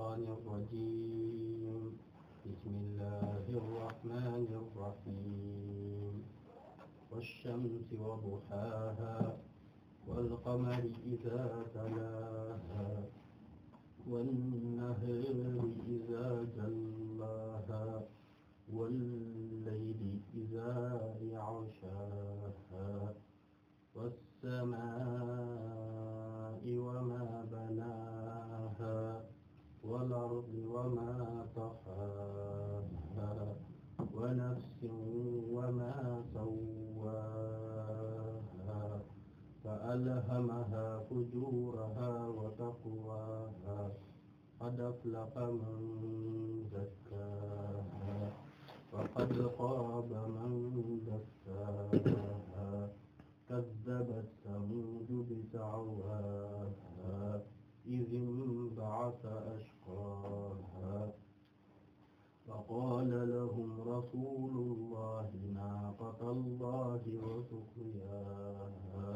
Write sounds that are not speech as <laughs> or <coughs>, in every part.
الشيطان الرجيم بسم الله الرحمن الرحيم والشمس وضحاها والقمر إذا تلاها والنهر إذا جلاها والليل إذا يعشاها والسماء والأرض وما طحاها ونفس وما سواها فألهمها فجورها وتقواها قد أفلح من زكاها وقد خاب من دساها كذبت ثمود بتعواها إذ انبعث أشقاها qaala lahum rasuulullahi naaqata llaahi wa suqyaahaa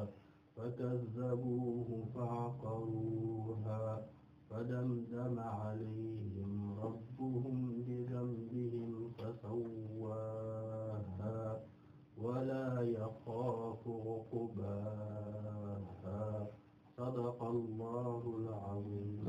fakazzabuuhu fa'aqaruuhaa fadamdama alayhim rabbuhum bidambihim fasawwaahaa walaa yaxaafu uqbaahaa sadaqa llaahu al-aziim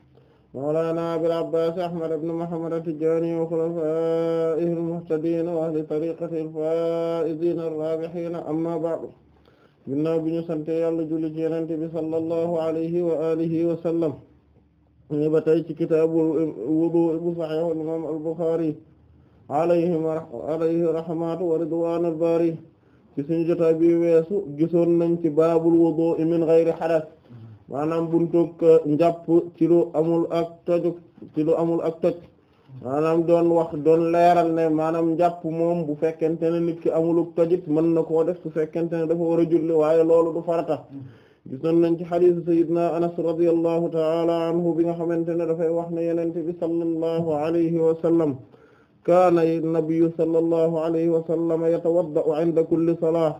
mawlana abil abbas ahmad ibn muhammad at-tijani wa khulafaihi al-muhtadin wa ahli tariqatihi al-faizin ar-rabihin amma ba'du ginnaaw bi ñu sante yàlla julli ci yenente bi sallallahu alayhi wa alihi wa sallam ñu ba tey ci kitaabu wudu bu sahih al-imam al-bukhari alayhi alayhi rahmatu wa ridwan al-bari ci suñu jotaa bi weesu gisoon nañ ci baabul wudu min ghayri hadath maanaam buntug njàpp ci lu amul ak tojug ci lu amul ak toj maanaam doon wax doon leeral ne maanaam njàpp moom bu fekkente ne nit ki amulug tojit mën na koo def su fekkente ne dafa war a julli waaye loolu du farata gisoon nañ ci xadiis sayidna anas radiallahu taala anhu bi nga xamante ne dafay wax ne yenente bi sallallahu alayhi wa sallam kaana nabiyu sallallahu alayhi wa sallam yatawadda'u inda kulli salaat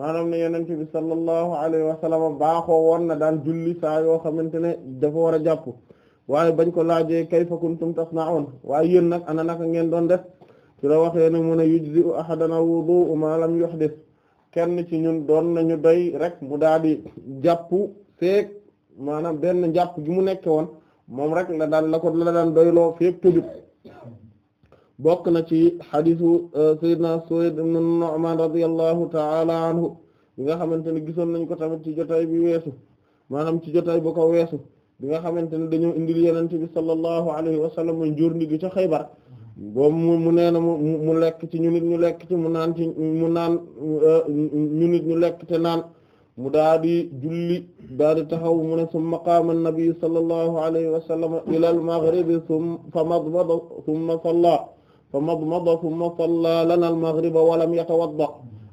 maanaam ne yonent bi sallallahu alayhi wa sallam baaxoo woon na daan julli saa yoo xamante ne dafa war a jàpp waaye bañ ko laajee kayfa kuntum tasna'un waaye yéen nag ana naka ngeen doon def ci la waxee ne mun a yujzi ahadana wudu'u ma lam yuhdith kenn ci ñun doon nañu doy rek mu daal di jàpp feek maanaam benn jàpp gi mu nekke woon moom rek la daan la ko la daan doyloo feek tëjub bokk na ci xadisu euh, sayyidina Suwayd ibn Nu'man radiyallahu ta'ala anhu bi nga xamante ne gisoon nañ ko tamit ci jotaay bi weesu maanaam ci jotaay bu ko weesu bi nga xamante ne dañoo indil yenente bi sallallahu alayhi wa sallam mooy njurndi gi ca Xaybar boobu mu mu nee na mu mu lekk ci ñu nit ñu lekk ci mu naan ci mu naan euh, ñu nit ñu lekk te naan mu daa di julli daa di taxaw mu ne summa qaama an-nabi sallallahu alayhi wa sallam ila al-maghrib summa fa madmada summa salla fa madmada thumma salla lana al maghriba wa lam yatawadda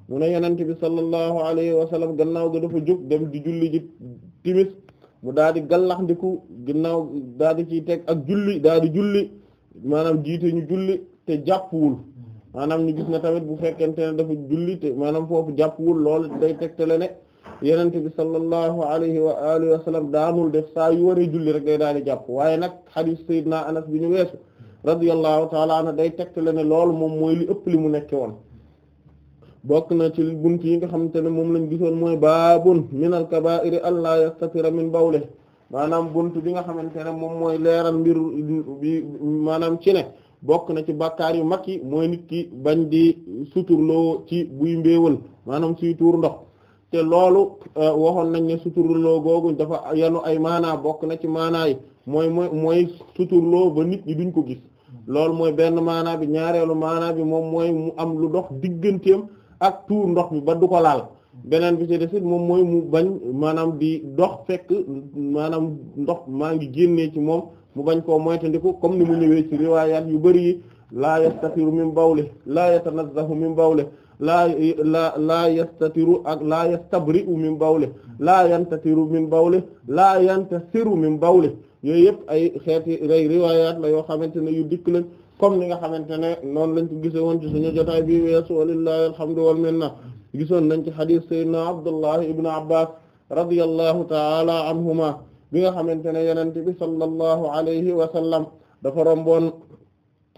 mu ne yenente bi sallallahu alayhi wa sallam gannaaw ga dafa jóg dem di julli ji timis mu daal di gallax ndiku gannaaw daal di ciy teg ak julli daal di julli maanaam jiite ñu julli te jàppwul maanaam ñu gis ne tamit bu fekkente ne dafa julli te maanaam foofu jàppwul loolu day tegtale ne yenente bi sallallahu alayhi wa alihi wa sallam daanul de saa yu waree julli rek day daal di jàpp waaye nag hadith sayyidina anas bi ñu weesu radiyallahu taala anhu day tegtale ne loolu moom mooy li ëpp li mu nekk woon bokk na ci bunt yi nga xamante ne moom lañ gisoon mooy baa baabun min al kaba'iri an la yastatira min bawle maanaam bunt bi nga xamante ne moom mooy leeral mbir bi maanaam ci ne bokk na ci bàkkaar yu mag yi mooy nit ki bañ di suturloo ci buy mbéewal maanaam suy tuur ndox te loolu euh, waxoon nañ ne suturloo googu dafa yanu ay maanaa bokk na ci maanaa yi mooy mooy mooy ba nit ñi duñ ko gis loolu mooy benn maanaa bi ñaareelu maanaa bi moom mooy mu am lu dox digganteem ak tuur ndox mi ba du ko laal beneen bi ci desit moom mooy mu bañ maanaam di dox fekk maanaam ndox maa ngi génnee ci moom mu bañ koo moytandiku comme ni mu ñëwee ci riwaayaat yu bari yi laa yastaxiru min bawli laa yatanazzahu min laa la laa yastatiru ak laa yastabri'u min bawle laa yantatiru min bawle laa yantasiru min bawle yooyu yëpp ay xeeti ray riwaayaat la yoo xamante ne yu dikk lañ comme ni nga xamante ne noonu lañ ko gise woon ci suñu jotaay bi weesu walillahi alhamdu wal minna gisoon nañ ci xadiis sayyidina Abdullah ibn Abbas radiyallahu taala anhuma bi nga xamante ne yonent bi sallallahu alayhi wa sallam dafa romboon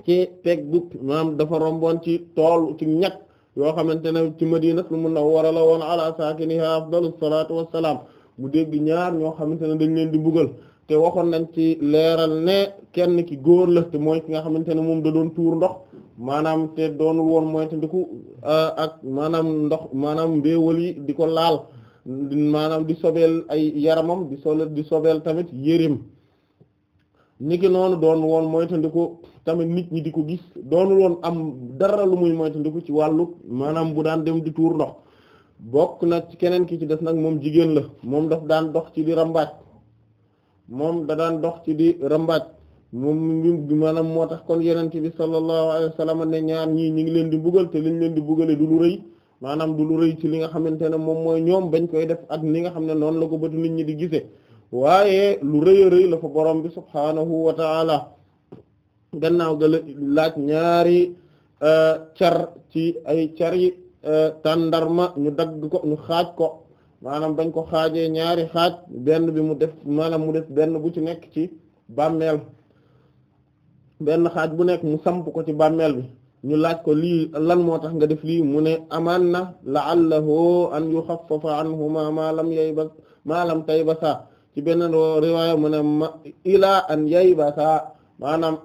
ci pegg maam dafa romboon ci tool ci ñett yoo xamante ne ci madinatul munawwara la woon ala saakiniha afdalus salaatu wassalaam mu dégg ñaar ñoo xamante ne dañ leen di mbugal te waxoon nañ ci leeral ne kenn ki góor la te mooy ki nga xamante ne moom da doon tuur ndox maanaam te doon woon mooy te ndiku uh, ak maanaam ndox maanaam mbéewal yi di ko laal maanaam di sobeel ay yaramam di sol di sobeel tamit yérim niki noonu doon woon mooy tamit nit ñi di ko gis doonu loon am dara lu muy moytandiku ci wàllu maanaam bu daan dem di tuur ndox bokk na ci keneen ki ci des nag moom jigéen la moom daf daan dox ci di rambaaj moom da dox ci di rambaaj moom maanaam moo tax kon yenente bi sallallahu alayhi wa sallam ne ñaar ñii ñi ngi leen di mbugal te liñ leen di mbugale du lu rëy maanaam du lu rëy ci li nga xamante ne moom mooy ñoom bañ koy def ak li nga xam ne noonu la ko bëtu nit ñi di gisee waaye lu rëy a rëy la fa borom bi subhaanahu wa ta'ala gannaaw ga laaj ñaari euh, car ci ay cari euh, tàndarma ñu dagg ko ñu xaaj ko maanaam bañ ko xaajee ñaari xaaj benn bi mu def maanaam mu def benn bu ci nekk ci bàmmeel benn xaaj bu nekk samp ko ci bàmmeel bi ñu laaj ko lii lan moo tax nga def lii mu ne amaan na la'allahu an yukhaffafa anhuma ma lam yayba ma lam taybasa ci benn riwaaya mu ne ma ilaa an yaybasa maanaam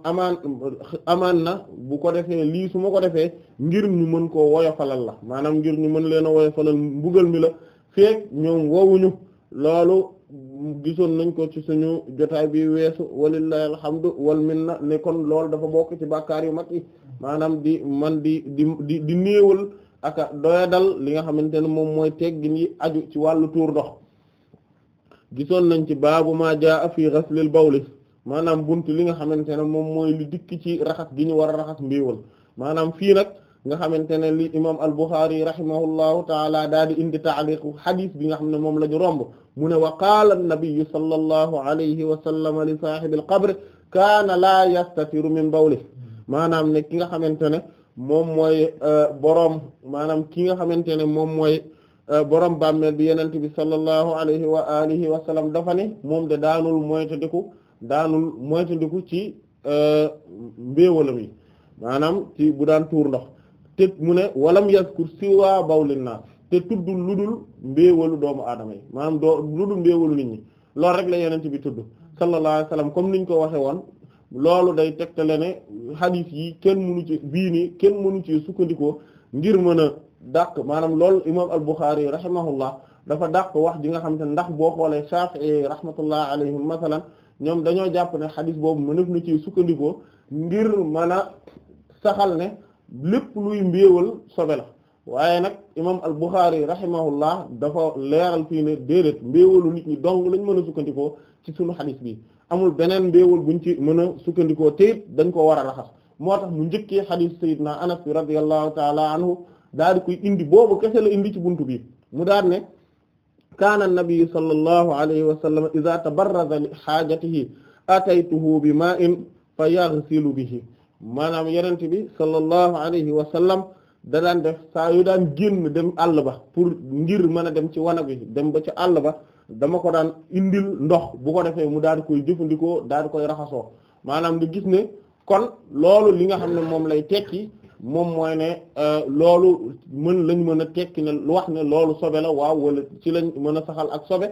amaan na bu ko defee lii su ma ko defee ngir ñu mën koo woyofalal la maanaam ngir ñu mën leen a woyofalal mbugal mi la feek ñoom wowuñu loolu gisoon nañ ko ci suñu jotaay bi weesu walillahi alhamdu wal minna ne kon loolu dafa bokk ci bàkkaar yu mag yi maanaam di man di di di di néewal aka doyadal li nga xamante ne moom mooy teggin yi aju ci wàllu tuur ndox gisoon nañ ci baabu ma jaa fi ghaslil bawli maanaam buntu li nga xamante ne moom mooy li dikk ci raxas gi ñu war a raxas mbiiwal maanaam fii nag nga xamante ne li imam al-Bukhari rahimahullahu taala daal di indi taaliq xadis bi nga xam ne moom la ñu romb mu ne wa qaala an-nabiy sallallahu alayhi wa sallam li saahibil qabr kaana laa yastatiru min bawli maanaam ne ki nga xamante ne moom mooy euh, borom maanaam ki nga xamante ne moom mooy euh, boroom bàmmeel bi yenente bi sallallahu alayhi wa alihi wa sallam dafa ne moom de daanul moytandiku daanul moytandiku ci euh, mbéewalam yi maanaam ci bu daan tuur ndox te mu ne walam yaskur siwa bawlin naa te tuddul ludul mbéewalu doomu aadama yi maanaam doo ludul mbéewalu nit ñi lool rek la yenente bi tudd sallallahu alayhi wasallam comme niñ ko waxe woon loolu day tegtale ne hadith yi kenn mënu ci bii nii kenn mënu ci sukkandikoo ngir mën a dàq maanaam loolu imam al-Bukhari rahimahullah dafa dàq wax ji nga xam te ndax boo xoolee Shafi'i rahmatullah alayhim masalan ñoom dañoo jàpp ne xadis boobu mën na ci sukkandikoo ngir mën a saxal ne lépp luy mbéewal sobe la waaye nag imam al Bukhari rahimahullah dafa leeral fii ne déedéet mbéewalu nit ñi dong lañ mën a sukkandikoo ci sunu xadis bi amul beneen mbéewal buñ ci mën a sukkandikoo te dañ ko war a raxas moo tax mu njëkkee xadis sayyidina Anas bi radiyallahu taala anhu daal di koy indi boobu kese la indi ci buntu bi mu daal ne kaana nabiyu sallallahu alayhi wa sallam iza tabarraza li haajatihi ataytuhu bi maa'in fa yaghsilu bihi maanaam yonent bi sallallahu alayhi wa sallam da daan def saa yu daan génn dem àll ba pour ngir mën a dem ci wanag wi dem ba ci àll ba dama ko daan indil ndox bu ko defee mu daal di koy jëfandikoo daal di koy raxasoo maanaam nga gis ne kon loolu li nga xam ne moom lay tekki moom mooy ne euh, loolu mën lañ mën a tekki ne lu wax ne loolu sobe la waaw wala ci lañ mën a saxal ak sobe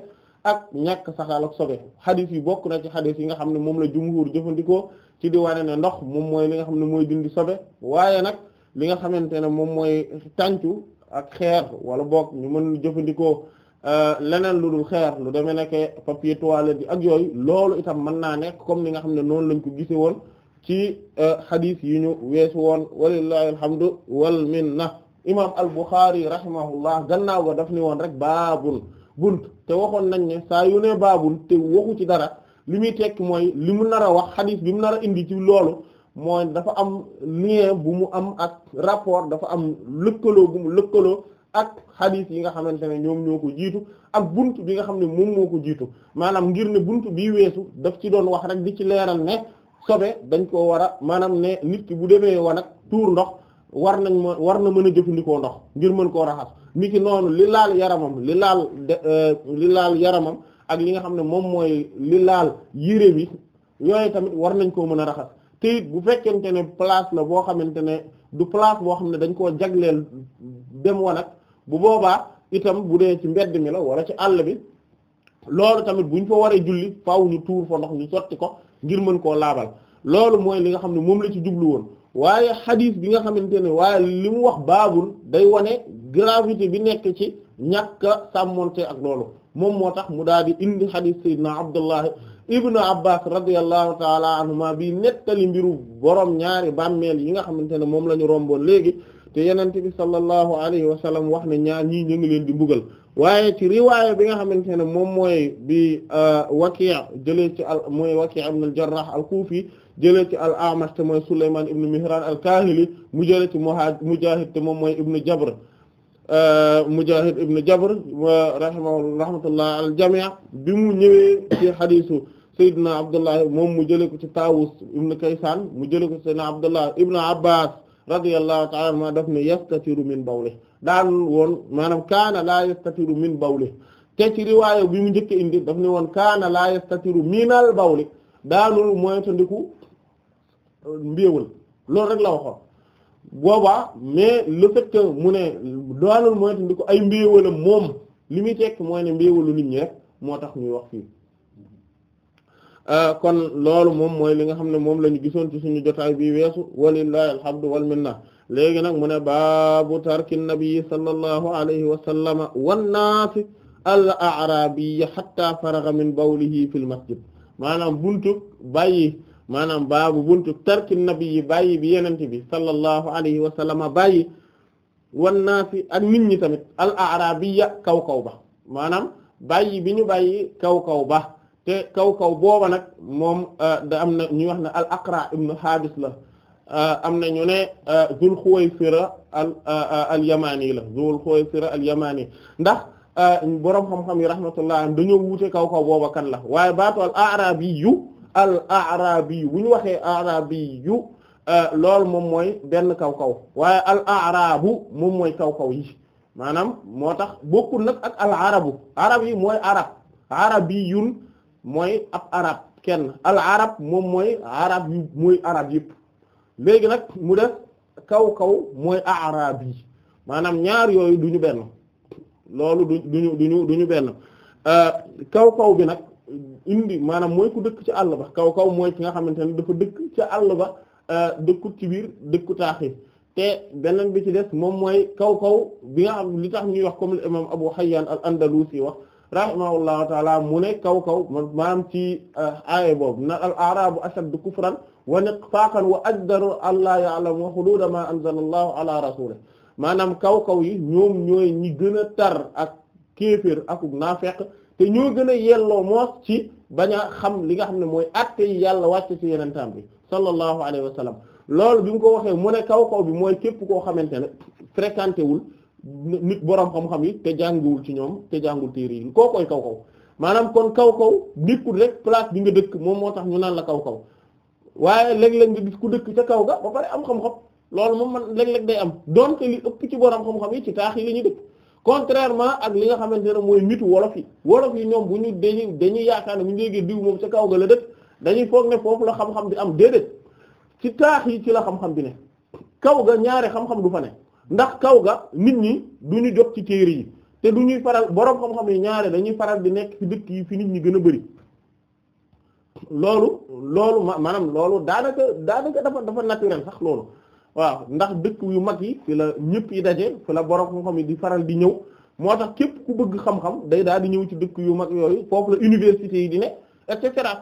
ak ñàkk saxaal ak sobe xadis yi bokk na ci xadis yi nga xam ne moom la jumhur jëfandikoo ci di wane ne ndox moom mooy li nga xam ne mooy dindi sobe waaye nag li nga xamante ne moom mooy tàncu ak xeer wala bokk ñu mën jëfandikoo euh, leneen lu dul xeer lu demee nekk papier toilette bi ak yooyu loolu itam mën naa nekk comme li nga xam ne noonu lañ ko gisee woon ci euh, xadis yi ñu weesu woon walillahi alhamdu wal minna imaam al-Bukhari rahimahullah gannaaw ba daf ni woon rek baabul bunt te waxoon nañ ne saa yu ne baabul te waxu ci dara li muy tekki mooy li mu nar a wax xadis bi mu nar a indi ci loolu mooy dafa am lien bu mu am ak rapport dafa am lëkkaloo bu mu lëkkaloo ak xadis yi nga xamante ne ñoom ñoo ko jiitu ak bunt bi nga xam ne moom moo ko jiitu maanaam ngir ne bunt bii weesu daf ci doon wax rek di ci leeral ne sobe dañ koo war a maanaam ne nit ki bu demee wanag ak tuur ndox war nañ ma war na mën a jëfandikoo ndox ngir mën koo raxas nit ki noonu li laal yaramam li laal euh, li laal yaramam ak li nga xam ne moom mooy li laal yére bi yooyu tamit war nañ koo mën a raxas te it bu fekkente ne place la boo xamante ne du place boo xam ne dañ koo jagleel dem wanag bu boobaa itam bu dee ci mbedd mi la wala ci àll bi loolu tamit buñ fa waree julli faaw ñu tuur fa ndox ñu sotti ko ngir mën koo laabal loolu mooy li nga xam ne moom la ci jublu woon waaye xadiis bi nga xamante ne waaye li mu wax baabul day wane gravité bi nekk ci ñàkk a sàmmonte ak loolu moom moo tax mu daal di indi xadiis sayyidina Abdullahi ibnu Abbas radiyallahu taala anhuma bi nettali mbiru borom ñaari bàmmeel yi nga xamante ne moom la ñu romboon léegi te yenente bi sallallahu alayhi wa sallam wax ne ñaar ñii ñu ngi leen di mbugal waaye ci riwaaya bi nga xamante ne moom mooy bi uh, Waki' jëlee ci al mooy Waki' ibn al-Jarrah al-Kufi jëlee ci al-A'mash te mooy Sulayman ibn Mihran al-Kahili mu jëlee ci muha Mujahid te moom mooy ibn Jabr uh, Mujahid ibn Jabr rahimahu rahmatullah al jami' bi mu ñëwee ci xadiisu Seydina Abdullah moom mu jëlee ko ci Tawus ibn Kaysan mu jëlee ko ci Seydina Abdullah ibn Abbas radiyallahu ta'ala anhuma daf ne yastatiru min bawli daan woon maanaam kaana laa yastatiru min bawli te ci riwaaya bi mu njëkk indi daf ne woon kaana laa yastatiru minal bawli daanul moytandiku uh, mbiewal loolu rek la waxoon boobaa mais le fait mu ne daanul moytandiku ay mbiewalam moom li muy tekk mooy ne mbiewalu nit ñi moo tax ñuy wax fii Euh, kon loolu moom mooy li nga xam ne moom la gisoon ci suñu jotaay bi weesu walillahi alhamdu wal minna léegi nag mu ne baabu tarki nabi sallallahu alayhi wa sallama wannaasi al arabiya hatta faraga min bawlihi fil masjid maanaam buntu bàyyi maanaam baabu buntu tarki nabi bàyyi bi yenent bi sallallahu alayhi wa sallama bàyyi wannaasi ak nit ñi tamit al arabiya kaw ba maanaam bàyyi bi ñu bàyyi kaw kaw ba te kaw kaw booba nag moom euh, da am na ñuy wax ne al Aqra ibn Habis la euh, am na ñu ne euh, Zul Khuwaysira al al Yamani la Zul Khuwaysira al Yamani ndax borom xam-xam yi rahmatullah dañoo wuute kaw kaw booba kan la waaye baatu al Arabi yu al Arabi yu bu ñu waxee Arabi yu loolu moom mooy benn kaw kaw waaye al Arabu moom mooy kaw kaw yi maanaam moo tax bokkul nag ak al Arabu arab yi mooy arab arabiyun mooy ab arab kenn al arab moom mooy arab yu mooy arab yëpp léegi nag mu def kaw kaw mooy arab yi maanaam ñaar yooyu du ñu benn loolu du duñu duñu du ñu benn euh, kaw kaw bi nag indi maanaam mooy ku dëkk ci àll ba kaw kaw mooy ki nga xamante ne dafa dëkk ci àll ba euh, dëkkut ci biir dëkku taax te beneen bi ci des moom mooy kaw kaw bi nga xam li tax ñuy wax comme l'imam Abu Hayyan al-Andalusi wax rahimahullahu taala mu ne kaw kaw maanaam ci uh, aaye boobu na al arabu ashaddu kufran wa nifaaqan wa ajdaru allah ya'lamu hududa ma anzala allahu ala rasulih maanaam kaw kaw yi ñoom ñooy ñi gën a tar ak kéeféer ak naafeq te ñoo gën a yelloo moos ci bañ a xam li nga xam ne mooy atte yi yàlla wàcc ci yenentaan bi sallallahu alayhi wa sallam loolu bi mu ko waxee mu ne kaw kaw bi mooy képp koo xamante ne fréquenté wul nit borom xam-xam yi te jànguwul ci ñoom te jàngul téere yi koo koy kaw kaw maanaam kon kaw kaw nekkul rek place bi nga dëkk moom moo tax ñu naan la kaw kaw waaye léeg-léeg gis ku dëkk ca kaw ga ba pare am xam-xam loolu moom man léeg-léeg day am donte li ëpp ci borom xam-xam yi ci taax yi la ñu dëkk contrairement ak li nga xamante ne mooy nitu wolof yi wolof yi ñoom bu ñu dañuy dañuy yaakaar ne bu ñu déggee diw moom ca kaw ga la dëkk dañuy foog ne foofu la xam-xam am déedéet ci taax yi ci la xam bi ne kaw ga ñaare xam-xam du ndax kaw ga nit ñi du ñu jot ci téere yi te du ñuy faral boroom xam-xam yi ñaare dañuy faral di nekk ci dëkk yi fi nit ñi gën a bari loolu loolu ma maanaam loolu daanaka daanaka dafa dafa naturel sax loolu waaw ndax dëkk yu mag yi fi la ñëpp yi daje fi la boroom xam-xam yi di faral di ñëw moo tax képp ku bëgg xam-xam day daal di ñëw ci dëkk yu mag yooyu foofu la université yi di ne et cetera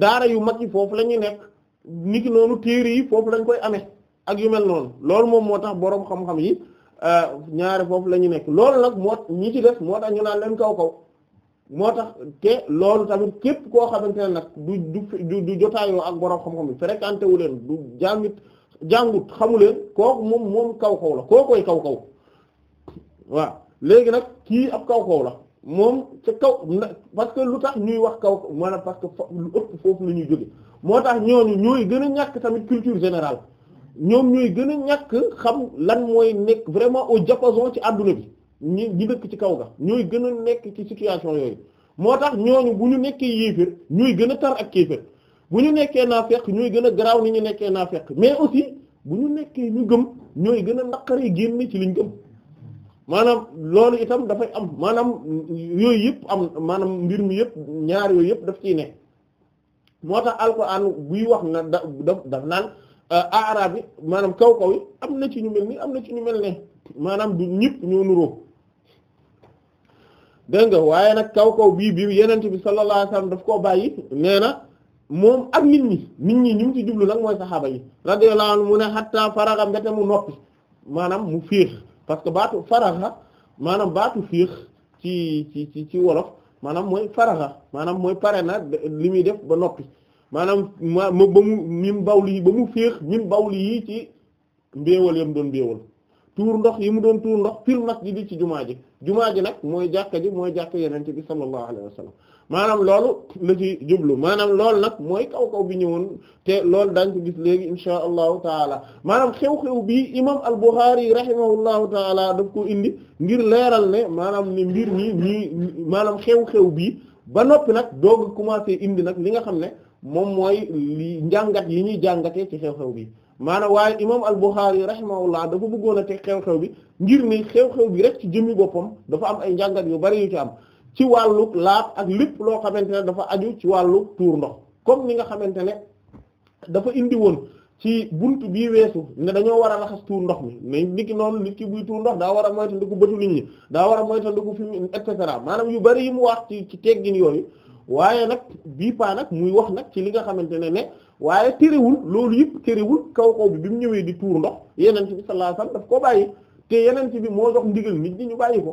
daara yu mag yi foofu la ñuy nekk ki noonu téere yi foofu lañ koy amee. ak yu mel noonu loolu moom moo tax boroom xam-xam yi euh, ñaare foofu la ñu nekk loolu nag moo ñi ci def moo tax ñu leen kaw kaw moo tax te loolu tamit képp koo xamante ne nag du du du jotaayoo ak boroom xam-xam yi wu leen du jàngit jàngut xamu leen kooku moom moom kaw kaw la koo kaw kaw waaw léegi nag kii ab kaw la moom ca kaw parce que lu tax ñuy wax kaw kaw parce que lu ëpp foofu la ñuy jóge moo tax ñooñu ñooy gën a ñàkk tamit culture général ñoom ñooy gën a ñàkk xam lan mooy nekk vraiment au diapason ci àdduna bi ñi ñi dëkk ci kaw ga ñooy gën a nekk ci situation yooyu moo tax ñooñu bu ñu nekkee yéefér ñooy gën a tar ak kéefér bu ñu nekkee naafeq ñooy gën a garaaw ni ñu nekkee naa fekk mais aussi bu ñu nekkee ñu gëm ñooy gën a naqaree génn ci liñ gëm maanaam loolu itam dafay am maanaam yooyu yëpp am maanaam mbir mi yëpp ñaar yooyu yëpp daf ciy ne moo tax alxuraan buy wax na da daf naan Euh, arab yi maanaam kaw kaw yi am na ci ñu mel ni am na ci ñu mel ne maanaam du ñu ñoo nuróo dégg nga waaye nag kaw kaw bii bii yeneen bi sallallahu alayhi wasallam daf koo bàyyi nee na moom ak nit ñi nit ñi ñu ngi ci jublu nag mooy saxaaba yi radiyallahu anhu mu ne hatta faraga mbete mu noppi maanaam mu féex parce que baatu faraga maanaam baatu féex ci ci ci ci wolof maanaam mooy faraga maanaam mooy pare na li muy def ba noppi maanaam ma ma ba mu ñim bawli yi ba mu féex ñim bawli yi ci mbéewal yam doon mbéewal tuur ndox yi mu doon tuur ndox fil masjid ci jumaa ji jumaa ji nag mooy jàkka ji mooy jàkka yenente bi sallallahu alayhi wa maanaam loolu la ci jublu maanaam lool nag mooy kaw kaw bi ñëwoon te loolu daañ ko gis léegi inshaa allahu taala maanaam xew-xew bii imam al-Bukhari rahimahullahu taala daf ko indi ngir leeral ne maanaam ne mbir nii maanaam xew-xew bii ba noppi nag doog commencé indi nag li nga xam ne moom mooy li njàngat yi ñuy jàngatee ci xew-xew bi maanaam waaye imaam al-Bukhari rahimahullah dafa bëggoon a teg xew-xew bi ngir ni xew-xew bi rek ci jëmmi boppam dafa am ay njàngat yu bari yu ci am ci wàllu laat ak lépp loo xamante ne dafa aju ci wàllu tuur ndox comme ni nga xamante ne dafa indi woon ci buntu bii weesu ne dañoo war a raxas tuur ndox mi mais nit ki noonu ki buy tuur ndox daa war a moytandiku bëtu nit daa war a moytandiku fi mu et cetera maanaam yu bari yi mu wax ci ci teggin yooyu waaye nag bii paa nag muy wax nag ci li nga xamante ne ne waaye terewul loolu yëpp terewul kaw kaw bi bi mu ñëwee di tuur ndox yeneen ci bi sallallahu alayhi wasallam daf ko bàyyi te yeneen ci bi moo jox ndigal nit ñi ñu bàyyi ko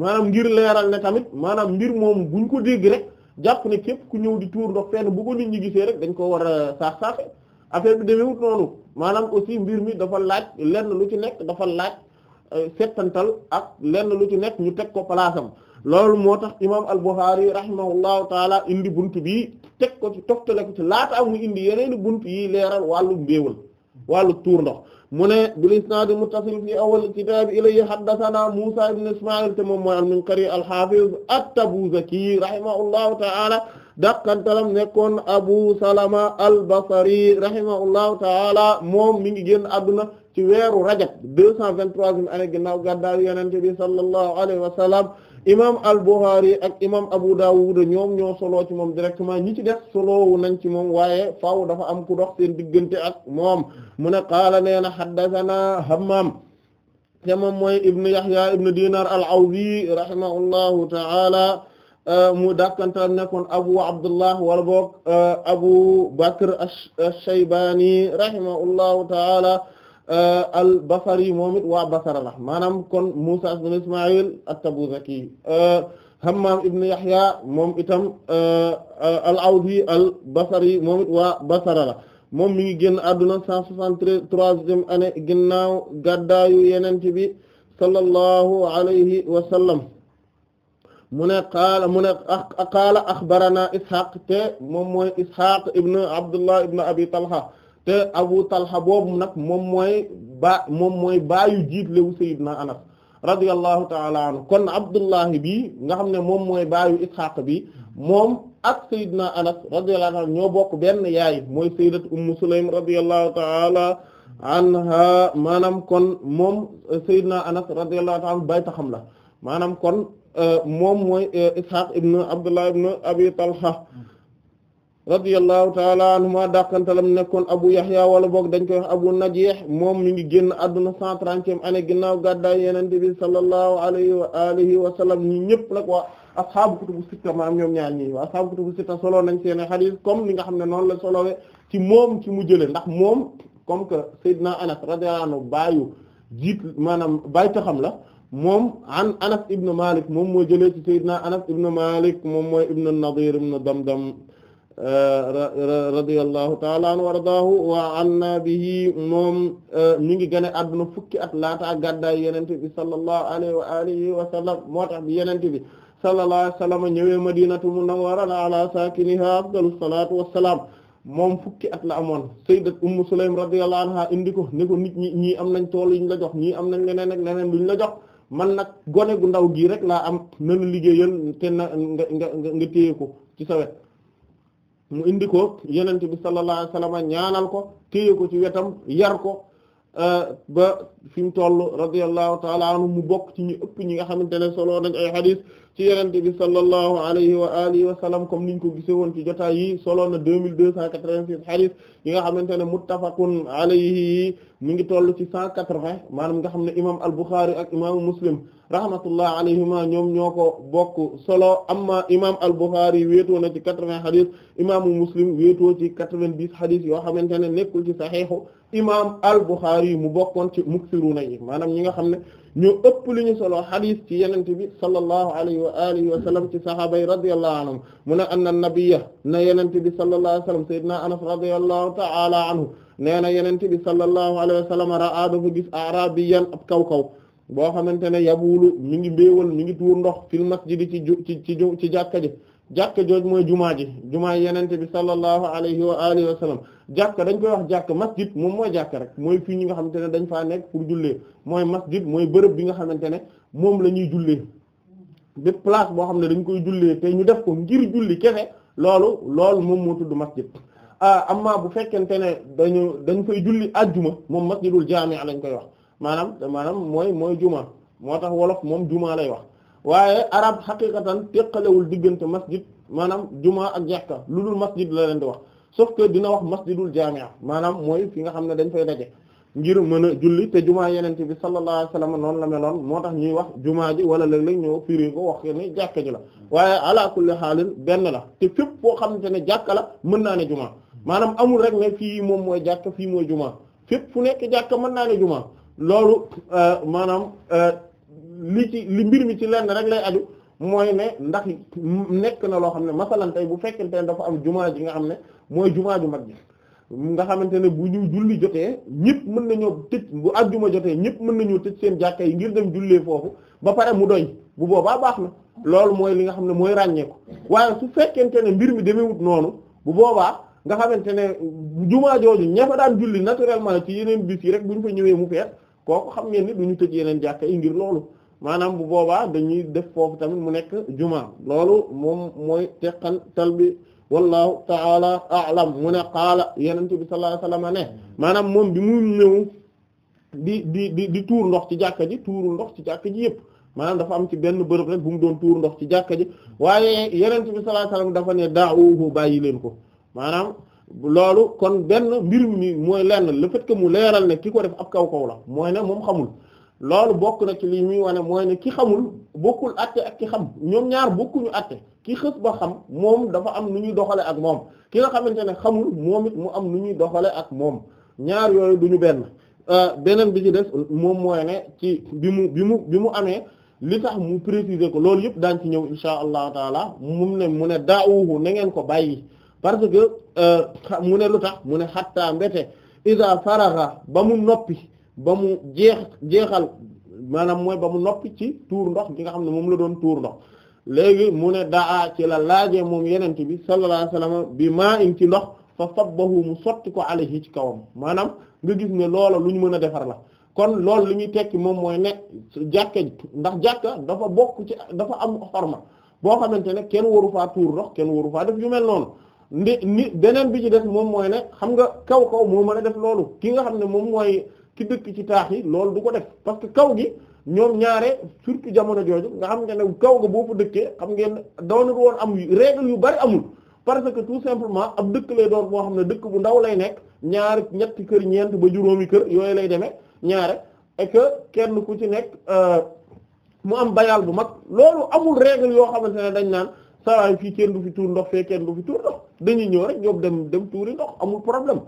maanaam ngir leeral ne tamit maanaam mbir moom buñ ko dégg rek jàpp ne képp ku ñëw di tuur ndox fenn bu ko nit ñi gisee rek dañ koo war a saax saaxe affaire bi demewut noonu maanaam aussi mbir mi dafa laaj lenn lu ci nekk dafa laaj euh, settantal ak lenn lu ci nekk ñu teg ko palaasam loolu moo tax imam al-Bukhari rahimahullahu taala indi buntu bi teg ko ci toftale ko ci laata mu indi yeneeni buntu yi leeral wàllu mbéewal wàllu tuur ndox mu ne bil isnaad muttasil fi awwal kitaab ilayhi haddathana Musa ibn Isma'il te moom mooy al-Minqari al-Hafiz at-Tabuzaki rahimahullahu ta'ala dàqantalam nekkoon Abu Salama al-Basri rahimahullahu ta'ala moom mi ngi génn àdduna ci weeru rajab deux cent vingt-troisième année ginnaaw gàddaayu yenente bi sallallahu alayhi wa sallam imam al-Bukhari ak imam Abu Dawud ñoom ñoo soloo ci moom directement ñi ci def soloowu nañ ci moom waaye faaw dafa am ku dox seen diggante ak moom mu ne qaala nee na haddathana Hammam te moom mooy ibnu Yahya ibnu Dinar al-Awdi rahimahullahu ta'ala mu dàkkantal nekkoon Abu Abdullah wala boog Abu Bakr ash-Shaybani rahimahullahu ta'ala Euh, al basari moom it waa basara la maanaam kon Musa ibn Ismaïl at-Tabuzaki euh, Hammam ibn Yahya moom itam euh, al-Awdi al-Basri moom it waa basara la moom mi ngi génn àdduna 163e année ginnaaw gàddaayu Yonent bi sallallahu alayhi wa sallam mu ne qaala mu ne qaala axbarana Ishaq te moom mooy Ishaq ibn Abdullah ibn Abi Talha te Abu Talha boobu nag moom mooy ba moom mooy baayu jiitlewu Seydina Anas radiyallahu ta'ala anhu kon Abdullahi bi nga xam ne moom mooy baayu Ishaq bi moom ak Seydina Anas radiyallahu anhu ñoo bokk benn yaay mooy Sayyidatu Ummu Sulaym radiyallahu ta'ala anha maanaam kon moom euh, Seydina Anas radiyallahu ta'ala anhu xam la maanaam kon euh, moom mooy euh, Ishaq ibn Abdullah ibn Abi Talha radiyallahu taala anhuma dàqantalam nekkoon Abu Yahya wala boog dañ koy wax Abu Najih moom mi ngi génn àdduna cent trentième année ginnaaw gàddaay Yonent bi sallallahu alayhi wa alihi wa sallam ñi ñëpp nag wa ashaabu kutubu sitta maanaam ñoom ñaar ñi wa ashaabu kutubu sitta solo nañ seen xadiis comme li nga xam ne noonu la solowee ci moom ci mu jëlee ndax moom comme que Seydina Anas radiyallahu anhu baayu jiit maanaam baay taxam la moom an Anas ibn Malik moom moo jëlee ci Seydina Anas ibn Malik moom mooy ibn Nadir ibn Damdam radiyallahu taala anhu wa ardaahu wa anna bihi moom euh, mi ngi gane adduna fukki at laata gàddaay yenente bi sallallahu alayhi wa alihi wa sallam moo tax bi yenente bi sallallahu alayhi wa sallam ñëwee madinatu moom fukki at la amoon sayyidat ummu sulaym radiyallahu anha indi ko ni ko nit ñi ñii am nañ tool yuñ la jox ñii am nañ leneen ak leneen luñ la jox man nag gone gu ndaw gii rek laa am nanu liggéeyal te na nga nga ko ci sa mu indi ko yenent bi sallallahu alayhi wasallam ñaanal ko téye ko ci wetam yar ko euh, ba fi mu toll radiyallahu taala anhu mu bokk ci ñu ëpp ñi nga xamante ne solo nañ ay xadis ci yenent bi sallallahu alayhi wa alihi wa sallam comme niñ ko gise woon ci jotaay yi solo na deux mille deux cent quatre-vingt-six xadis yi nga xamante ne muttafaqun alayhi yi mu ngi toll ci cent quatre-vingts maanaam nga xam ne imam al-Bukhari ak imaamu Muslim rahmatullah alayhima ñoom ñoo ko bokk solo amma imam al-Bukhari wéetoo na ci quatre-vingts xadis imaamu Muslim wéetoo ci quatre-vingt-dix xadis yoo xamante ne nekkul ci saxiixu imam al-Bukhari mu bokkoon ci muksiruna yi maanaam ñi nga xam ne ñoo ëpp li ñu solo xadis ci yenente bi sallallahu alayhi wa alihi wa sallam ci sahaaba yi radiyallahu anhum mu ne anna nabiyya na yenente bi sallallahu alayhi wa sallam sayyidina Anas radiyallahu ta'ala anhu nee na yenente bi sallallahu alayhi wa sallam ra'a dafa gis arabiyan ab kaw kaw boo xamante ne yabuulu mi ngi mbéewal mi ngi tuur ndox fil masjid ci ci ci ci jàkka ji jàkka jooj mooy jumaa ji jumaa yenente bi sallallahu alayhi wa alihi wa sallam jàkka dañ koy wax jàkka masjid moom mooy jàkka rek mooy fii ñi nga xamante ne dañ faa nekk pour jullee mooy masjid mooy bërëb bi nga xamante ne moom la ñuy jullee bépp place boo xam ne dañ koy jullee te ñu def ko ngir julli kese loolu lool moom moo tudd masjid ah amma bu fekkente ne dañu dañ koy julli ajjuma moom masjidul jaami' lañ koy wax maanaam maanaam mooy mooy juma moo tax wolof moom juma lay wax waaye arab xaqiqatan teqalewul diggante masjid maanaam juma ak jàkka lu dul masjid la leen di wax sauf que dina wax masjidul jaami'a maanaam mooy fi nga xam ne dañ fay daje ngir mën a julli te jumaa yenente bi sallallahu alayhi wasallam noonu la meloon moo tax ñuy wax jumaa ji wala léeg-léeg ñoo firi ko wax ni jàkka ji la waaye ala kulli xaalin benn la te fépp foo xamante ne jàkka la mën naa ne jumaa maanaam amul rek ne fii moom mooy jàkka fii mooy jumaa fépp fu nekk jàkka mën naa ne jumaa loolu euh, maanaam euh, li ci li mbir mi ci lenn rek lay aju mooy ne ndax nekk na loo xam ne masalan tey bu fekkente ne dafa am jumaa ji nga xam ne mooy jumaa ju mag ji nga xamante ne bu ñu julli jotee ñëpp mën nañoo tëj bu àjjuma jotee ñëpp mën nañoo tëj seen jàkka yi ngir dem jullee foofu ba pare mu doy bu boobaa baax na loolu mooy li nga xam ne mooy ràññeeku waaye su fekkente ne mbir mi demewut noonu bu boobaa nga xamante ne jumaa jooju ña fa daan julli naturellement ci yeneen bis yi rek bu ñu fa ñëwee mu feet kooku xam ngeen ni du ñu tëj yeneen jàkka yi ngir loolu maanaam bu boobaa dañuy def foofu tamit mu nekk jumaa loolu moom mooy teqan tal bi wallahu taala alam mu ne qaala yenente bi sallallahu alayhi wasallam ne maanaam moom bi mu di di di tuur ndox ci jàkka ji tuurul ndox ci jàkka ji yépp maanaam dafa am ci benn bërëb rek bu mu doon tuur ndox ci jàkka ji waaye yenente bi sallallahu alayhi wasallam dafa ne daawuhu bàyyi leen ko maanaam loolu kon benn mbir mi mooy lenn le fait mu leeral ne ki ko def ab kaw kaw la mooy ne moom xamul loolu bokk na ci lii muy wane mooy ne ki xamul bokkul àtte ak ki xam ñoom ñaar bokkuñu àtte ki xës ba xam moom dafa am nu ñuy doxale ak moom ki nga xamante ne xamul moom it mu am nu ñuy doxale ak moom ñaar yooyu ñu benn euh, beneen bi ci des moom mooy ne ci bi mu bi mu bi mu amee li tax mu préciser ko loolu yëpp daan ci ñëw insha allah taala mu ne mu ne daawuhu na ngeen ko bàyyi parce que euh, mu ne lu tax mu ne xattaa mbete isa faraxa ba mu noppi ba mu jeex jeexal maanaam mooy ba mu noppi ci tuur ndox gi nga xam ne moom la doon tuur ndox léegi mu ne daa ci la laajee moom yenente bi sallallahu alayhi wasallam maa in ci ndox fa fabbahu mu sotti ko alayhi ci kawam maanaam nga gis ne loola lu ñu mën a defar la kon loolu lu ñuy tekki moom mooy ne jàkka ndax jàkka dafa bokk ci dafa am xorma boo xamante ne kenn waru faa tuur ndox kenn waru faa def yu mel noonu ndi ni beneen bi ci def moom mooy ne xam nga kaw kaw moo mën a def loolu ki nga xam ne moom mooy ki dëkk ci taax yi lool du ko def parce que kaw gi ñoom ñaare surtout jamono jooju nga xam nga ne kaw ga boo fa dëkkee xam ngeen doonul woon am règle yu bari amul parce que tout simplement ab dëkk lay doon boo xam ne dëkk bu ndaw lay nekk ñaar ñetti kër ñeent ba juróomi kër yooyu lay demee ñaare et que kenn ku ci nekk euh, mu am bayal bu mag loolu amul règle yoo xamante ne dañ naan saa fii kenn du fi tuur ndox fee kenn du fi tuur ndox dañuy ñëw rek ñoom dem dem tuuri ndox amul problème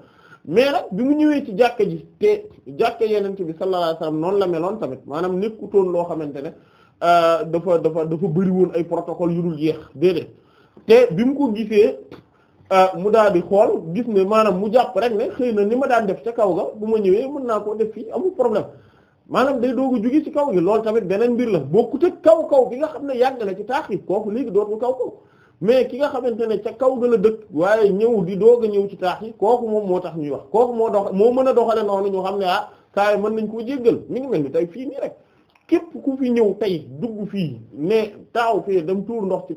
mais nag bi mu ñëwee ci jàkka ji te jàkka yeneen bi sallallahu alayhi wasallam noonu la meloon tamit maanaam nekkutoon loo xamante ne euh, dafa dafa dafa bëri woon ay protocole yu dul jeex déedéet te bi mu ko gisee euh, mu daal di xool gis ne maanaam mu jàpp rek ne xëy na ni ma daan def ca kaw ga bu ma ñëwee mën naa koo def fii amul problème maanaam day doog a jóge ci kaw gi loolu tamit beneen mbir la bokkut kaw kaw gi nga xam ne yàgg na ci taax yi kooku léegi dootul kaw kaw mais ki nga xamante ne ca kaw ga la dëkk waaye ñëw di doog a ñëw ci taax yi kooku moom moo tax ñuy wax kooku moo dox moo mën a doxale noonu ñu xam ne ah saa mën nañ koo jéggal mi ngi mel ni tey fii nii rek képp ku fi ñëw tey dugg fii ne taaw fii dem tuur ndox ci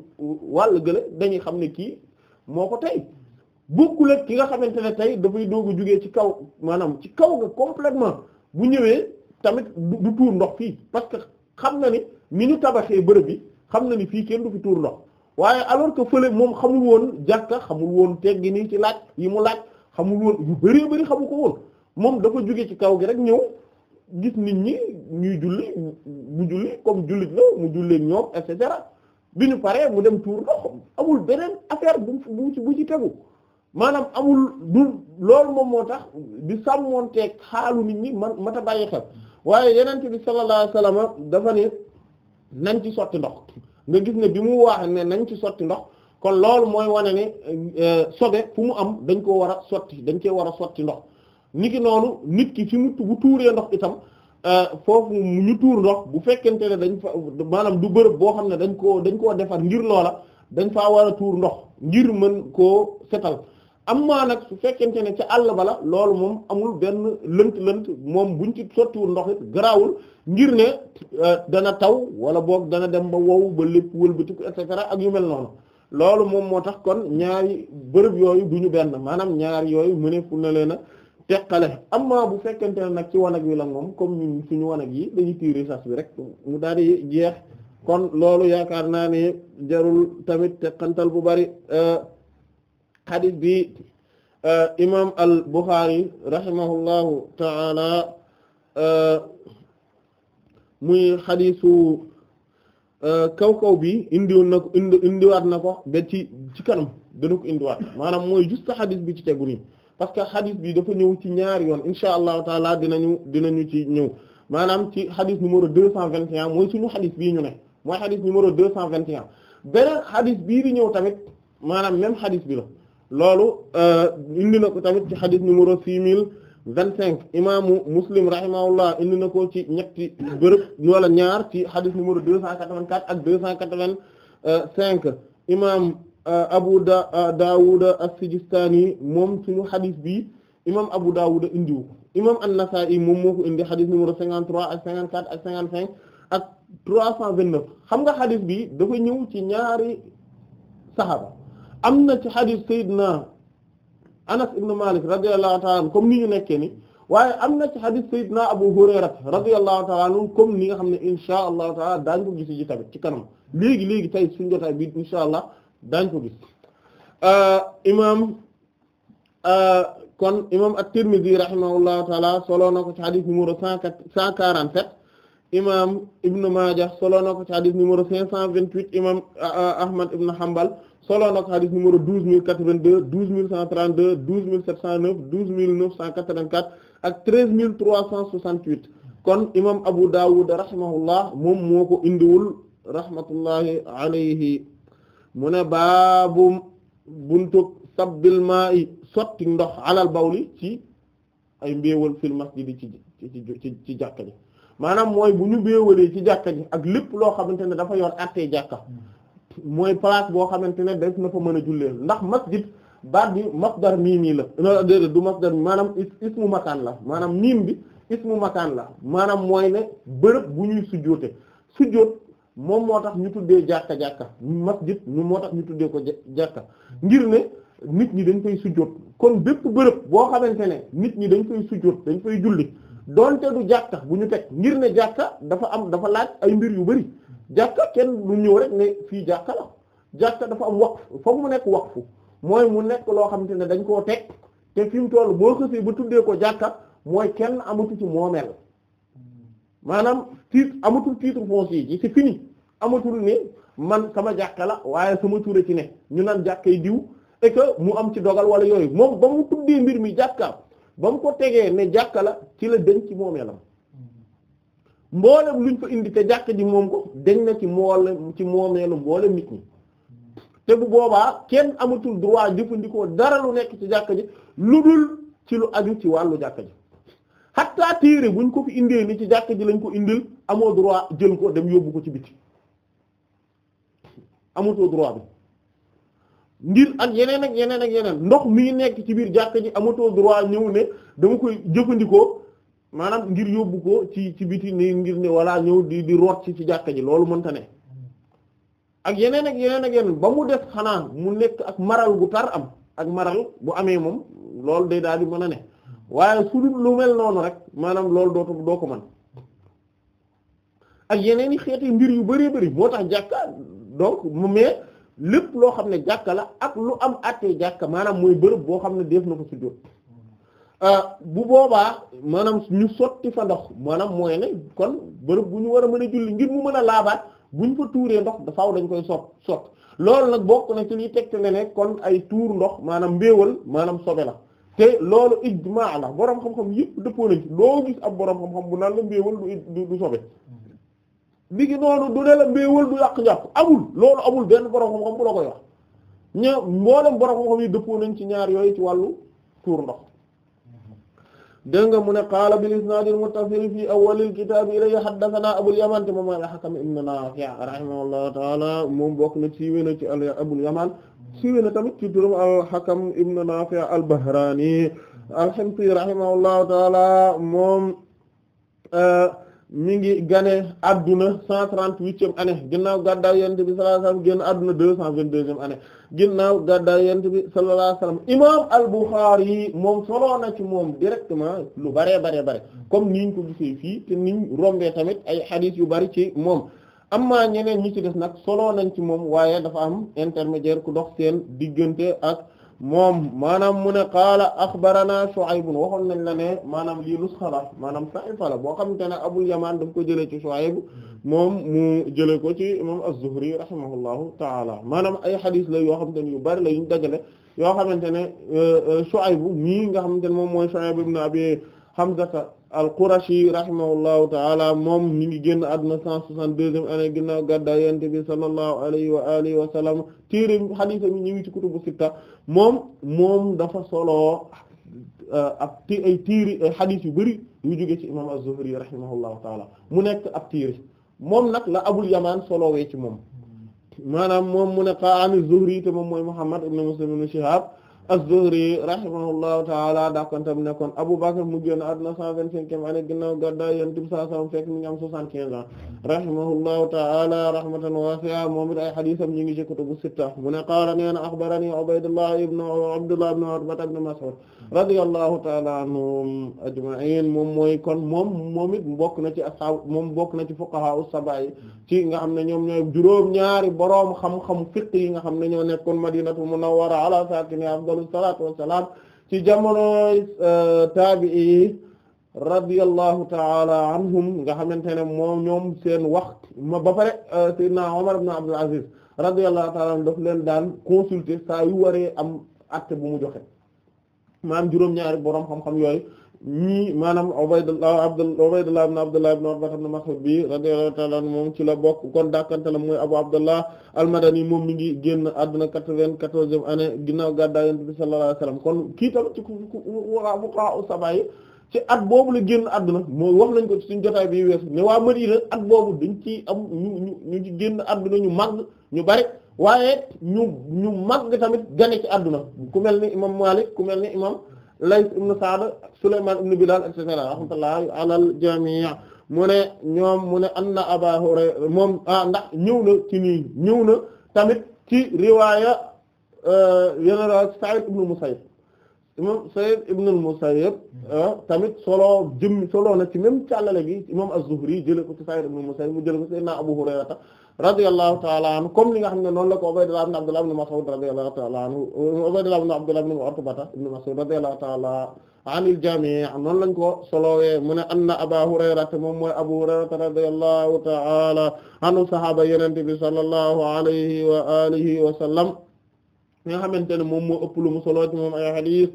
wàll gële dañuy xam ne kii moo ko tey bokkul ak ki nga xamante ne tey dafay doog a jógee ci kaw maanaam ci kaw ga complètement bu ñëwee tamit du tuur ndox fii parce que xam na ni ni ñu tabaxee bërëb bi xam na ni fii kenn du fi tuur ndox waaye alors que fële moom xamul woon jàkka xamul woon teggi nii ci laaj yi mu laaj xamul woon yu bëree bëri xamu ko woon moom dafa jóge ci kaw gi rek ñëw gis nit ñi ñuy julli mu julli comme jullit la mu jullee ñoom et cetera bi ñu pare mu dem tuur ndox amul beneen affaire bu bu bu ci tegu maanaam amul du loolu moom moo tax di teg xaalu nit ñi man mata bàyyi xel waaye yenent bi sallallahu alayhi wasallam dafa ne nañ ci sotti ndox nga gis ne bi mu wax ne nañ ci sotti ndox kon loolu mooy wane ne euh, sobe fu mu am dañ koo war a sotti dañ cee war a sotti ndox niki noonu nit ki fi mu bu tuuree ndox itam euh, foofu ñu tuur ndox bu fekkente ne dañ fa maanaam du bërëb boo xam ne dañ koo dañ koo defar ngir loola dañ faa war a tuur ndox ngir mën koo setal am amma nag su fekkente ne ca àll ba la loolu moom amul benn lënt lënt moom buñ ci sottiwul ndox it garaawul ngir ne euh, dana taw wala boog dana dem ba wow ba lépp wëlbatiku et cetera ak yu mel noonu loolu moom moo tax kon ñaari bërëb yooyu bu ñu benn maanaam ñaari yooyu mu ne fu na leen a teqale amma bu fekkente ne nag ci wanag wi la moom comme ñun suñu wanag yi dañu tiiri sas bi rek mu daal di jeex kon loolu yaakaar naa ne jarul tamit teqantal bu bari. Euh, xadis bi euh, imam al Bukhari rahimahullahu taala euh, muy xadisu euh, kaw kaw bi indiwoon na indi indiwaat na ko ba ci ci kanam dana ko indiwaat maanaam mooy juste xadis bi ci tegu nii parce que xadis bi dafa ñëw ci ñaari yoon insha allahu taala dinañu dinañu ci ñëw maanaam ci xadis numéro deux cent vingt et un mooy suñu xadis bii ñu ne numéro deux cent vingt an un beneen xadis bii di ñëw tamit maanaam même xadis bi la loolu euh, indi na ko tamit ci xadis numéro six mille vingt cinq imaamu muslim rahimahullah indi na ko ci ñetti bërëb wala ñaar ci xadis numéro deux cent quatre-vingt-quatre ak deux cent quatre-vingt-cinq imaam euh, Abu da euh, Daawuda as-Sijistaani moom suñu xadis bi imaam Abu Daawuda indiwu ko imaam an-Nasaa'i moom moo indi xadis numéro cinquante trois ak cinquante quatre ak cinquante cinq ak trois cent vingt neuf xam nga xadis bi dafa ñëw ci ñaari saxaaba am na ci xadiis Seydina Anas ibn Malik radiyallahu ta'ala anhu comme ni ñu nekkee ni waaye am na ci xadiis Seydina Abu Hurayra radiyallahu ta'ala anhu comme ni nga xam ne insha allahu taala daañ ko gis ji tamit ci kanam léegi léegi tey suñu jotaay bi insha allah daañ ko gis euh, imaam euh, kon imaam at-Tirmidhi rahimahullahu solo na ko ci xadiis numéro cent cent quarante Ibn Maaja solo na ko ci xadiis numéro cinq vingt-huit imaam euh, ibn Hanbal solo nag xadis numéro douze mille quatre-vingt-deux douze mille cent trente-deux douze mille sept cent neuf douze mille neuf cent quatre-vingt-quatre ak treize mille trois cent soixante-huit kon imam Abu Dawud rahimahullah moom moo ko indiwul rahmatullahi alayhi mu ne baa baabu buntu sabbil maa'i sotti ndox alal bawli ci ay mbéewal fil masjid ci ci ci jàkka ji maanaam mooy bu ñu béewalee ci jàkka ji ak lépp loo xamante ne dafa yor attee jàkka mooy place boo xamante ne daf na fa mën a jullee ndax masjid baat bi mii miimi la déedéet du masdar maanaam ismu makaan la maanaam miim bi ismu makaan la maanaam mooy ne bërëb bu ñuy sujjoote sujjoot moom moo tax ñu tuddee jàkka jàkka masjid ñu moo tax ñu tuddee ko jàkka ngir ne nit ñi dañ koy sujjoot kon bépp bërëb boo xamante ne nit ñi dañ koy sujjoot dañ koy julli donte du jàkka bu ñu teg ngir ne jàkka dafa am dafa laaj ay mbir yu bari jàkka kenn lu ñëw rek ne fii jàkka la jàkka dafa am waqf foog mu nekk waqfu mooy mu nekk loo xamante ne dañ koo teg te fi mu boo xësee ba tuddee ko jàkka mooy kenn amatu ci moomeel maanaam titre amatul titre foncier ji c'est fini amatul ne man sama jàkka la waaye sama ture ci ne ñu naan jàkkay diw et que mu am ci dogal wala yooyu moom ba mu tuddee mbir mi jàkka ba mu ko tegee ne jàkka la ci la denc ci moomeelam mboolem luñ fa indi te jàkk ji moom ko dañ na ci moole ci moomeelu mboolem nit ñi te bu boobaa kenn amatul droit jëfandikoo dara lu nekk ci jàkk ji lu dul ci lu aju ci wàllu jàkk ji xattaa téere buñ ko fi indee ci jàkk ji lañ ko indil amoo droit jël ko dem yóbbu ko ci biti amatoo droit bi ngir ak yeneen ak yeneen ak yeneen ndox mi nekk ci biir jàkk ji amatoo droit ñëw ne dama koy jëfandikoo maanaam ngir yóbbu ko ci ci biti ni ngir ne walla ñëw di di root ci ci jàkka ji loolu mënta ne ak yeneen ak yeneen ak yeneen ba mu def xanaa mu nekk ak maral gu tar am ak maral bu amee moom loolu day daal di mën a ne waaye su lu mel noonu rek maanaam loolu dootu doo ko mën ak yeneen i xeeti mbir yu bëree bëri moo tax jàkka donc mu mais lépp loo xam ne jàkka la ak lu am àttee jàkka maanaam mooy bërëb boo xam ne def na ko sujjóot Euh, bu boobaa maanaam ñu sotti fa ndox maanaam mooy ne kon bërëb bu ñu war a mën a julli ngir mu mën a laabaat buñ fa tuuree ndox dafaaw dañ koy sot sot loolu nag bokk na ci li tegte ne ne kon ay tuur ndox maanaam mbéewal maanaam sobe la te loolu ijmaa la boroom xam-xam yëpp dëppoo nañ ci loo gis ab boroom xam-xam bu naan la mbéewal du du sobe ligi noonu du ne la mbéewal du yàq amul loolu amul benn boroom xam-xam bu la koy wax ña mboolem boroom xam-xam yi dëppoo nañ ci ñaar yooyu ci wàllu tuur ndox dégg nga mu ne qaala bil isnaadil muttasil fii awwalil kitaab ilay haddasanaa abul yaman te moom mooy al-hakam ibn naafi' rahimahullahu taala moom bokk na siiwee na ci abul yaman siiwee na tamit ci turam al-hakam ibn naafi' al-bahraani al-himsi rahimahullahu taala moom. Euh, mi ngi gane adduna cent trente-huitième année ginnaaw gàddaay yonent bi sallallahu alayhi génn adduna deux cent vingt-deuxième année ginnaaw gàddaay yonent bi sallallahu alayhi wasallam imam al-Bukhari yi moom solo na ci moom directement lu bare bare bare comme niñ ko gisee fii te ñu rombee tamit ay hadith yu bari ci moom amma ñeneen ñi ci def nag solo nañ ci moom waaye dafa am intermédiaire ku dox seen diggante ak moom maanaam mu ne qaala axbarana Shu'ayb waxoon nañ la ne maanaam lii nusxa la maanaam taifa la boo xamante ne Abul Yamaan daf ko jëlee ci Shu'ayb moom mu jëlee ko ci imam Az-Zuhri rahimahullahu taala maanaam ay xadiis la yoo xamante ne yu bari la yu ñu dajale yoo xamante ne euh, euh, Shu'ayb mii nga xamante ne moom mooy Shu'ayb ibn Abi Hamza al-Qurashi rahimahullahu ta'ala moom mi ngi génn àdduna 162e année ginnaaw gàddaay Yonent bi sallallahu alayhi wa alihi wa sallam téere hadith mi ñu ngi ci kutubu sitta moom moom dafa solo euh, ab ti ay téere ay yu bari yu jóge ci imam az-Zuhri rahimahullahu ta'ala mu nekk ab moom nag la Abul Yamaan solowee ci moom maanaam moom mu ne qaala an az-Zuhri te moom mooy Muhammad ibn Muslim ibn Shihab az-Zuhri rahimahullahu ta'ala dakantam nekkoon Abu Bakr mu génn àdduna 125e année ginnaaw gàddaay Yonent bi sallallahu alayhi wasallam fekk mi ngi am 75 ans rahimahullahu ta'ala rahmatan wasi'a moom it ay hadiisam ñu ngi ci kutubu sitta mu ne qaala nee na akhbarani Ubaydullah ibn Abdullah ibn Utba ibn Mas'ud radiyallahu ta'ala anhum ajma'in moom mooy kon moom moom it bokk na ci ashaab moom bokk na ci fuqaha as-sab'a ci nga xam ne ñoom ñooy juróom-ñaari borom xam-xam fiqh yi nga xam ne ñoo nekkoon Madinatu Munawwara ala saakinihaa afdalu salaatu wassalaam ci jamonoy euh, taabi'i yi radiyallahu taala anhum nga xamante ne moom ñoom seen wax ma ba pare euh, sayyidina Umar ibn Abdul Aziz radiyallahu taala anhu leen daan consulter saa yu waree am acte bu mu joxe maanaam juróom-ñaari boroom xam-xam yooyu ñii maanaam Ubaydullah Abdul Ubaydullah ibn Abdullah ibn Utba ibn Mas'ud bi radiyallahu ta'ala anhu moom ci la bokk kon dàkkante la mooy Abu Abdullah al-Madani moom mi ngi génn àdduna quatre-vingt-quatorzième année ginnaaw gàddaay Yonent bi sallallahu alayhi wasallam kon kii tamit ci fuqahaa'u sab'a yi ci at boobu la génn àdduna mooy wax nañ ko ci suñ jotaay bi weesu ne waa Madina at boobu dañ ci am ñu ñu ñu ci génn àdduna ñu màgg ñu bari waaye ñu ñu màgg tamit gane ci àdduna ku mel ni imam Malik ku mel ni imam Layth ibn Sa'd Sulaymaan ibn Bilaal et cetera rahmatullah alal jamii mu ne ñoom mu ne anna Abaa Hurayra moom ah ndax ñëw na ci nii ñëw na tamit ci riwaaya général euh, Sa'id ibn Musayyib imam Sa'id ibn al-Musayyib ah, tamit solo jëm solo na ci même càllale gi imam Az-Zuhri jële ko ci Sa'id ibn al mu jële ko ci Seydina Abu Hurayrata radiyallahu ta'ala anhu comme li nga xam ne noonu la ko Ubaydullah ibn Abdullah ibn Mas'ud radiyallahu ta'ala anhu Ubaydullah ibn Abdullah ibn Utbata ibn Mas'ud radiyallahu ta'ala anil jami' noonu lañ ko solowee mu ne anna Aba Hurayra te moom mooy Abu Hurayra radiyallahu ta'ala anhu sahaaba Yonent bi sallallahu alayhi wa alihi wa sallam mi nga xamante ne moom moo ëpp lu mu solo ci moom ay hadith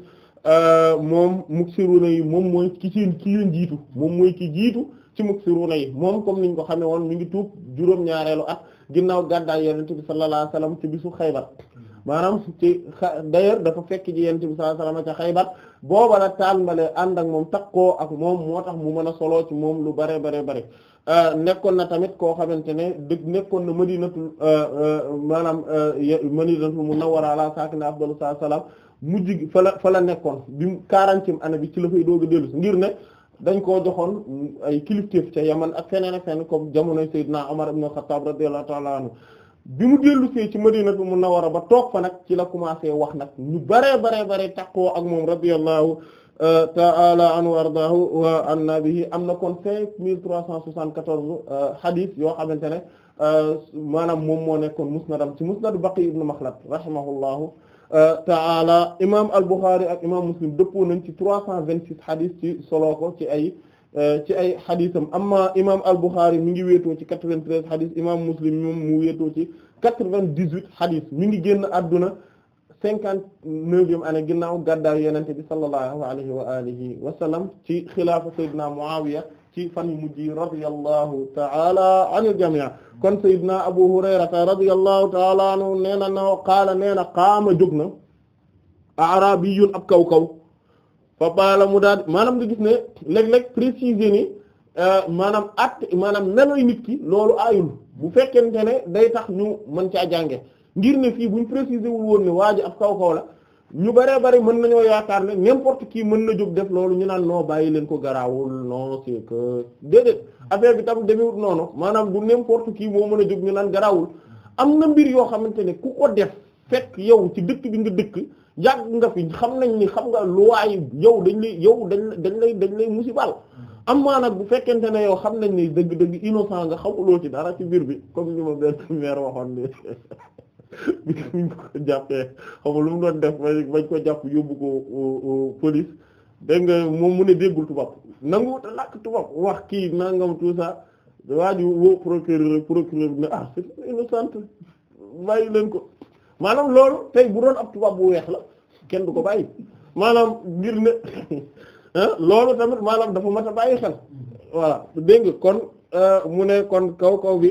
moom muksiruna yi moom mooy ki ci ki leen jiitu moom mooy ki jiitu ci muksiruna yi moom comme niñ ko xamee woon mi ngi tuub juróom-ñaareelu at ginnaaw gàddaay yonent bi sallallahu alayhi wasallam ci bisu Xaybar maanaam ci d'ailleurs dafa fekk ji yonent bi sallallahu alayhi wasallam ca Xaybar booba la tàmbalee ànd ak moom takkoo ak moom moo tax mu mën a solo ci moom lu bare bare bare euh, nekkoon na tamit koo xamante ne dëgg nekkoon na madinatul euh, euh, maanaam madinatul munawwara ala saakina afdalu salaam mujj gi fa la fa la nekkoon bi quarantième année bi ci la fay a dellu ngir ne dañ koo joxoon ay kilifteef ca Yaman ak feneen ak feneen comme jamonoy Seydina Omar ibn Khattab radiyallahu ta'ala anhu bi mu dellu see ci Madinatu Munawwara ba toog fa nag ci la commencé wax nag ñu bare bare bare taqoo ak moom radiyallahu euh, ta'ala anhu ardaahu wa anna bihi am na kon cinq mille trois cent soixante-quatorze euh, hadith yoo xamante ne euh, maanaam moom moo nekkoon musnadam ci musnadu Baqi ibn Makhlad rahimahullahu Euh, taala imaam al-Bukhari ak imaam Muslim dëppoo nañ ci trois cent vingt-six ci solo ko ci ay euh, ci ay xadisam amma imaam al-Bukhari mi ngi wéetoo ci quatre-vingt-treize xadis imaam Muslim moom mu wéetoo ci quatre-vingt-dix-huit xadis mi ngi génn àdduna cinquante-neuvième année ginnaaw gàddaaw yenente bi sallallahu alayhi wa alihi wa sallam ci xilaafa Seydina Muawiya ci fan yu mujj radiyallahu ta'ala anil jami' kon sayyidina Abu Hurayrata radiyallahu ta'ala anhu nee na no qaala nee na qaama jóg na ab kaw kaw fa qaala mu daal maanaam nga gis ne léeg ni euh, maanaam at maanaam meloy nit loolu aayul bu fekkente ne day tax ñu mën caa jànge ngir ne fii buñ préciser wul woon ne ab kaw kaw ñu bëree bëri mën nañoo yaakaar ne n'importe kii mën na jóg def loolu ñu naan non bàyyi leen ko garaawul non c'est que déedéet affaire bi tam demewut noonu maanaam bu n'importe kii moo mën a jóg ñu naan garaawul am na mbir yoo xamante ne ku ko def fekk yow ci dëkk bi nga dëkk yàgg nga fi xam nañ ni xam nga lu luwaay yow dañ lay yow dañ dañ lay dañ lay musibal am maa nag bu fekkente ne yow xam nañ ni dëgg-dëgg innocent nga xamuloo ci dara ci mbir bi comme ñu ma benn <laughs> <laughs> <laughs> biñ ko jàppee lu mu doon def bañ ko jàpp yóbbu ko euh, euh, police nga moom mu ne déggul tubaab nangu te làkk tubaab wax kii nangam tout ça waa ji woo ah, leen ko maanaam loolu tey bu doon ab tubaab bu weex la kenn du ko bàyyi maanaam ngir ne <laughs> loolu tamit maanaam dafa mat a bàyyi xel voilà dégg nga kon euh, mu ne kon kaw kaw bi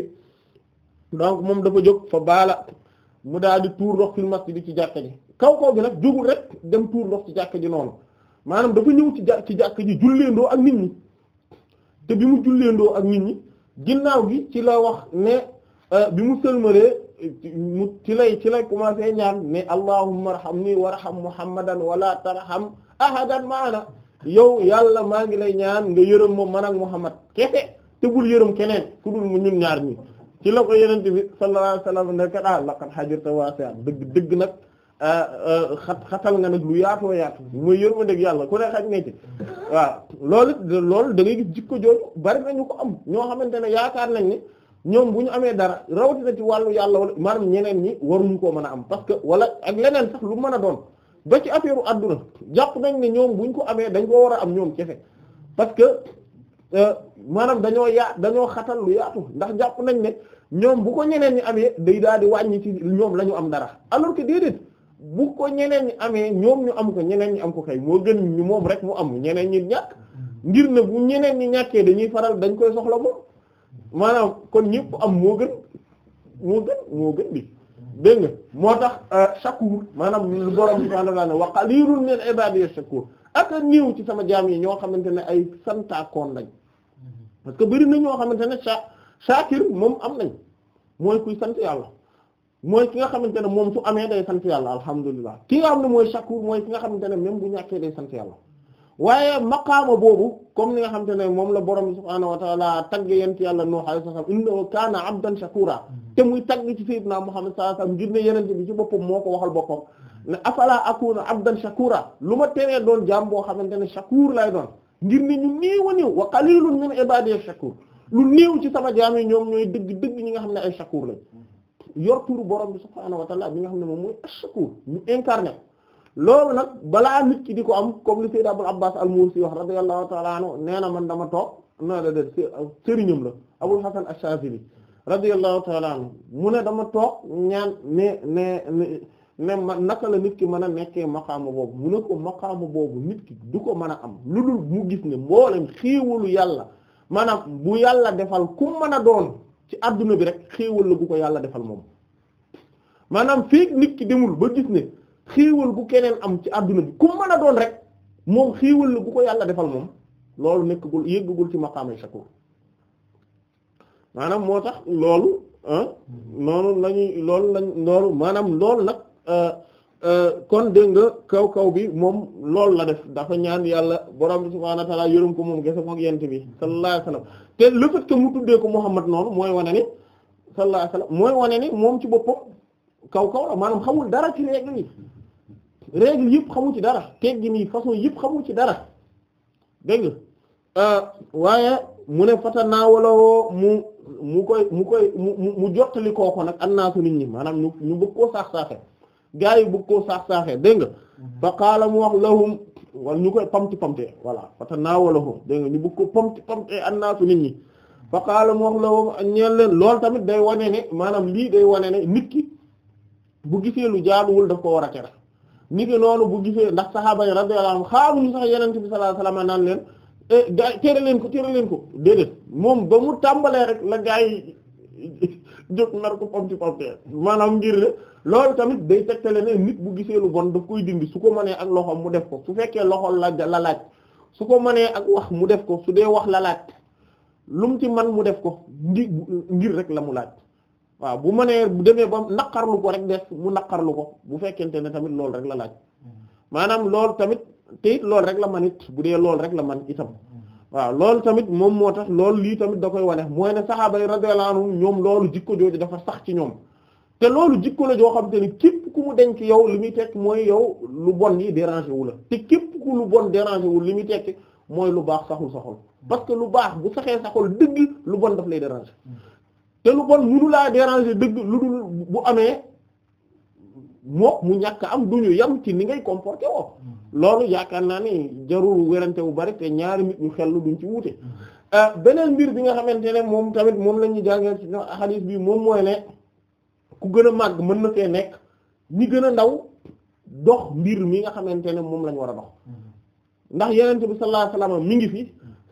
donc moom dafa jóg fa baala mu daal di tuur ndox fil masjid ci jàkka ji kaw kaw gi nag jugul rek dem tuur ndox ci jàkka ji noonu maanaam dafa ñëw ci ja ci jàkka ji julleendoo ak nit ñi te bi mu julleendoo ak nit ñi ginnaaw gi ci la wax ne euh, bi mu sëlmalee mu ci lay ci lay commencé ñaan ne allahumma arhamni warham muhammadan wala tarham ahadan maana yow yàlla maa ngi lay ñaan nga yërëm moom man ak muhammad kese te bul yërëm keneen ku dul mu ñun ñaar ñi ci la ko yeneen bi sallallahu alayhi wasallam ne kat ah laqad hajurta wasi'a dëgg dëgg nag ah, ah, xat xatal nga nag lu yaatoo yaatu mooy yërmandeeg yàlla ku ne xaj ne ci waaw loolu loolu da ngay gis jikko jooju bari nañu ko am ñoo xamante ne yaakaar nañ ni ñoom bu ñu amee dara rawatina ci wàllu yàlla wala maanaam ñeneen ñi waruñu koo mën a am parce que wala ak leneen sax lu mën a doon ba ci affaire u àdduna jàpp nañ ne ñoom buñ ko amee dañ koo war a am ñoom cefe Euh, maanaam dañoo yaa dañoo xatal lu yaatu ndax jàpp nañ ne ñoom bu ko ñeneen ñi amee day daal di wàññi ci ñoom la ñu am dara alors que déedéet bu ko ñeneen ñi amee ñoom ñu am ko ñeneen ñi am ko kay moo gën ñu moom rek mu ñeneen ñi ñàkk ngir ne bu ñeneen ñi ñàkkee dañuy faral dañ koy soxla moom maanaam kon ñëpp am moo gën moo gën moo gën bi dégg nga moo tax shakur euh, maanaam borom subhaanahu wa ta'aala wa qaliilun min ibaadiya shakur ak néew ci sama jaam yi ñoo xamante ne ay santaakoon lañ parce que bari na ñoo xamante ne sa saakir moom am nañ mooy kuy sant yàlla mooy ki nga xamante ne moom su amee day sant yàlla ki nga xam ne mooy shakur mooy ki nga xamante ne même bu ñàkkee day sant yàlla waaye maqaama boobu comme ni nga xamante ne moom la borom subhaanahu wa taala tagg yent yàlla Nuh alayhi salaam innahu kaana abdan shakura mm-hmm. te muy tagg ci sayyidina Muhammad sallallahu alayhi wasallam ngir ne yenente bi ci boppam moo ko waxal boppam ne afala akuna abdan shakura lu ma teree doon jaam boo xamante ne shakur lay doon ngir ni ñu néew a néew wa qalilun min ibadiy shakur lu néew ci sama jaam ñoom ñooy dëgg dëgg ñi nga xam ne ay shakur lañ yor turu borom bi subhaanahu wa ne moom mooy ash-shakur ñu incarné loolu nag balaa nit di ko am ko li Sayyid Abul Abbas al-Mursi wax radiyallahu ta'ala anhu nee na man dama toog na la de euh, sëriñam la Abul Hasan ash-Shazili radiyallahu ta'ala anhu mu ne dama toog ñaan ne ma naka la nit ki mën a nekkee maqaama boobu mu ne ko maqaama boobu nit ki du ko mën a am lu dul mu gis ne mboolem xéewalu yàlla maanaam bu yàlla defal ku mën a doon ci àdduna bi rek xéewal la bu ko yàlla defal moom maanaam fii nit ki demul ba gis ne bu keneen am ci adduna bi ku mën a doon rek moom xéewal la bu ko yàlla defal moom loolu nekkagul yëggagul ci maqaamay shakur maanaam moo tax loolu ah, noonu lañuy loolu lañ loolu maanaam loolu nag Euh, euh, kon dégg nga kaw kaw bi moom loolu la def dafa ñaan yàlla borom bi subhaanahu wa ta'aala yërëm ko moom gese mook yent bi sallallahu alayhi wa sallam te le fait mu tuddee ko Muhammad noonu mooy wane ni sallallahu alayhi mooy wane ni moom ci boppam kaw kaw la maanaam xamul dara ci règle yi règle yëpp xamul ci dara teggin yi façon yëpp xamul ci dara dégg euh, waaye mu ne fatanawaloo mu mu koy mu koy mu mu jottali kooku nag annaasu nit ñi maanaam ñu ñu bëgg koo saax saaxe gaa yi bugg koo saax-saaxee dégg nga mhm. fa qaala mu la lahum wal ñu koy pamti pamte voilà fatanaawalahu dégg nga ñu bëgg ko pamti pamte annaasu nit ñi fa qaala la wax lahum ñeel leen lool tamit day wane ne maanaam lii day wane ne nit ki bu gisee lu jaaduwul daf ko war a tere nit ki noonu bu gisee ndax sahaaba yi radiyallahu anhum xaamuñu sax yenente bi sallallahu alayhi wasallam naan leen eh, gaa yi tere leen ko tere leen ko déedéet moom ba mu tàmbalee rek la gaa yi jóg nar ko pomti pomti maanaam ngir ne lool tamit day tegtale ne nit bu gisee lu bon daf koy dindi su ko manee ak loxoom mu def ko su fekkee loxol la la laaj su ko mënee ak wax mu def ko su dee wax la laaj lu mu ci man mu def ko ngir ngir rek la mu laaj waaw bu mënee bu demee ba naqarlu ko rek def mu naqarlu ko bu fekkente ne tamit loolu rek la laaj mm-hmm. maanaam loolu tamit te it loolu rek la man it bu dee loolu rek la man itam. waaw loolu tamit moom moo tax loolu lii tamit da koy wane mooy ne saxaaba yi radiyallahu anhum ñoom loolu jikko jooju dafa sax ci ñoom te loolu jikko la joo xam te ni képp ku mu denc yow li muy tekk mooy yow lu bon yi dérangé wu te képp ku lu bon dérangé wu li muy tekk mooy lu baax saxul saxul parce que lu baax bu saxee saxul dëgg lu bon daf lay déranger te lu bon mënu laa déranger dëgg lu dul bu amee mook mu ñàkk am duñu yam ci ni ngay comporté woo mm-hmm. loolu yaakaar naa ni jarul werante bu bari te ñaari mit ñu xellu duñ ci wuute mm-hmm. euh, beneen mbir bi nga xamante ne moom tamit moom la ñuy jàngal ci hadith bi moom mooy ne ku gën a màgg mën na fee nekk ñi gën a ndaw dox mbir mi nga xamante ne moom la ñu war a dox mm-hmm. ndax yeneen bi sallallahu alayhi wasallam mi ngi fi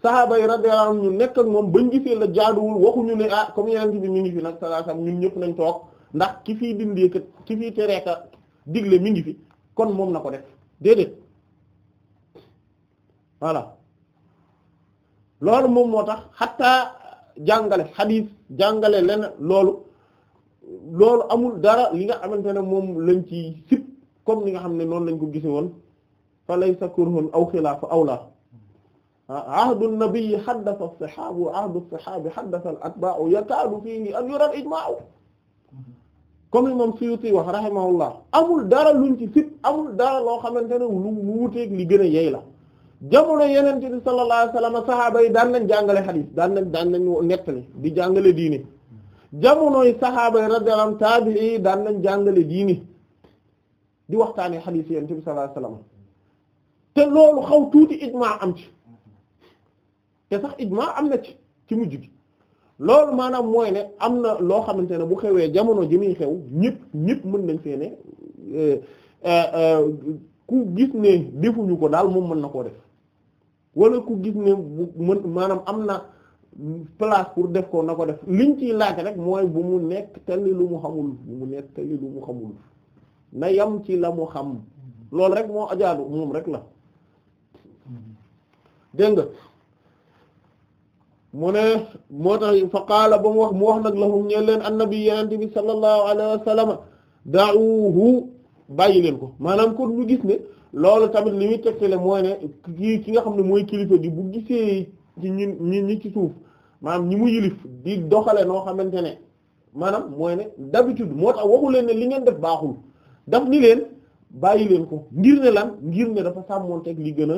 sahaaba yi radiyallahu anhum ñu nekk ak moom bañ gisee la jaaduwul waxuñu ne ah comme yeneen bi mi ngi fi nag sallallahu alayhi ñëpp nañ toog ndax ki fii dindi kat ki fii digle mi ngi fi kon moom na ko def déedéet voilà loolu moom moo tax xatta jàngale xadiis jàngale len loolu loolu amul dara li nga xamante ne moom lañ ci sip comme li nga xam ne noonu lañ ko gise woon fa laysa kurhun aw xilaafa awla ahdu nabii xaddasa saxaabu ahdu saxaabi xaddasa al atbaau yakaadu fiihi an yura al ijmaau comme imam Suyuti wax rahimahullah amul dara luñ ci sit amul dara loo xamante wu lu wuuteeg li gën a yey la jamono yeneen bi sallallahu alayhi wasallam saxaaba yi daan nañ jàngale xadiis daan nañ daan nañu nettali di jàngale diine jamonoy saxaaba yi radiyallahu anhum taabi'i yi daan nañ jàngale diine di waxtaanee xadiis yeneen bi sallallahu alayhi wasallam te loolu xaw tuuti ijmaa am ci te sax ijmaa am na ci ci mujj gi loolu maanaam mooy ne am na loo xamante ne bu xewee jamono ji muy xew ñëpp ñëpp mën nañ fee ne euh, euh, euh, ku gis ne defuñu ko daal moom mën na koo def wala ku gis ne mën maanaam am na place pour def ko na ko def liñ ciy laaj rek mooy bu mu nekk tali lu mu xamul bu mu nekk tali lu mu xamul na yam ci la mu xam loolu rek moo ajaadu moom rek la mm-hmm. dégg mu ne moo tax fa qaala ba mu wax mu wax nag lahum ngeen leen annabi yenente bi sallallahu alayhi wa sallama da'uhu bàyyi leen ko maanaam kon ñu gis ne loolu tamit li muy tegtale mooy ne ki nga xam ne mooy kilifa gi bu gisee ci ñun ñi ñi ci suuf maanaam ñi mu yilif di doxale noo xamante ne maanaam mooy ne d'habitude moo tax waxu leen ne li ngeen def baaxul daf ni leen bàyyi leen ko ngir ne lan ngir ne dafa teg li gën a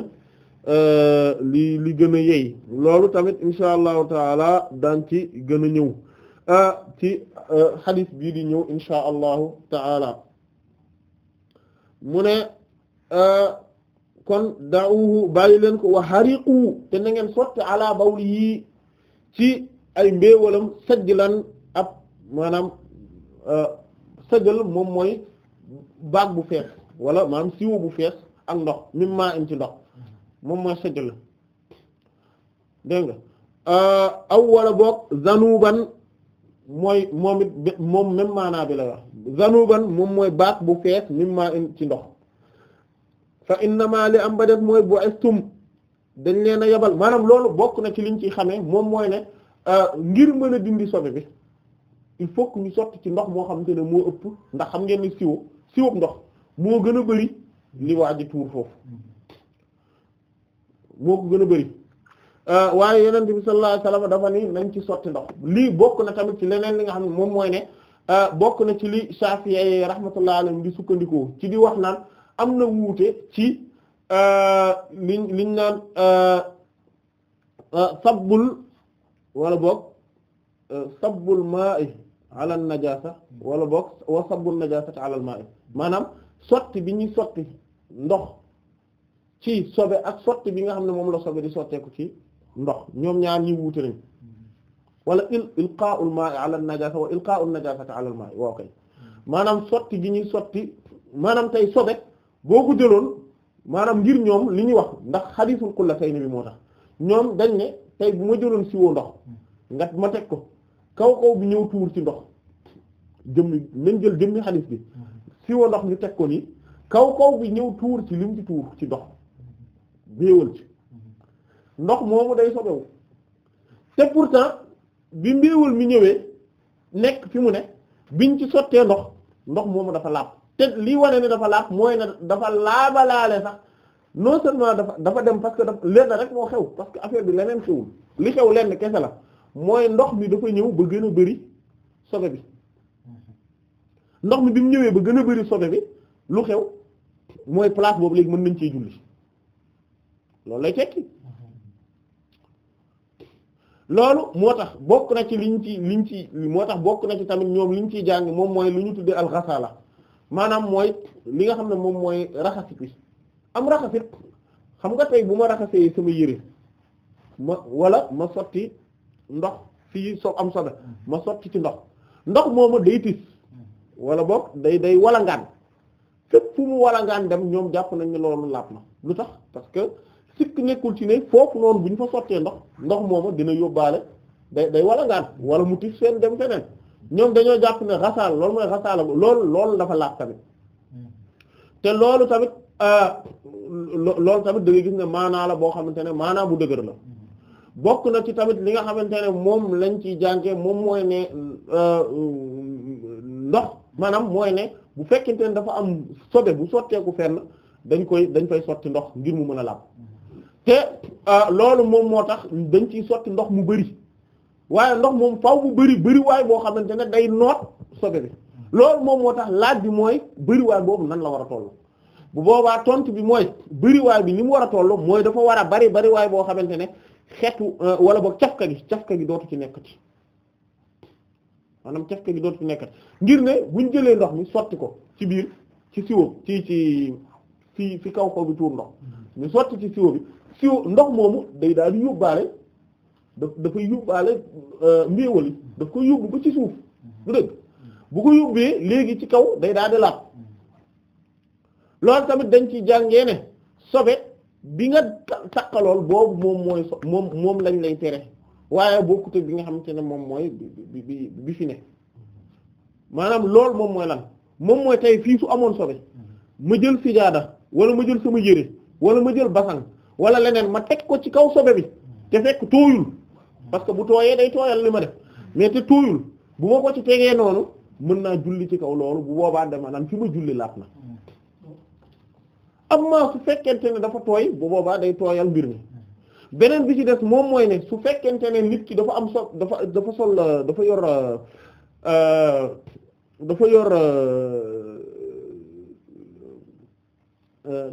Euh, li li gën a yey loolu tamit insha allahu taala daan ci gën a ñëw ah, ci euh, xadis bii di ñëw insha allahu taala mu ne euh, kon da'uhu bàyyi leen ko wa hariqu te na ngeen sotti ala bawli yii ci ay mbéewalam sajjlan ab maanaam sajal moom mooy baag bu feex wala maanaam siwo bu feex ak ndox mimma am ci moom mooy sajj la dégg euh, aw wala boog zanuban mooy moom it moom même maanaa bi la wax zanuban moom mooy baat bu fees mimma ci ndox fa innama li am ba def mooy bu'istum dañ leen a yabal maanaam loolu bokk na ci liñ ci xamee moom mooy ne euh, ngir mën a dindi sobe bi il faut que ñu sotti ci ndox moo xamante ne moo ëpp ndax xam ngeen ni siwo siwub ndox moo gën a bari li waa tuur foofu moo ko gën a bëri euh, waaye yonent bi sallallahu alayhi wasallam dafa ni nañ ci sotti ndox lii bokk na tamit ci leneen li nga xam ne moom mooy ne euh, bokk na ci li Shafi'i rahmatullahi alayhi di sukkandikoo ci di wax naan am na wuute ci euh, liñ liñ naan sabbul wala boog sabbul ma'i ala najasa wala boog wa sabbul najasati ala al ma'i maanaam sotti bi ñuy sotti ndox ci sobe ak sotti bi nga xam ne moom la sobe di sotteeku ci ndox ñoom ñaan ñi wuute nañ wala il ilqa'ul ma'i 'ala an-najasa wa ilqa'un najasati 'ala al-ma'i waaw maanaam sotti bi ñuy sotti maanaam tey sobe boo ko jëloon maanaam ngir ñoom li ñuy wax ndax xadiisul qullatayn bi moo tax ñoom dañ ne tey bu ma jëloon siwoo ndox nga ma teg ko kaw kaw bi ñëw tuur ci ndox jëmmi nañ jël jëmmi xadiis bi mm-hmm. siwo ndox ñu teg ko nii kaw kaw bi ñëw tuur ci lim ci tuur ci ndox mbiiwal ndox moomu day sobewu te pourtant bi mbiiwal mu ñëwee nekk fi mu ne biñ ci sottee ndox ndox moomu dafa laab te lii wane ne dafa laab mooy ne dafa laabalaale sax non seulement dafa dafa dem parce que dafa lenn rek moo xew parce que affaire bi leneen xewul li xew lenn kese la mooy ndox mi dafa ñëw ba gën a bari sobe bi ndox mi bi mu ñëwee ba gën a bari sobe bi lu xew mooy place boobu léegi mën nañ cee julli loolu lay tekki loolu moo tax bokk na ci liñ ci liñ ci moo tax bokk na ci tamit ñoom li ñu ciy jàng moom mooy lu ñu tuddee alxasala maanaam mooy li nga xam ne moom mooy raxasit bi am raxasit xam nga tey bu ma raxasee sama yére ma walla ma sotti ndox fii soo am sobe ma sotti ci ndox ndox moomu day tis wala boog day day walangaan fépp fu mu walangaan dem ñoom jàpp nañ ne loolu laab na lu tax parce sikk nekkul ci ne foofu noonu bu ñu fa sottee ndox ndox mooma dina yóbbaale day day wala ngaan wala mu tif seen dem feneen ñoom dañoo jàpp ne xasaal loolu mooy xasaala loolu loolu dafa laaj tamit te loolu tamit euh, loolu tamit da ne maanaa la boo xamante ne maanaa bu dëgër la bokk na ci tamit li nga xamante ne moom lañ ciy jànge moom mooy ne euh, ndox maanaam mooy ne bu fekkente ne dafa am sobe bu sotteeku fenn dañ koy dañ fay sotti ndox ngir mu mën a làpp te ah, loolu moom moo tax dañ ciy sotti ndox mu bari waaye ndox moom faw mu bari bariwaay boo xamante ne day noot sobe bi loolu moom moo tax laaj bi mooy bariwaay boobu nan la war a toll bu boobaa tont bi mooy bariwaay bi ni mu war a toll mooy dafa war a bari waay boo xamante ne xetu ah, wala boog cafka gi cafka gi dootu ci nekkati manam cafka gi dootu ci nekkati ngir ne buñ jëlee ndox mi sotti ko ci biir ci siwo ci ci fi fi kaw kaw bi tuur ndox mm-hmm. bi siwo ndox moomu day daal di yóbbaale daf dafay yóbbaale euh, mbéewal yi daf koy yóbbu ba ci suuf du dëgg bu ko yóbbee léegi ci kaw day daal di laab loolu tamit dañ ci jàngee ne sobe bi nga takkalool boobu moom mooy so moom lañ lay tere waaye boo bokkute bi nga xamante ne moom mooy bi bi bi fi ne maanaam loolu moom mooy lan moom mooy tey fii su amoon sobe ma jël sijaada wala ma jël sama yére wala ma jël basan wala leneen ma teg ko ci kaw sobe bi te fekk tooyul parce que bu tooyee day tooyal li ma def mais te tooyul bu ma ko ci tegee noonu mën naa julli ci kaw loolu bu boobaa dama naan fi ma julli laat na amma su fekkente ne dafa tooy bu boobaa day tooyal mbir mi beneen bi ci def moom mooy ne su fekkente ne nit ki dafa am so dafa dafa sol dafa yor euh, euh, dafa yor euh,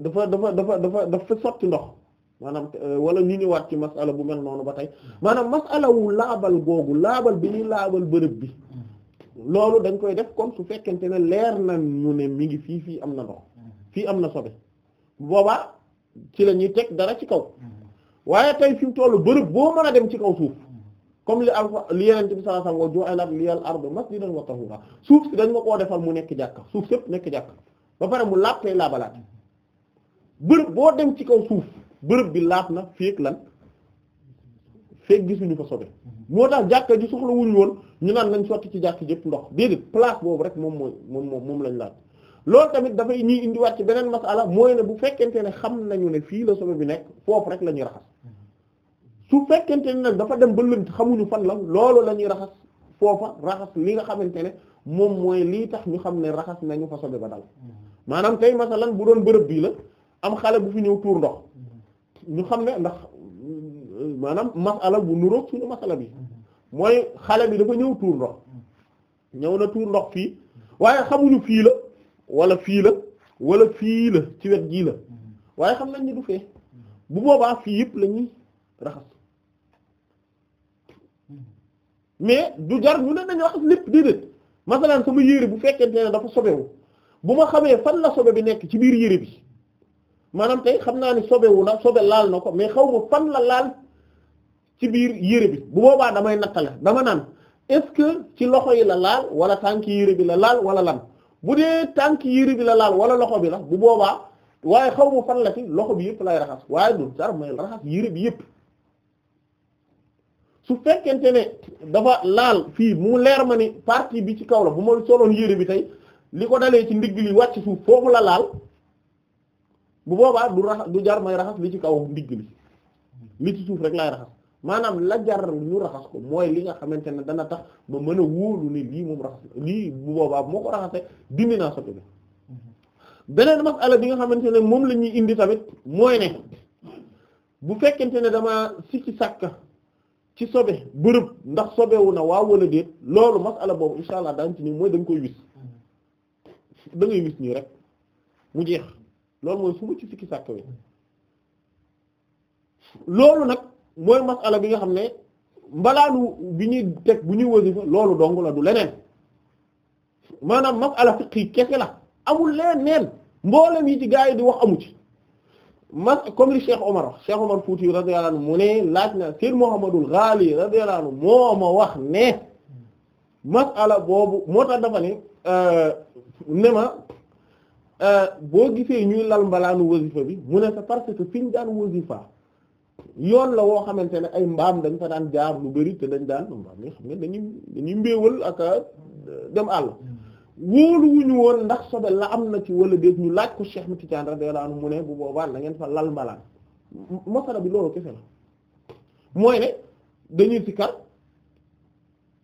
dafa dafa dafa dafa dafa sotti ndox maanaam euh, wala ñu ñëwaat ci masala bu mel noonu ba tey maanaam masala wu laabal googu laabal bi ñuy laabal bërëb bi loolu dañ koy def comme su fekkente ne leer na ñu ne mi ngi fii fii am na fii am na sobe boobaa ci la ñuy teg ci kaw waaye tey fi mu toll bërëb boo mën dem ci kaw suuf comme li alfa li yeneen bi sallallahu alayhi wa sallam ju'ilat liyal ardu masjidan wa tahura suuf si dañ ma koo defal mu nekk jàkka suuf sëpp nekk jàkka ba pare mu laab tey laabalaat bërëb boo dem ci kaw suuf bërëb bi laat na feek lan feek gisuñu fa sobe moo tax jàkka ji soxla wuñu woon ñu naan nañ sotti ci jàkk jëpp ndox déedéet place boobu rek moom mooy moom moom moom lañ laaj loolu tamit dafay ñuy indiwaat ci beneen masala mooy ne bu fekkente ne xam nañu ne fii la sobe bi nekk foofu rek la ñuy raxas su fekkente ne nag dafa dem ba lënt xamuñu fan la loolu la ñuy raxas foofa raxas li nga xamante ne moom mooy lii tax ñu xam ne raxas nañu fa sobe ba dal mm-hmm. maanaam tey masalan bu doon bërëb bii la am xale bu fi ñëw tuur ndox ñu xam ne ndax maanaam masala bu nuroog suñu masala bi mooy xale bi dafa ñëw tuur ndox ñëw na tuur ndox fii waaye xamuñu fii la wala fii la wala fii la ci wet jii la waaye xam nañ ni du fee bu boobaa fii yëpp la ñuy raxas mais du jar ñu ne dañu raxas lépp déedéet masalan sama yére bu fekkee ne dafa sobewu bu ma xamee fan la sobe bi nekk ci biir yére bi maanaam tey xam naa ni sobewu na sobe laal na ko mais xaw ma fan la laal ci biir yére bi bu boobaa damay nattale dama naan est-ce que ci loxo yi la laal wala tànk yére bi la laal wala lan bu dee tànk yére bi la laal wala loxo bi la bu boobaa waaye xaw ma fan la ci loxo bi yëpp lay raxas waaye du dara may raxas yére bi yëpp su fekkente ne dafa laal fii mu leer ma ni partie bi ci kaw la bu ma soloon yére bi tey li ko dalee ci ndigg li wàcc suuf foofu la laal bu boobaa du raxas du jar may raxas li ci kaw ndigg li li ci suuf rek laay raxas maanaam la jar ñu raxas ko mooy li nga xamante ne dana tax ma mën a wóolu ne lii moom raxas lii bu boobaa moo ko raxase dindi naa sotti bi beneen masala bi nga xamante ne moom la ñuy indi tamit mooy ne bu fekkente ne dama si ci sàkka ci sobe bërëb ndax sobewu na waa wala déet loolu masala boobu insha allah daan ci ni mooy da koy wis da ngay wis nii rek mu jeex loolu mooy su ci sikki sàkk loolu nag mooy masala bi nga xam ne mbalaanu bi ñuy teg bu ñuy wasifa loolu dong la du leneen maanaam masala fiqi kese la amul leneen mboolem yi ci gaa yi di wax amu ci mas comme li Cheikh Omar wax Cheikh Omar Fouti radiyallahu anhu mu ne laaj na Seydi Muhammadul Ghali radiyallahu moo ma wax ne masala boobu moo tax dafa ne euh, ne Euh, boo gisee ñuy lal mbalaanu wasifa bi mu ne c'est parce que fi ñu daan wasifa yoon la woo xamante ne ay mbaam dañ fa daan jaar lu bari te dañ daan mbaam yi xam nga dañuy dañuy mbéewal ak euh, dem àll wóolu wuñu woon ndax sobe la am na ci wala déet ñu laaj ko Cheikh Ahmed Tidiane radiyallahu anhu mu ne bu boobaa na ngeen fa lal mbalaan masala bi loolu kese la mooy ne dañuy sikkar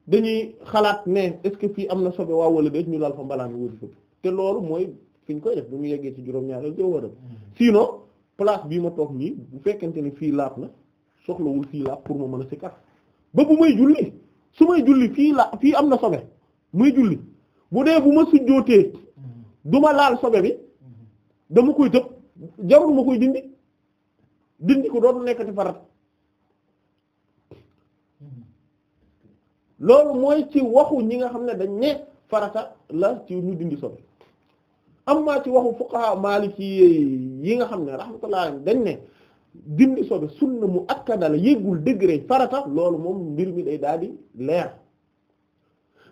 dañuy xalaat ne est-ce fii am na sobe waaw wala déet ñu lal fa mbalaan wasifa bi te loolu mooy fi ñu koy def bu ñu yeggee ci juróom-ñaareel joo war a sinon place bii ma toog nii bu fekkente ni fii laab na soxlawul fii laab pour ma mën a sikar ba bu may julli su may julli fii la fii am na sobe muy julli bu dee bu ma sujjóotee du ma laal sobe bi dama koy tëb jarul ma koy dindi dindi ko doon nekkati farat loolu mooy ci waxu ñi nga xam ne dañ ne farata la ci ñu dindi sobe amma ci waxu fuqaha maliki yi nga xam ne rahmatullah dañ ne dindi sobe sunna mu akkada la yéggul degré farata loolu moom mbir mi day daal di leer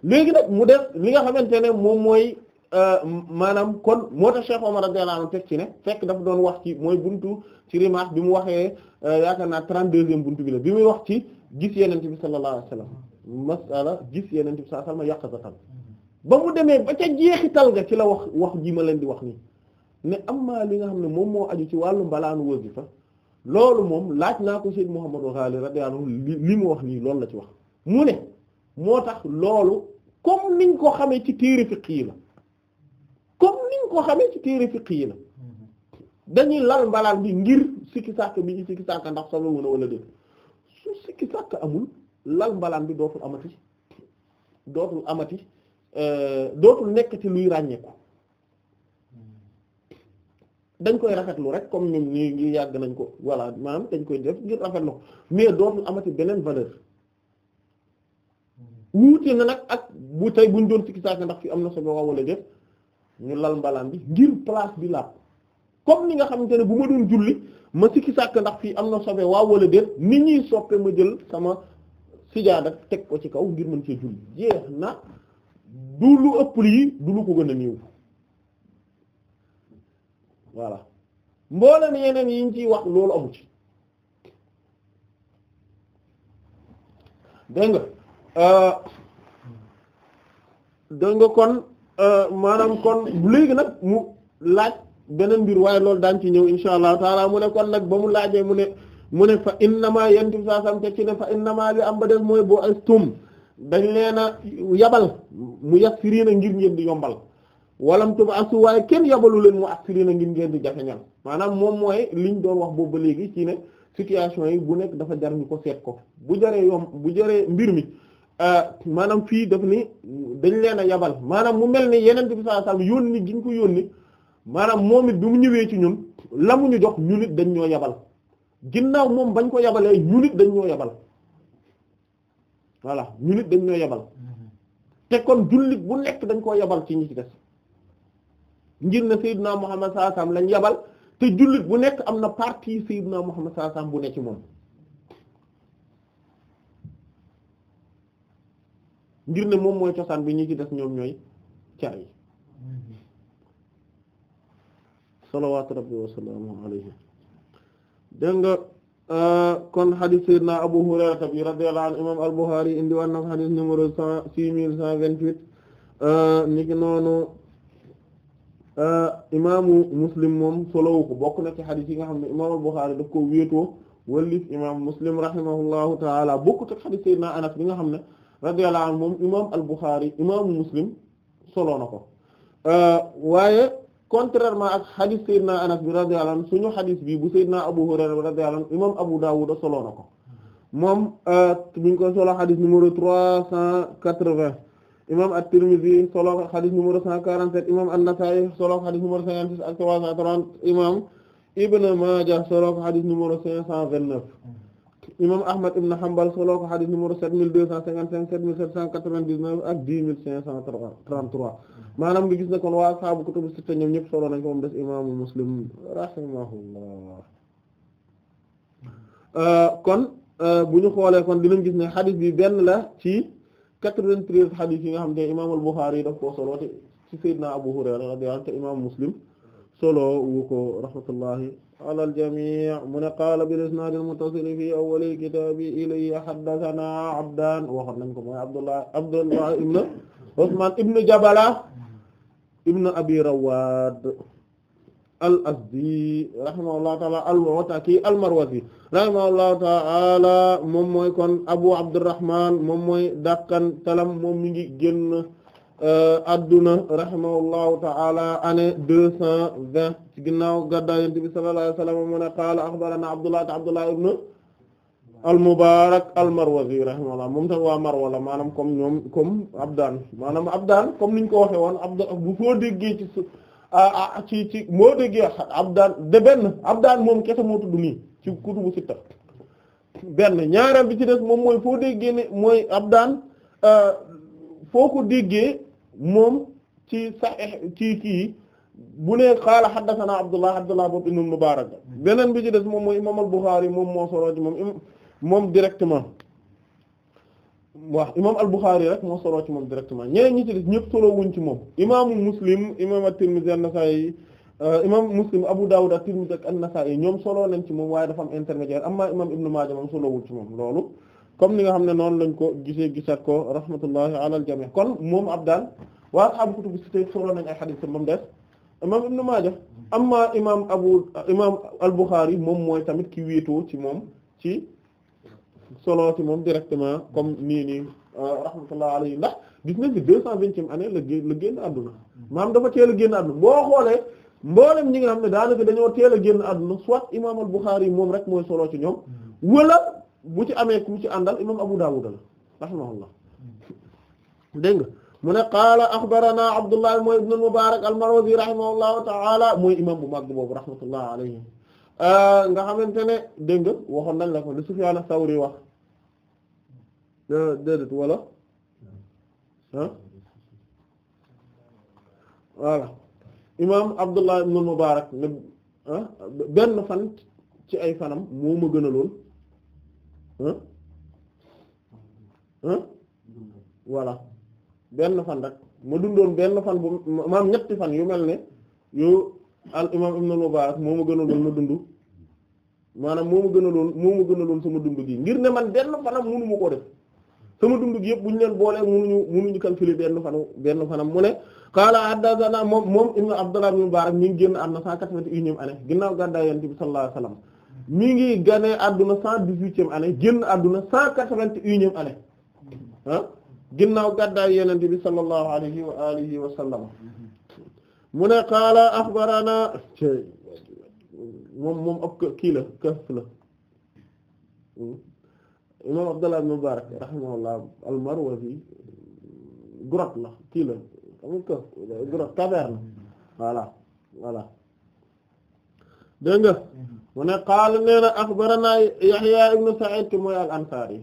léegi nag mu def li nga xamante ne moom mooy euh, maanaam kon moo tax Cheikh Omar radiyallahu anhu teg ci ne fekk dafa doon wax ci mooy buntu ci Rimaax bi mu waxee euh, yaakaar naa trent deuxième buntu bi la bi muy wax ci gis Yonent bi sallallahu alayhi wasallam masala gis Yonent bi sallallahu alayhi wasallam yàq sa ba mu demee ba ca tal nga ci la wax wax jii ma leen di wax nii ne am amma li nga xam ne moom moo aju ci wàllu mbalaanu wazifa loolu moom laaj naa ko Seyd Muhammadu Ghali radiyallahu anhu li mu wax nii loolu la ci wax mu ne moo tax loolu comme niñ ko xamee ci téere fiqh yi la comme niñ ko xamee ci téere fiqh yi la dañuy lal mbalaan bi ngir sikki sàkk bi ñu sikki sàkk ndax solo mën a wala dé su sikki sàkk amul lal mbalaan bi dootul amati dootul amati Euh, dootul nekk ci luy ràññeeku dañ koy rafet rafetlu rek comme ñun ñii ñi yàgg nañ ko voilà maanaam dañ koy def ngir rafetlu ko mais dootul amati beneen valeur hmm. wuute na nag ak bu tey buñ doon sikki saaka ndax fi am na solo waaw wala def lal mbalaan bi ngir place bi laab ni nga xamante ne bu ma doon julli ma sikki ndax fii am na sobe waa wala déet nit ñuy soppe ma jël sama sijaada teg ko ci kaw ngir mën cee julli jeex na du lu ëpp lii du lu ko gën a niiw voilà mboolem yeneen yi ñu ciy wax loolu amu ci dégg nga euh, dégg nga kon euh, maanaam kon léegi nag mu laaj beneen mbir waaye loolu daan ci ñëw insha allahu taala mu ne kon nag ba mu laajee mu ne mu ne fa innama yentu saa sam te ci ne fa innama bi am ba def mooy boo astum dañ leen a yabal mu yassiriina ngir ngeen di yombal walam tuba asu waaye kenn yabalu leen mu assiriina ngir ngeen di jafeñal maanaam moom mooy liñ doon wax boobu ba léegi ci ne situation yi bu nekk dafa jar ñu ko seet ko bu jaree yomb bu jaree mbir mi euh, maanaam fii daf ni dañ leen a yabal maanaam mu mel ni yeneen bi sallallahu alayhi wasallam yónni giñ ko yónni maanaam moom it bi mu ñëwee ci ñun la mu ñu jox ñun dañ ñoo yabal ginnaaw moom bañ ko yabalee ñun it dañ ñoo voilà ñu nit dañ ñoo yebal te kon jullit bu nekk dañ koo yabal ci ñi ci des ngir na Seydina Muhammad sallallahu lañ yabal te jullit bu nekk am na partie Seydina Muhammad sallallahu alayhi bu ne ci moom ngir ne moom mooy cosaan bi ñu ci des ñoom ñooy car yi salawaatu rabbi wa salaamu alayhi kon hadith sayyidina Abu Hurayra bi radiyallahu anhu imam al-Bukhari indi woon na ko hadith numéro cent six mille cent vingt-huit niki noonu imaamu Muslim moom solowu ko bokk na ci hadith yi nga xam ne imam al-Bukhari daf ko wéetoo imam Muslim rahimahullahu ta'ala bokk ci hadith sayyidina Anas bi nga xam ne radiyallahu anhu moom imam al-Bukhari imaamu Muslim solo na ko contrairement ak xadis Seydina Anas bi radiyallahu anhu suñu xadis bi bu Seydina Abu Hurayra bi radiyallahu anhu imam Abu Dawud solo na ko moom euh, buñ ko solo xadis numéro trois cent quatre-vingts imam At-Tirmidhi solo xadis numéro cent quarante-sept imam An-Nasa'i solo xadis numéro cinquante-six ak trois cent trente imam Ibn Majah solo xadis numéro cinq cent vingt-neuf imam Ahmad ibn Hanbal solo ko xadis numéro 7255 7799 ak 10533 maanaam nga gis ne kon waa saabu kutubu sitta ñoom ñëpp solo nañ ko moom des imaamu Muslim rahimahullah euh, kon euh, bu ñu xoolee kon dinañ gis ne xadis bi benn la ci 93 xadis yi nga xam te imam al-Bukhari yi daf koo solo te ci Seydina Abu Hurayra radiyallahu anhu te imam Muslim solo wu ko ala al-jamii mu ne qaala bil-isnaad al-muttasil fii awwali kitaabi ilayhi haddathanaa Abdaan waxoon nañ ko mooy Abdullah Abdullah ibn Usmaan ibn Jabala ibn Abi Rawaad al-Azdi rahimahullahu ta'aala al-Ataki al-Marwazi rahimahullahu ta'aala moom mooy kon Abu Abdurrahmaan moom mooy dàqan talam moom mi ngi génn. Euh, adduna rahimahullahu ta'ala année deux cent vingt ci ginnaaw gàddaay Yonent bi sallallahu alayhi wa sallam mu ne qaala axbarana Abdullah te Abdullah ibn al-Mubarak al-Marwazi moom tax waa Marwa la maanaam comme ñoom comme Abdaan maanaam Abdaan comme niñ ko waxe woon Abdaan bu foo déggee ci ci ci moo déggee Abdaan de benn Abdaan moom kese moo tudd ci kutubu sitta benn ñaareel bi ci des moom mooy foo déggee ne Abdaan euh, foo ko déggee moom ci saxeex ci kii bu ne qaala haddathana Abdullah Abdullah boobu ibn Mubarak beneen bi ci des moom mooy imaam al-Bukhari moom moo solo ci moom moom directement waaw imaam al-Bukhari rek moo solo ci moom directement ñeneen ñi ci des ñëpp solo wuñ ci moom imaamu Muslim imaam at-Tirmidhi an-Nasa'i euh, imaam Muslim Abu Dawud at-Tirmidhi ak an-Nasa'i ñoom solo nañ ci moom waaye dafa am intermédiaire amma imaam Ibn Maaja moom solo wul moom loolu. comme ni nga xam ne noonu lañ ko gisee gisat ko rahmatullahi ala al jami kon moom Abdaan waa ashaabu kutubu sitta solo nañ ay xadiis ba mu des imaam Ibn Maaja amma imaam Abu imaam al-Bukhari moom mooy tamit ki wéetoo ci moom ci solo ci moom directement comme nii nii euh, rahmatullahi alayhi ndax gis nañ ci deux cent vingtième année la gén la génn maam dafa teel a génn àdduna boo xoolee mboolem ñi nga xam ne daanaka dañoo teel a génn àdduna soit imaam al-Bukhari moom rek mooy solo ci ñoom bu ci amee ku ci àndal imam Abu Dawud la rahimahullah dégg nga mu ne qaala axbarana Abdullah mooy ibn al-Mubarak al-Marwazi rahimahullahu ta'ala mooy imam bu mag boobu rahmatullah alayhi euh, nga xamante ne dégg nga waxoon nañ la ko li Sufyan as-Sawri wax déedéet wala ah voilà imam Abdullah ibn benn fan ci ay fanam moo ma gënaloon voilà benn fan rek ma dundoon benn fan maam ñetti fan yu mel ne yu al imam ibn Mubarak moo ma gënaloon ma dund maanaam moo ma gën a ma gënaloon sama dund gi ngir ne man benn fanam munu ma koo def sama dund gi yëpp bu ñu leen boolee munuñu munuñu calculer benn fanu benn fanam mu ne qaala haddathana moom moom ibn Abdullah ibn Mubarak ñu ngi génn am na cent quatre-vingt-un ñoom année ginnaaw gàddaay Yonent bi sallallahu alayhi mi ngi gane adduna cent dix-huitième année génn adduna cent quatre-vingt-unième année ah ginnaaw gàddaay yenente bi sallallahu alayhi wa alihi wa qaala axbarana moom moom ab kii la këf la imam Abdullah ibn la kii la amul këf mu ne qaala nee na axbarana Yahya ibnu Sa'id te mooy al-Ansaari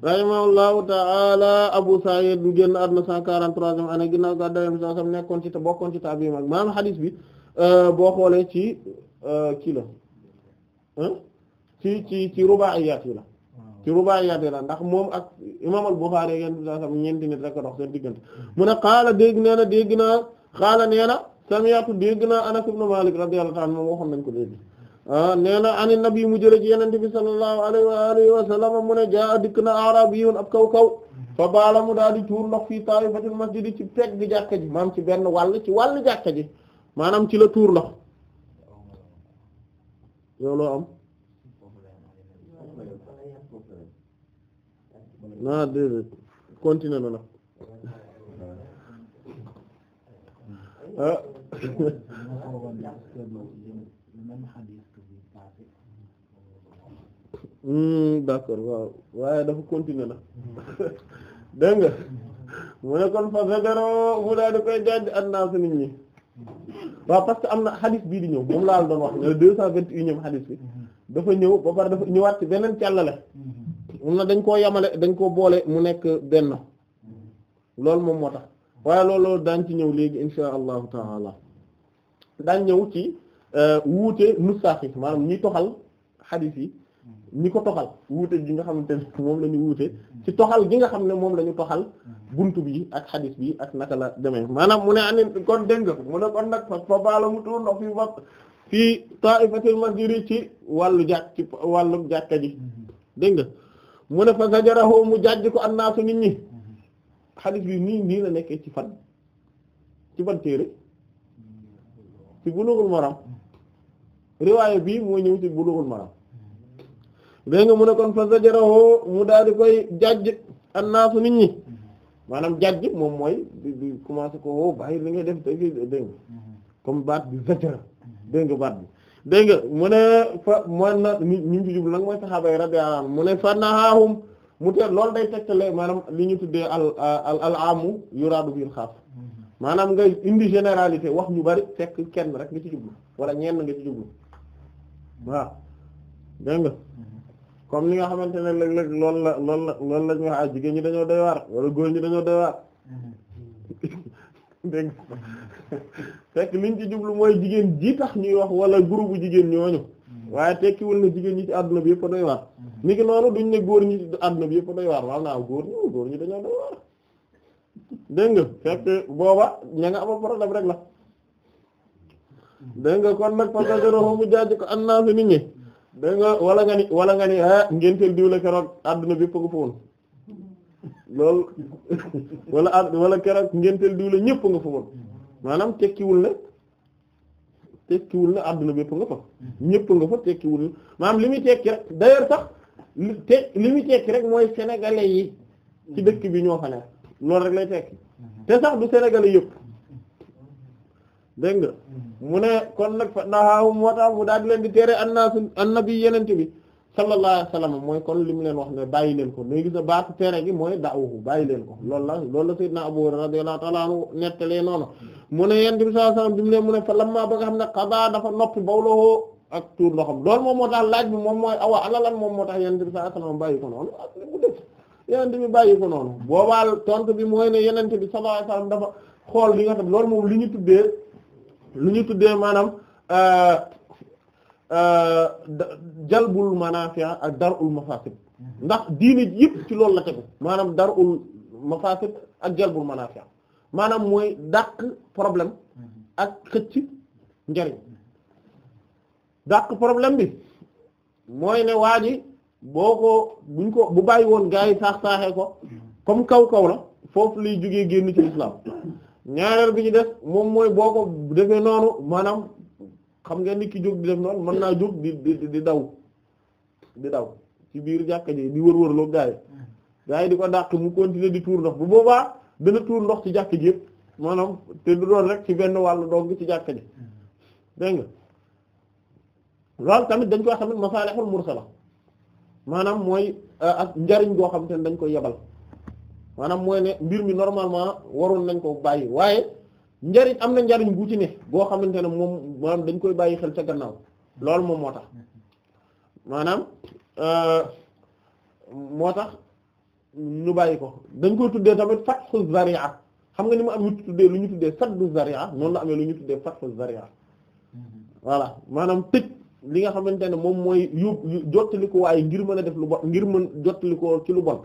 rahimahullahu ta'ala Abu Sa'id mu génn àdduna 143e année ginnaaw gàddaay Yonent bi sallallahu alayhi wasallam nekkoon ci te bokkoon ci taabi'i mag bi euh, boo xoolee ci euh, kii la ci ci ci rubaa'iyaat yi la ci rubaa'iyaat yi la ndax moom ak imaam al-Bukhari ak Yonent bi sallallahu alayhi wasallam ñeenti nit rek dox seen diggante mu ne qaala dégg nee na dégg naa qaala nee na dégg naa Anas ibn Malik radiyallahu ta'ala moom waxoon nañ ko léegi Ah, nee na ani nabi mu jële ci yenente bi sallallahu alayhi wa alihi wa sallam mu ne jaa dikk na arabiyun ab kaw kaw fa baala mu daal di tuur ndox fii taifatil masjid ci pegg jàkka ji maam ci benn wàll ci wàll jàkka ji maanaam ci la tuur ndox yow loo am <laughs> Hmm, d'accord waaw waaye dafa continuer na <laughs> dégg nga mu ne kon fa zagaroo mu daal di koy jàjj annaas nit ñi waaw parce que am na xadis bii di ñëw moom laa doon wax ne deux cent vingt et bi dafa ñëw ba pare dafa ñëwaat ci beneen càllale moom na dañ koo yamale dañ koo boole mu nekk benn loolu moom moo tax waaye loolu daañ ci ñëw léegi insha allahu taala daañ ñëw ci euh, wuute nusaaxi maanaam ñi toxal xadis yi ni ko toxal wuute gi nga xamante ne moom la ñu wuute ci toxal gi nga xam ne moom la ñu toxal buntu bi ak xadis bi ak naka la demee maanaam mu ne an kon dégg nga mu ne kon nag fa baala mu tuur ndox fii ba fii ta'ifatul masjid ci wàllu jàkk ci wàllu jàkka ji dégg nga mu ne fa sajarahu mu jàjj ko annaasu nit ñi xadis bi nii nii la nekkee ci fan ci ban téere ci Bulughul Maram riwaaya bii moo ñëw ci Bulughul Maram dégg nga mu ne kon fa zajarahu mu daal di koy jajj annaasu nit ñi maanaam jajj moom mooy di di commencé ko woo oh, bàyyi li ngay def dégg nga comme baat bi dégg nga baat bi dégg nga mu ne fa man na ñu ñu ngi jublu nag mooy saxaaba yi radiyallahu anhum mu ne fa mu te loolu day tegtale maanaam li ñu tuddee al al al amu yuraadu bil xaas maanaam nga indi généralité wax ñu bari fekk kenn rek nga ci jublu wala ñenn nga ci jublu waaw dégg comme ni nga xamante ne léeg-léeg loolu la loolu la loolu la ñuy wax ah jigéen ñi dañoo doy waar wala góor ñi dañoo doy waar mm-hmm. dégg fekk liñ ci jublu mooy jigéen ji ñuy wax wala groupe bu jigéen ñooñu mm-hmm. waaye tekkiwul na jigéen ñi ci àdduna yëpp a doy waar mm-hmm. ni duñ góor ñi yëpp a waar waaw naaw góor góor ñi dañoo nga booba ña nga amal problème la dégg nga kon nag parce que mu jaaj ko an fi nit ñi da nga wala nga ni wala nga ni ah ngenteel diw la keroog adduna bépp <laughs> nga fa woon loolu wala a wala keroog ngenteel diw la ñëpp nga fa woon maanam tekkiwul na tekkiwul na adduna bépp nga fa ñëpp nga fa tekkiwul na maanaam li muy tekki rek d'ailleurs sax te li muy tekki rek mooy sénégalais yi ci dëkk bi ñoo fa nekk loolu rek lay tekki mm-hmm. te sax du sénégalais yëpp dégg nga mm-hmm. mu ne kon nag fa nahaahum moo tax mu daal di leen di tere annaasu annabi yenente bi sallallahu alayhi wasallam mooy kon li mu leen wax ne bàyyi leen ko nuy a baatu tere gi mooy da'uhu bàyyi leen ko loolu la lool la sayyidna Abu ne yenente bi sallallahu alayhi wasallam bi mu leen mu ne fa lamma xam ne xada dafa noppi bawloo ak tuur ndoxam moom moo tax laaj bi moom mooy awa ana moom moo tax yenente bi sallallahu bàyyi ko noonu ak ko noonu boobaa tontu bi mooy ne yenente bi sallallahu dafa xool li nga xam loolu moom li ñu tuddee lu ñu tuddee maanaam euh, euh, jalbul manaafi' ak darul mafaasid ndax diine yëpp ci loolu la tegu maanaam darul mafaasid ak jalbul manafiya maanaam mooy dàq problème ak xëcc njariñ dàq problème bi mooy ne waa ji boo ko buñ bu bàyyi woon gaa yi saax saaxee ko comme kaw kaw la foofu lay jóge génn ci lislaam ñaareel bi ci des moom mooy boo ko defee noonu maanaam xam nga nit ki jóg di def noonu mën naa jóg di di di daw di daw ci biir jàkka ji di wër-wër loo gaa gaa yi di ko dàq mu continuer di tuur ndox bu boobaa dana tuur ndox ci jàkka ji maanaam te du doon rek ci benn wàll dong ci jàkka ji dégg nga loolu tamit dañ ko wax tamit masalihul mursala maanaam mooy euh, ak njariñ goo xam te ne dañ koy yebal maanaam mooy ne mbir mi normalement waroon nañ koo bàyyi waaye njariñ am na njariñ bu ci ne boo xamante ne moom dañ koy bàyyi xel ca gannaaw loolu moom moo tax maanaam euh, moo tax ñu bàyyi ko dañ koy tuddee tamit fathu zaria xam nga ni mu am ñu lu ñu tuddee saddu zaria noonu la amee lu ñu tuddee fathu maanaam tëj li nga xamante ne moom mooy yób jottali ko waaye ngir mën a def lu bon ngir mën jottali ko ci lu bon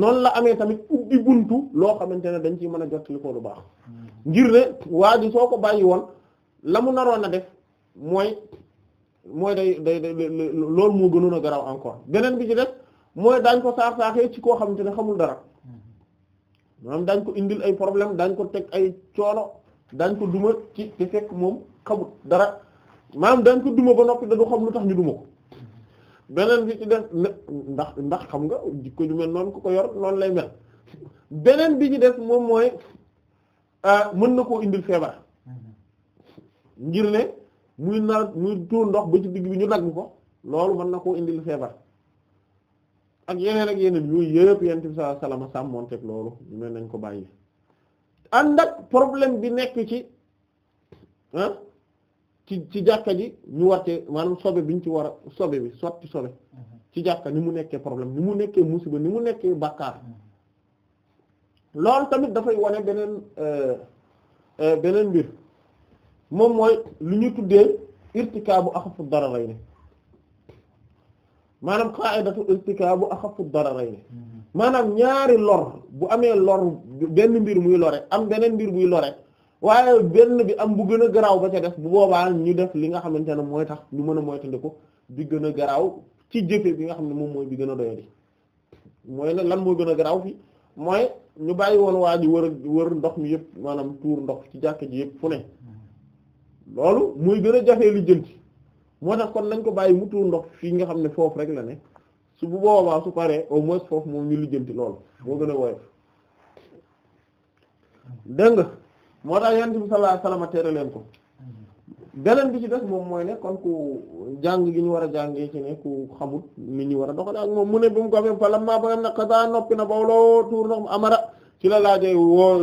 noonu la amee tamit ubbi buntu loo xamante ne dañ ci mën a jottali ko lu baax ngir ne waa ji soo ko bàyyi woon la mu naroon a def mooy mooy day day day loolu moo gënoon a garaw encore beneen bi ci def mooy daañ ko saax saaxee ci koo xamante ne xamul dara maanaam daañ ko indil ay problème daañ ko teg ay coono daañ ko duma ci te fekk moom xamul dara maanaam daañ ko duma ba noppi da du xam lu tax ñu duma ko beneen bi ci def ndax ndax xam nga jikko ko ñu noonu ku ko yor noonu lay mel beneen bi ci def moom mooy euh, mën na koo indil feebar ngir ne muy nar muy tuur ndox ba ci digg bi ñu dagg ko loolu mën na koo indil feebar ak yeneen ak yeneen yooyu yëpp yent bi sallallahu alayhi wasallam loolu ñu mel nañ ko bàyyi ànd ak problème bi nekk ci ah ci ci jàkka ji ñu war cee maanaam sobe ñu ci war a sobe bi sotti sobe mhm. ci jàkka ni mu nekkee problème ni mu nekkee musiba ni mu nekkee bàkkaar mhm. loolu tamit dafay wane beneen euh, euh, beneen mbir moom mooy lu ñu tuddee irtikaabu axafu dararayni maanaam qaa'idatu irtikaabu axafu dararayni mhm. maanaam ñaari lor bu amee lor benn mbir muy lore am beneen mbir buy lore waaye benn bi am bu gën a garaaw ba ca def bu boobaa ñu def li nga xamante ne mooy tax ñu mën a moytandiku bi gën a garaaw ci jëfe bi nga xam ne moom mooy bi gën a doyadi mooy la lan moo gën a garaaw fi mooy ñu bàyyi woon waa ji wër wër ndox mi yëpp maanaam tuur ndox ci jàkk ji yëpp fu ne loolu muy gën a jafe li jënti moo tax kon nañ ko bàyyi mu tuur ndox fii nga xam ne foofu rek la ne su bu boobaa su paree au moins foofu moom ñu lijjanti loolu moo gën a woyof nga moo tax yonent bi sallallahu alayhi wasallam tere leen ko beneen bi ci des moom mooy ne kon ku jàng gi ñu war a jàngee ci ne ku xamul ni ñu war a doxalee moom mu ne bi mu ko amee maa ba na xasaa noppi na bawloo tuur ndox mu amara ci la laajee woo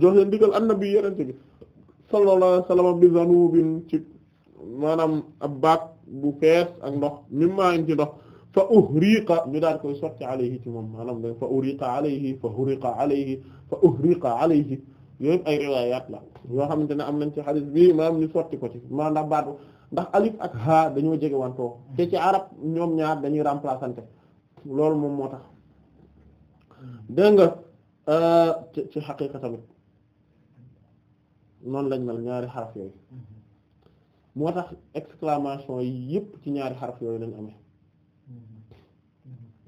joxe ndigal annabi yonent bi sallallahu alayhi wasallam bi zanubin ci maanaam ab baag bu fees ak ndox mimma in ci ndox fa uhriqa ñu daal koy sotti alayhi ci moom maanaam fa uhriqa alayhi fa uhriqa alayhi fa uhriqa alayhi yooyu ay riwaayaat la yoo xamante ne am nañ ci xadis bi maanaam ñu sotti ko ci maanaam baatu ndax alif ak ha dañoo jege wantoo te ci arab ñoom ñaar dañuy remplaçante loolu moom moo tax dégg nga euh, ci xaqiqa tamit noonu lañ mel ñaari xaraf yooyu moo tax exclamation yi yëpp ci ñaari xaraf yooyu lañ amee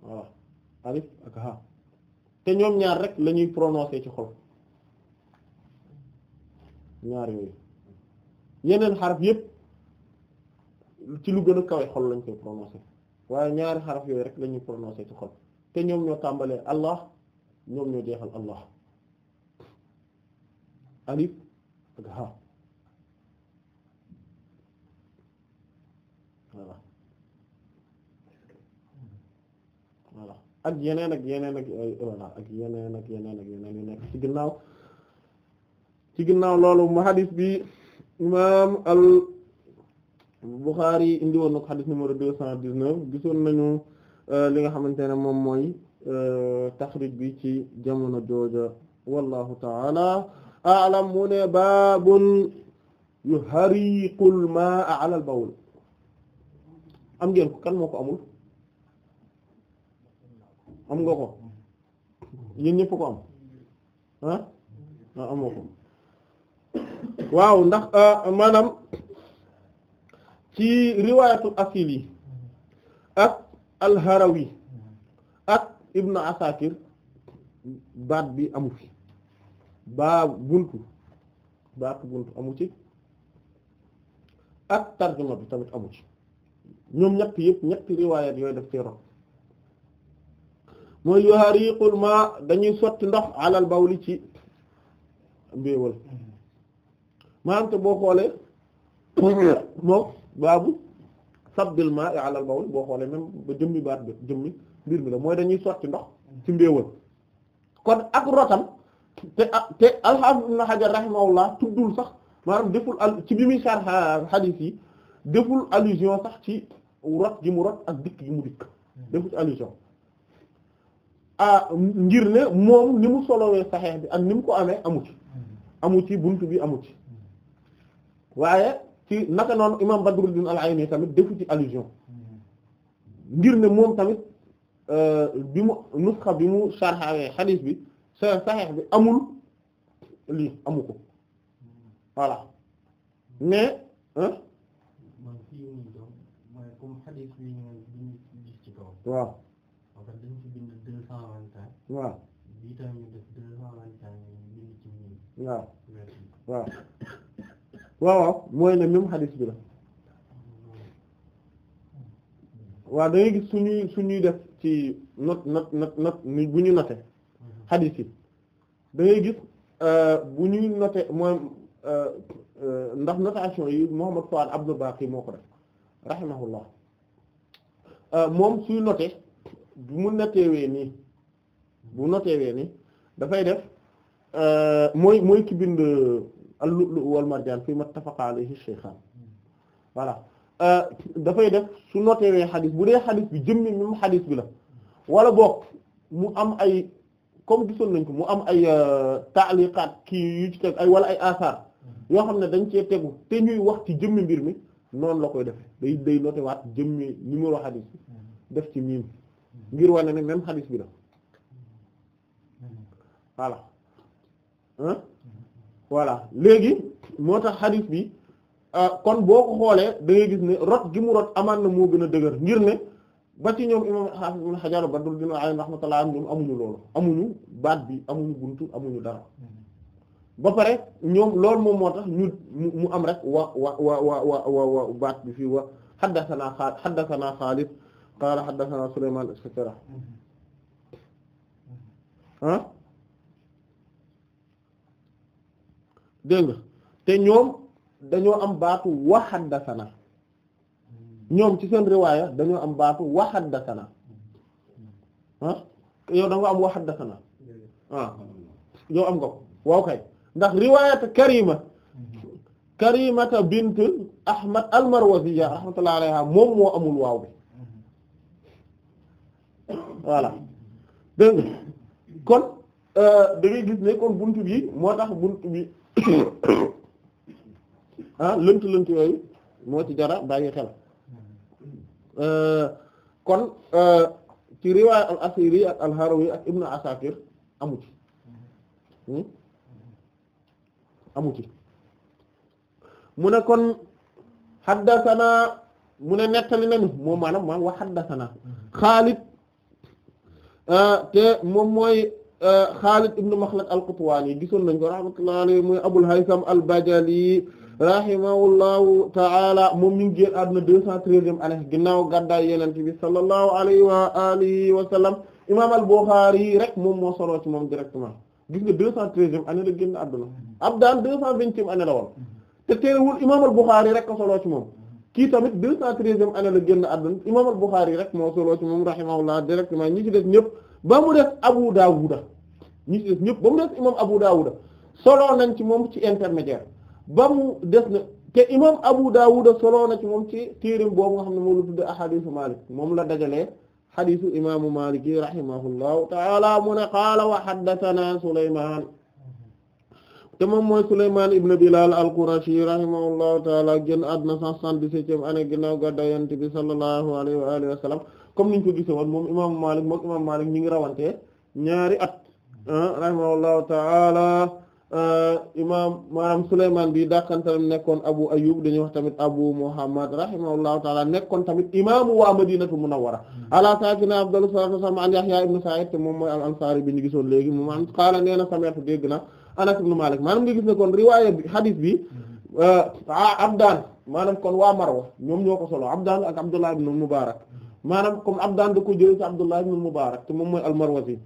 waaw alif ak ha te ñoom ñaar rek lañuy ñuy prononcer ci xol ñaar yooyu yeneen xaraf yépp ci lu gën a kawe xol lañ koy prononcer waaye ñaari xaraf yooyu rek lañuy ñuy prononcer ci xol te ñoom ñoo tàmbalee allah ñoom ñoo jeexal allah alif ak ha voilà voilà ak yeneen ak yeneen ak voilà ak yeneen ak yeneen ak yeneen yu nekk ci ginnaaw ci ginnaaw loolu mu hadith bi imaam al Bukhari indi woon na ko hadith numéro deux cent dix nañu euh, li nga xamante ne moom mooy euh, taxrij bi ci jamono jooja wallahu taala a'lam mu ne baabun yuhariqul maa'a ala al am ngeen ko kan moo ko amul am nga ko yéen ñëpp ko am ah ah amoo waaw ndax euh, maanaam ci riwaayatul asil yi ak al Ibn Asakir baat bi amu fi baa buntu baatu buntu amu ci ak tarjuma bi tamit amu ci ñoom ñett yëpp ñetti riwaayat yooyu def ci rox mooy yuhariqul ma dañuy sotti ndox alal bawli ci mbéewal maanaam te boo xoolee moom baabu sabbil maa'i lal al-bawl boo xoolee même ba jëmmi baat bi jëmmi mbir mi la mooy dañuy sotti ndox ci mbéewal kon ak rotam te te al-Hafiz Ibn tuddul sax maanaam deful al ci bi muy sarxa hadith yi deful allusion sax ci rot gi mu rot ak dikk gi mu dikk deful ci allusion a ngir ne moom ni mu solowee saxeex bi ak ni mu ko amee amu ci amu ci bunt bi amu ci waaye ci naka noonu imam Badruddin al-Ayni tamit defu allusion ngir moom tamit euh, bi mu nusxa bi mu sarxawee xadiis bi sa saxeex bi amul lii amu ko voilà mais waaw waaw waaw waaw waaw waaw mooy ne même bi la waaw da ngay gis suñuy suñuy def ci not not not nit bu ñu note xadis yi da gis euh, bu ñuy note mooy euh, ndax notation yi Muhammad Fuad Abdul Baqi moo ko def rahimahullah euh, moom suy note bu mu noteewee nii bu noteewee nii dafay def mooy mooy ki bind al-lu'lu' wal marjaan fi mattafaqa alayhi shaykhaan voilà euh, dafay def su noteewee xadis bu dee xadis bi jëmmi même xadis bi la wala boog mu am ay comme gisoon nañ ko mu am ay euh, taaliqaat kii yu ci teg ay wala ay asaar yoo xam ne dañ cee tegu te ñuy wax ci jëmmi mbir mi noonu la koy def day notewaat jëmmi numéro xadis bi def ci miim ngir wane ne même xadis bi la voilà. voilà léegi moo tax xadis bi euh, kon boo ko xoolee da ngay gis ne rot gi mu rot amaan na moo gën a dëgër ngir ne ba ci ñoom imam hafiz ibn hajar badul dina alim rahmatullah ñoom amuñu loolu amuñu baat bi amuñu buntu amuñu dara ba pare ñoom loolu moom moo tax ñu mu am rek wa wa baat bi fii wa xaddasanaa xaa xaddasanaa xaalid qaala xaddasanaa sulaymaan dégg nga te ñoom dañoo am baatu waxaddasana ñoom ci seen riwaaya dañoo am baatu waxaddasana ah yow da am waxaddasana ah yow am nga ko waaw kay ndax riwaayata karima karimata bint ahmad almarwaziya rahmatullahi alayha moom moo amul waaw bi voilà dégg nga kon Euh, da ngay gis ne kon buntu bi moo tax buntu bi <coughs> ah lënt lënt yooyu moo ci jara bàyyi xel euh, kon euh, ci riwaay al asiri al harawi ak ibnu asakir amu ci hmm? amu ci mu ne kon xaddasana mu ne nettali nañu moom maanaam maam wax xaddasana hmm. xaalid te moom mooy Xaalid ibn Makhlad al-Qutwani gisoon nañ ko rahmatullahi alayhi muy Abul Haytham al-Bajali rahimahullahu ta'ala moom mi ngi génn àdduna deux cent treizième année ginnaaw gàddaay Yonent bi sallallahu alayhi wa alihi wa sallam imaam al-Bukhari rek moom moo solo ci moom directement gis nga deux cent treizième année la génn àdduna Abdaan deux cent vingtième année la woon te teewul imaam al-Bukhari rek ko solo ci moom kii tamit deux cent treizième année la génn àdduna imaam al-Bukhari moo solo ci moom rahimahullah directement ñi def ñëpp ba mu def Abu Dawuda ñi ci def ñëpp ba mu def imam Abu Dawuda soloo nañ ci moom ci intermédiaire ba mu des na te imam Abu Dawuda soloo na ci moom ci téerim boobu nga xam ne moom la tudde ahadisu Malik moom la dajalee xadisu imaamu Malik yi rahimahullahu taala mu ne qaala wa haddathana Sulaymaan te moom mooy Sulaymaan ibn Bilaal al-Qurashi rahimahullahu taala génn àdduna 177e année ginnaaw gàddaay Yonent bi sallallahu alayhi wa comme niñ ko gise woon moom imaamu Maalik moom imaamu Maalik ñi ngi rawante ñaari at ah, rahimahullahu ta'ala ah, imaam maanaam Souleymane bi dàkkantalam nekkoon Abu Ayyub dañuy wax tamit Abu Muhammad rahimahullahu ta'ala nekkoon tamit imaamu waa Madinatu a ala saakina afdalu salaatu wassalaam an Yahya ibn Sa'id te moom mooy al Ansaari bi ñu gisoon léegi moom an qaala nee na sami'tu dégg na Anas ibn Malik maanaam nga bi hadith ah, Abdaan maanaam kon waa Marwa ñoo ko solo Abdaan ak Abdullah ibn Mubarak maanaam comme Abdaan da ko jëlee ci Abdullah ibn Mubarak te moom mooy al-Marwazi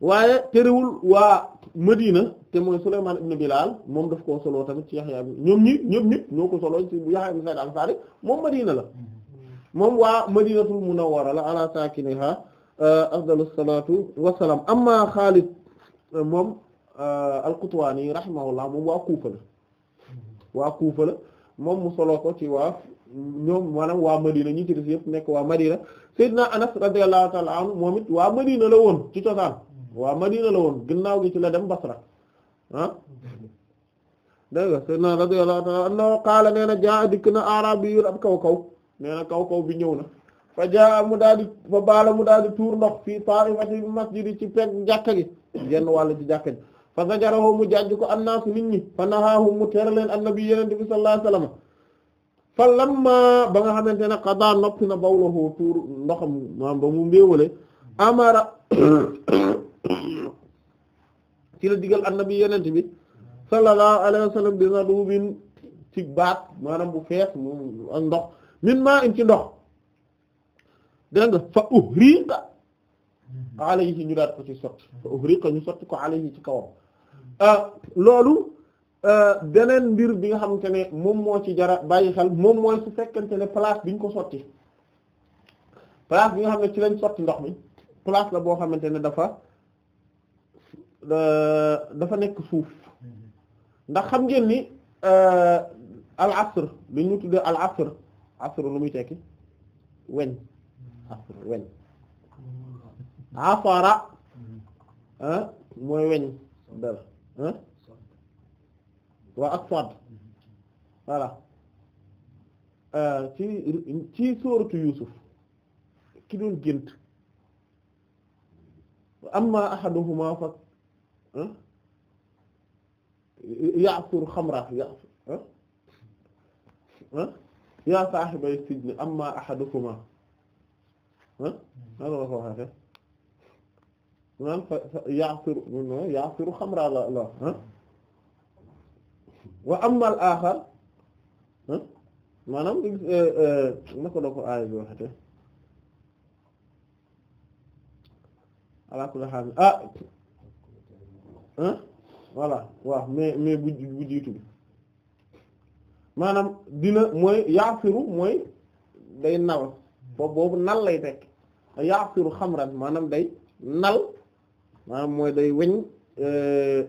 waaye terewul waa Medina te mooy Sulaymaan ibn Bilaal moom daf koo solo tamit ci Yahya bi ñoom ko solo ci Yahya moom Medina la moom waa Madinatul Munawwara la ala saakiniha euh, afdalus salaatu wassalaam amma Xaalid euh, moom euh, al-Qutwaani moom waa Kuufa waa Kuufa moom mu solo ko ci waa ñoom maanaam waa Madina ñi ci yëpp nekk waa Madina Seydina Anas radiyallahu ta'ala anhu moom it Madina la woon ci cosaan waa Madina la woon ginnaaw gi ci la dem Basra ah dégg nga Seydina radiyallahu ta'ala anhu qaala nee jaa dikk na arabiyul ab kaw kaw nee kaw kaw bi ñëw na fa jaa mu daal di fa baala mu daal di tuur ndox fii ta'ifati masjid ci pegg jàkka gi genn wàll ci jàkka gi fa zajarahu mu jàjj ko annaasu nit ñi fa nahaahu mu tere leen annabi yonent bi sallallahu alayhi fa lamma ba nga xamante ne qada noppi na bawlahu tuur ndox maam ba mu mbéewale amara ci la digal annabi yenente bi sallallahu alayhi wa sallam bi sadubin ci baat maanaam bu fees moom ndox min maa in ci ndox dégg nga fa uhriqa alayhi ñu daat ko ci sotti fa uhriqa ñu sotti ko alayhi ci kawam ah, loolu Euh, beneen mbir bi nga xamante ne moom moo ci jara bàyyi xel moom mooy su fekkente ne place bi ñu ko sotti place bi nga xam ne ci lañ sotti ndox mi place la boo xamante ne dafa euh, dafa nekk suuf ndax xam ngeen ni euh, al asr li ñu tuddee al asr asr lu muy tekki weñ asr weñ afara mooy waa Aswad voilà euh, ci ci sooratu Yuusuf ki doon gént amma ahaduhuma fa ya'kur xamra yaa saaxibay sijn amma ahaduhuma naan la ko waxee naan fa ya'kur ya'kur xamra la la wa amal aaxar ah, maanaam eh, eh, naka la ko aaya bi waxate ala kulli haal ah, ah voilà waaw mais mais bu bu jiitu bi maanaam dina mooy yaafiru mooy day nal boobu boobu nal lay tekk yaafiru xamran maanaam day nal maanaam mooy day weñ eh,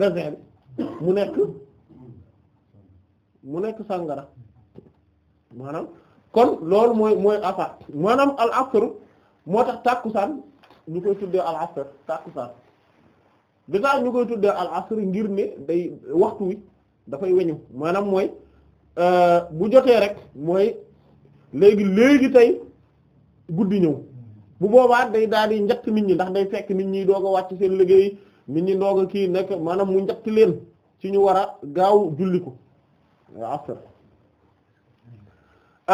raisin bi mu nekk mu nekk sàngara maanaam kon loolu mooy mooy afa maanaam al asr moo tax tàkkusaan ñu koy tuddee al asr tàkkusaan bi tax ñu koy tuddee al asr ngir ni day waxtu wi dafay weñu maanaam mooy euh, bu jotee rek mooy léegi léegi tey guddi ñëw bu boobaa day daal di njëkk nit ñi ndax day fekk nit ñi doog a wàcc seen liggéey nit ñi ndoog a kii nekk maanaam mu njëkk leen ci ñu war a gaaw julli ko asr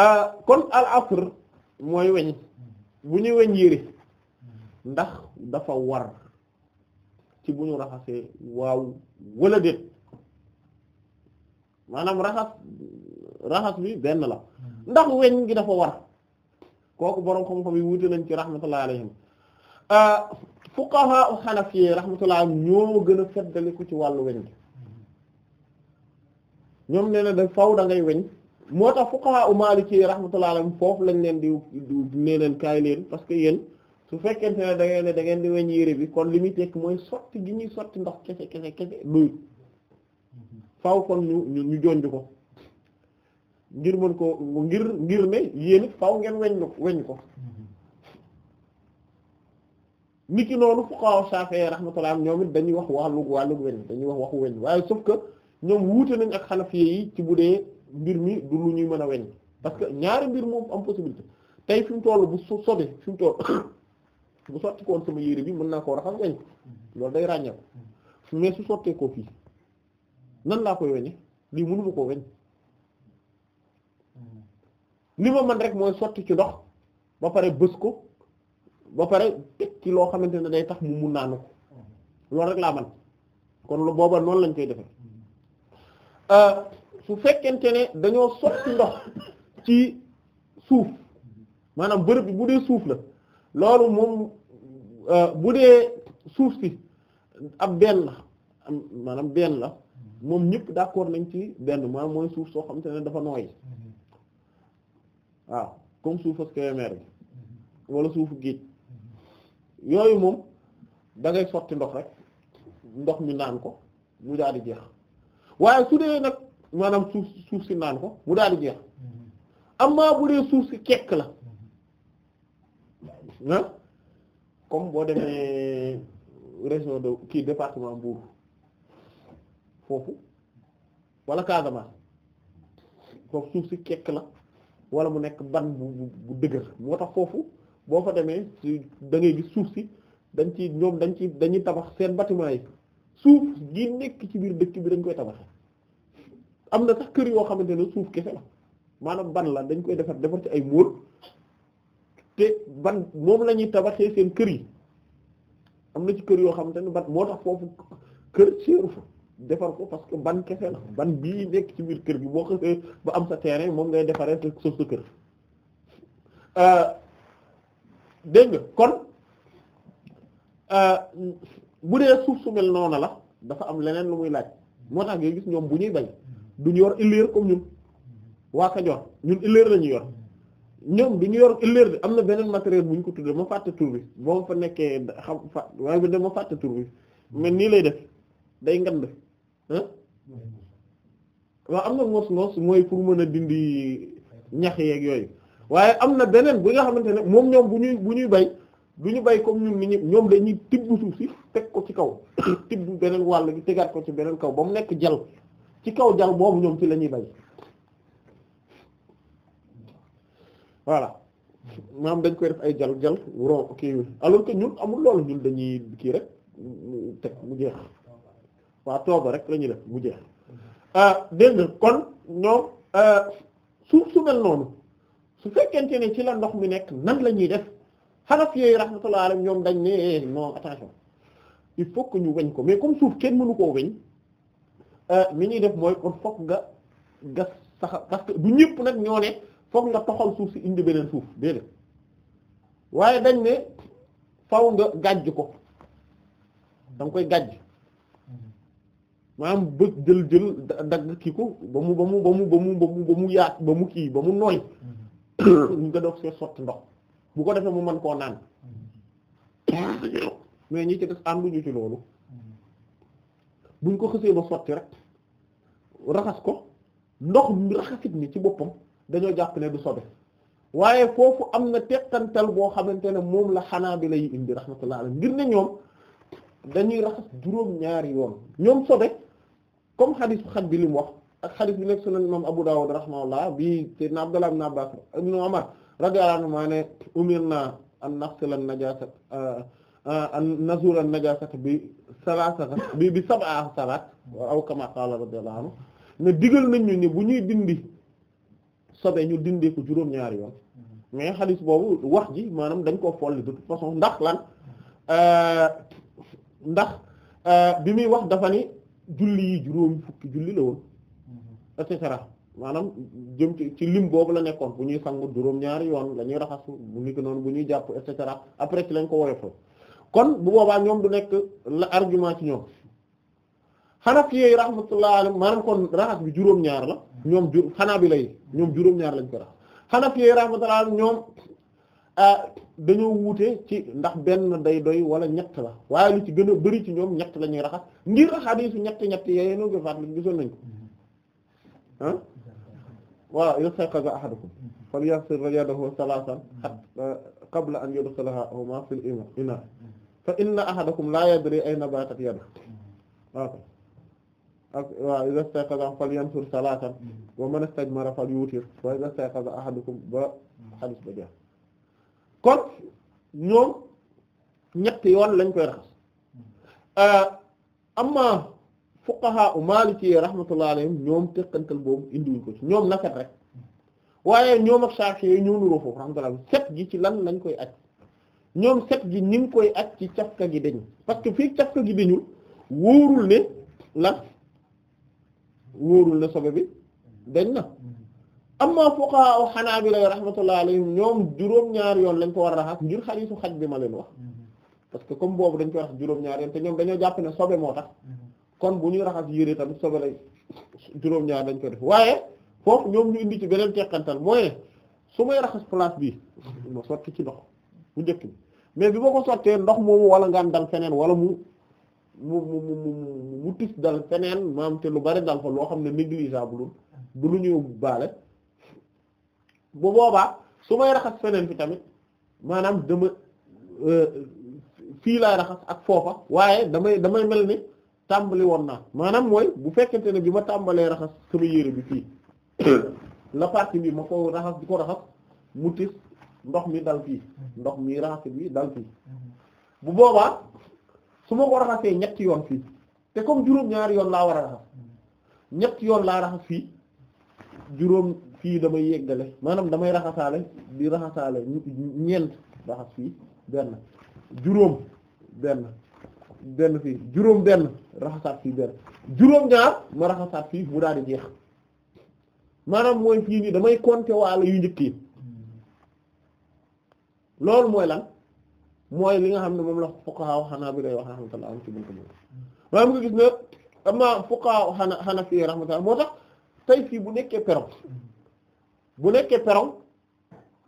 ah, kon al asr mooy weñ bu ñuy weñ yére ndax dafa war ci bu ñu raxasee waaw wala déet maanaam raxas raxas bi benn la ndax weñ gi dafa war kooku boroom xam-xam yi wuute nañ ci rahmatullahi alayhim ah, fuqaha xanafiyee rahmatullah ñoo gën a feddaliku ci wàllu weñ gi ñoom nee na da faw da ngay weñ moo tax ci fuqaha maliki rahmatullah foof lañ leen di nee leen kaay leen parce que yéen su fekkente ne da ngeen da ngeen di weñ yére bi kon li muy tekk mooy sotti gi ñuy sotti ndox kese kese kese doyut faw kon ñu ñu jonj ko ngir mën ko ngir ngir ne yéen faw ngeen weñ ko weñ ko nit ki noonu fuqaha Shafi'i rahmatullah ñoom it dañuy wax wàllug wàllug weñ dañuy wax waxu weñ waaye sauf que ñoom wuute nañ ak Hanafiya yi ci bu dee mbir mi du lu ñuy mën a weñ parce que ñaari mbir moom am possibilité tey fi mu toll bu so sobe fi mu toll <coughs> bu sotti ko woon sama yére bi mën naa koo raxas weñ loolu day ràññeeku mais su sottee fii nan laa koy weñe lii mënuma koo weñ hmm. li ma man rek mooy sotti ci ndox ba pare bës ko ba pare teg loo xamante ne day tax mu mun naa ko loolu rek laa man kon lu booba noonu lañ koy defe euh, su fekkente ne dañoo sotti ndox ci suuf maanaam bërëb bi bu dee suuf la loolu moom euh, bu dee suuf si ab benn maanaam benn la moom ñëpp d'accord nañ ci benn maanaam mooy suuf soo xamante ne dafa nooy mm-hmm. waaw comme suuf ak Kébémer bi wala suufu géej yooyu moom da ngay sotti ndox rek ndox mi naan ko mu daal di jeex waaye su dee nag maanaam suuf suuf si naan ko mu daal di jeex amma bu dee suuf si kekk la ah comme boo demee région de kii département Mbour foofu wala Casamance foofu si kekk la wala mu nekk ban bu bu dëgër moo tax foofu. boo fa demee da gis suuf si dañ ci ñoom dañ ci dañuy tabax seen bâtiment yi suuf gi nekk ci biir dëkk bi dañ koy tabax am na sax kër yoo xamante ne suuf kese la maanaam ban la dañ koy defar defar ci ay móol te ban moom la ñuy tabaxee seen kër yi am na ci kër yoo xamante ne ban moo tax foofu kër seeru fa defar ko parce que ban kefe la ban bii nekk ci biir kër gi boo xasee ba am sa terrain moom ngay defaree sauf sa kër euh, dégg nga kon euh, bu dee suuf su mel la dafa am leneen lu muy laaj moo tax ngay gis ñoom bu ñuy bay ñu yor illéer comme ñun waa Kajoor ñun illéer lañu yor ñoom duñu yor illéer de am na beneen matériel bu ñu ko tuddee ma fàtte tur bi boo ma fa nekkee xam fa waaye bi dama fàtte tur bi mais nii lay def day ngand ah waaw am na ngos ngos mooy pour mën a dindi ñax yeeg yooyu waaye am na beneen bu nga xamante ne moom ñoom bu ñuy bu ñuy bay du ñu bay comme ñun nit ñoom dañuy tibb suuf si teg ko ci kaw <coughs> tibb beneen wàll gi tegaat ko ci beneen kaw ba mu nekk jal ci kaw jal boobu ñoom ci lañuy ñuy bay voilà maam dañ koy def ay jal jal ron kii ñun amul loolu ñun dañuy kii rek mu jeex waa tooba rek lañuy ñuy def mu jeex ah, dégg kon ñoom ah, suuf su mel noonu su fekkente ne ci la ndox mi nekk nan lañuy def def xanaf yooyu rahmatullahi alayhim ñoom dañ ne eh, non attention il faut que ñu weñ ko mais comme suuf kenn mënu koo weñ mi euh, ñuy def mooy kon fokk nga gas saxa parce que du ñëpp nag ñoo ne fokk nga toxal suuf si indi beneen suuf déedéet waaye dañ ne faw nga gàjj ko da koy gàjj maam bëgg jël jël dagg kii ko ba mu ba mu ba mu ba mu ba mu ba mu yaat ba mu kii ba mu nooy nga doog see sotti ndox bu ko defee mu man koo naan mais ñi ci des ànduñu ci loolu buñ ko xësee ba sotti rek raxas ko ndox raxasit mi ci boppam dañoo jàpp ne du sobe waaye foofu am na teqantal boo xamante ne moom la xanaa bi lay indi rahmatullah alayhi ngir ne ñoom dañuy raxas juróom ñaari yoon ñoom sobe comme xadiis xaj bi li mu wax ak xadis bi nekk sunan imam Abu Dawud rahimahullah bi sayyidina Abdullah ibn Abbas ibn Umar radiyallahu anhu maa ne umirna an naxsila najasat euh, an nazura najasat bi salasa bi bi sab'a salat aw kama qala radiyallahu anhu ne digal nañ ñu ne bu ñuy dindi sobe ñu dindee ko juróom-ñaari yoon mais xadis boobu wax ji maanaam dañ koo folli de toute façon ndax lan euh, ndax euh, bi muy wax dafa ni julli yi juróom fukki julli la woon et cetera maanaam jëm ci lim boobu la nekkoon bu ñuy sangu juróom-ñaari yoon la ñuy raxasu bu niki noonu bu ñuy jàpp et cetera après ci lañ ko woyofal kon bu boobaa ñoom du nekk la argument ci ñoom Hanafi yi rahmatullah alayhi maanaam kon raxas bi juróom-ñaar la ñoom jur Hanabila yi ñoom juróom-ñaar lañ ko raxas Hanafi yi rahmatullah ñoom ah, dañoo wuute ci ndax benn day doy wala ñett la waaye lu ci gën a bari ci ñoom ñett la ñuy raxas ngir xadiisu ñett ñett yooyu noonu ko faat gisoon nañ ko ah voilà yastayqiza ahadukum falyagsil yadahu thalathan qabla an yudkhilahuma fil ina fa inna ahadakum la yadri ayna batat yaduhu waaw ak waaw idha istayqaza falyansur salatan wa man istajmara falyutir wa idha istayqaza ahadukum ba hadith ba jeex kon ñoom ñetti yoon lañ koy raxas eh, amma fuqaha u maliki rahmatullahi alayhim ñoom tekkantal boobu indiwuñ ko ci ñoom nafet rek waaye ñoom ak Shafi'i yooyu ñoo nuroo foofu rahmatullah set gi ci lan lañ koy aj ñoom set gi ñu ngi koy aj ci cafka gi dañ parce que fii cafka gi dañul wóorul ne lan wóorul ne sobe bi dañ na amma fuqaha u hanabila rahmatullahi alayhim ñoom juróom-ñaar yoon lañ ko war a raxas ngir xarisu xaj bi ma leen wax mm-hmm. parce que comme boobu dañ koy wax juróom-ñaar ñoom dañoo jàpp ne sobe tax mm-hmm. kon bu ñuy raxas yére tamit sobe lay juróom-ñaar dañ ko def waaye foofu ñoom ñu indi ci beneen teqantal mooy su may raxas place bi ma sotti ci ndox bu njëkk bi mais bi ma ko sottee ndox moomu wala ngaan dal feneen wala mu mu mu mu mu tis dal feneen maam te lu bari dal fa loo xam ne négligeable du lu ñuy baale bu boobaa su may raxas feneen fi tamit maanaam dama euh, fii laay raxas ak foofa waaye damay damay mel ni tàmbali woon naa maanaam mooy bu fekkente ne bi ma tàmbalee raxas sama yére bi fii <coughs> la partie bi ma ko raxas di ko raxas mu tis ndox mi dal fii ndox mi raxas bi dal fii bu boobaa su ma ko raxasee ñetti yoon fii te comme juróom-ñaari yoon laa war a raxas ñetti yoon laa raxas fii juróom fii damay yeggale maanaam damay raxasaale di raxasaale ñeent raxas fii benn juróom benn benn fii juróom benn raxasaat fii benn juróom ñaar ma raxasaat fii mu daal di jeex maanaam mooy fii nii damay compter waala yu njëkk yi loolu mooy lan mooy li nga xam ne moom la fuqaha hanabila wax rahmatullah am ci bunt moom maanaam nga gis ne ama fuqaha xana hanafi moo tax tey fii bu nekkee perron bu nekkee perron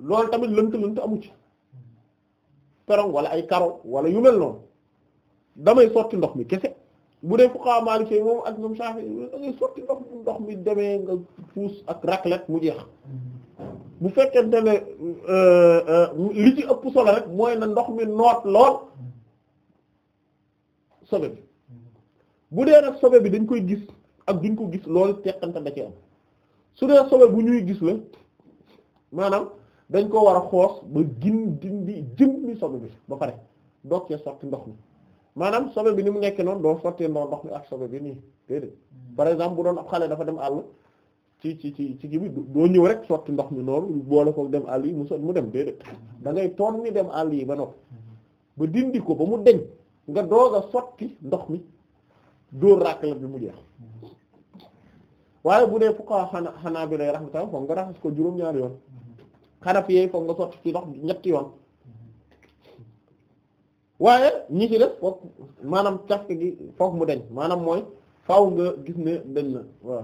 loolu tamit lënt lënt amu ci perron wala ay karo wala yu mel noonu damay sotti ndox mi kese bu dee fuqaha Maliki moom ak ñoom Shafi dangay sotti ndox ndox mi demee nga puus ak raclette mu jeex bu fekkente ne euh, euh, li ci ëpp solo mooy na ndox mi noot lool sobe bi bu dee nag sobe bi dañ koy gis ak duñ ko gis lool teqante da ci am su dee sobe bu ñuy gis la maanaam dañ koo war a xoos ba gin dindi jëm mi sobe bi ba pare doog cee sotti ndox mi maanaam sobe bi ni mu nekkee noonu doo sottee ndox ndox mi ak sobe bi nii déedéet hmm. par exemple bu doon ab xale dafa dem àll ci ci ci ci kii bi doo ñëw rek sotti ndox mi noonu boole ko dem àll yi mu so mu dem déedéet hmm. da ngay toon ni dem àll yi ba noppi hmm. ba dindi ko ba mu deñ nga doog a sotti ndox mi dóor ràkk la bi mu jeex waaye bu dee fuqaa xanaa xanaa bi lay raxmata foog nga raxas ko juróom-ñaari yoon xanaa fi yeey foog nga sotti ci ndox ñetti yoon waaye ñi ci def foog maanaam càkk gi foog mu deñ maanaam mooy faw nga gis ne dañ na waaw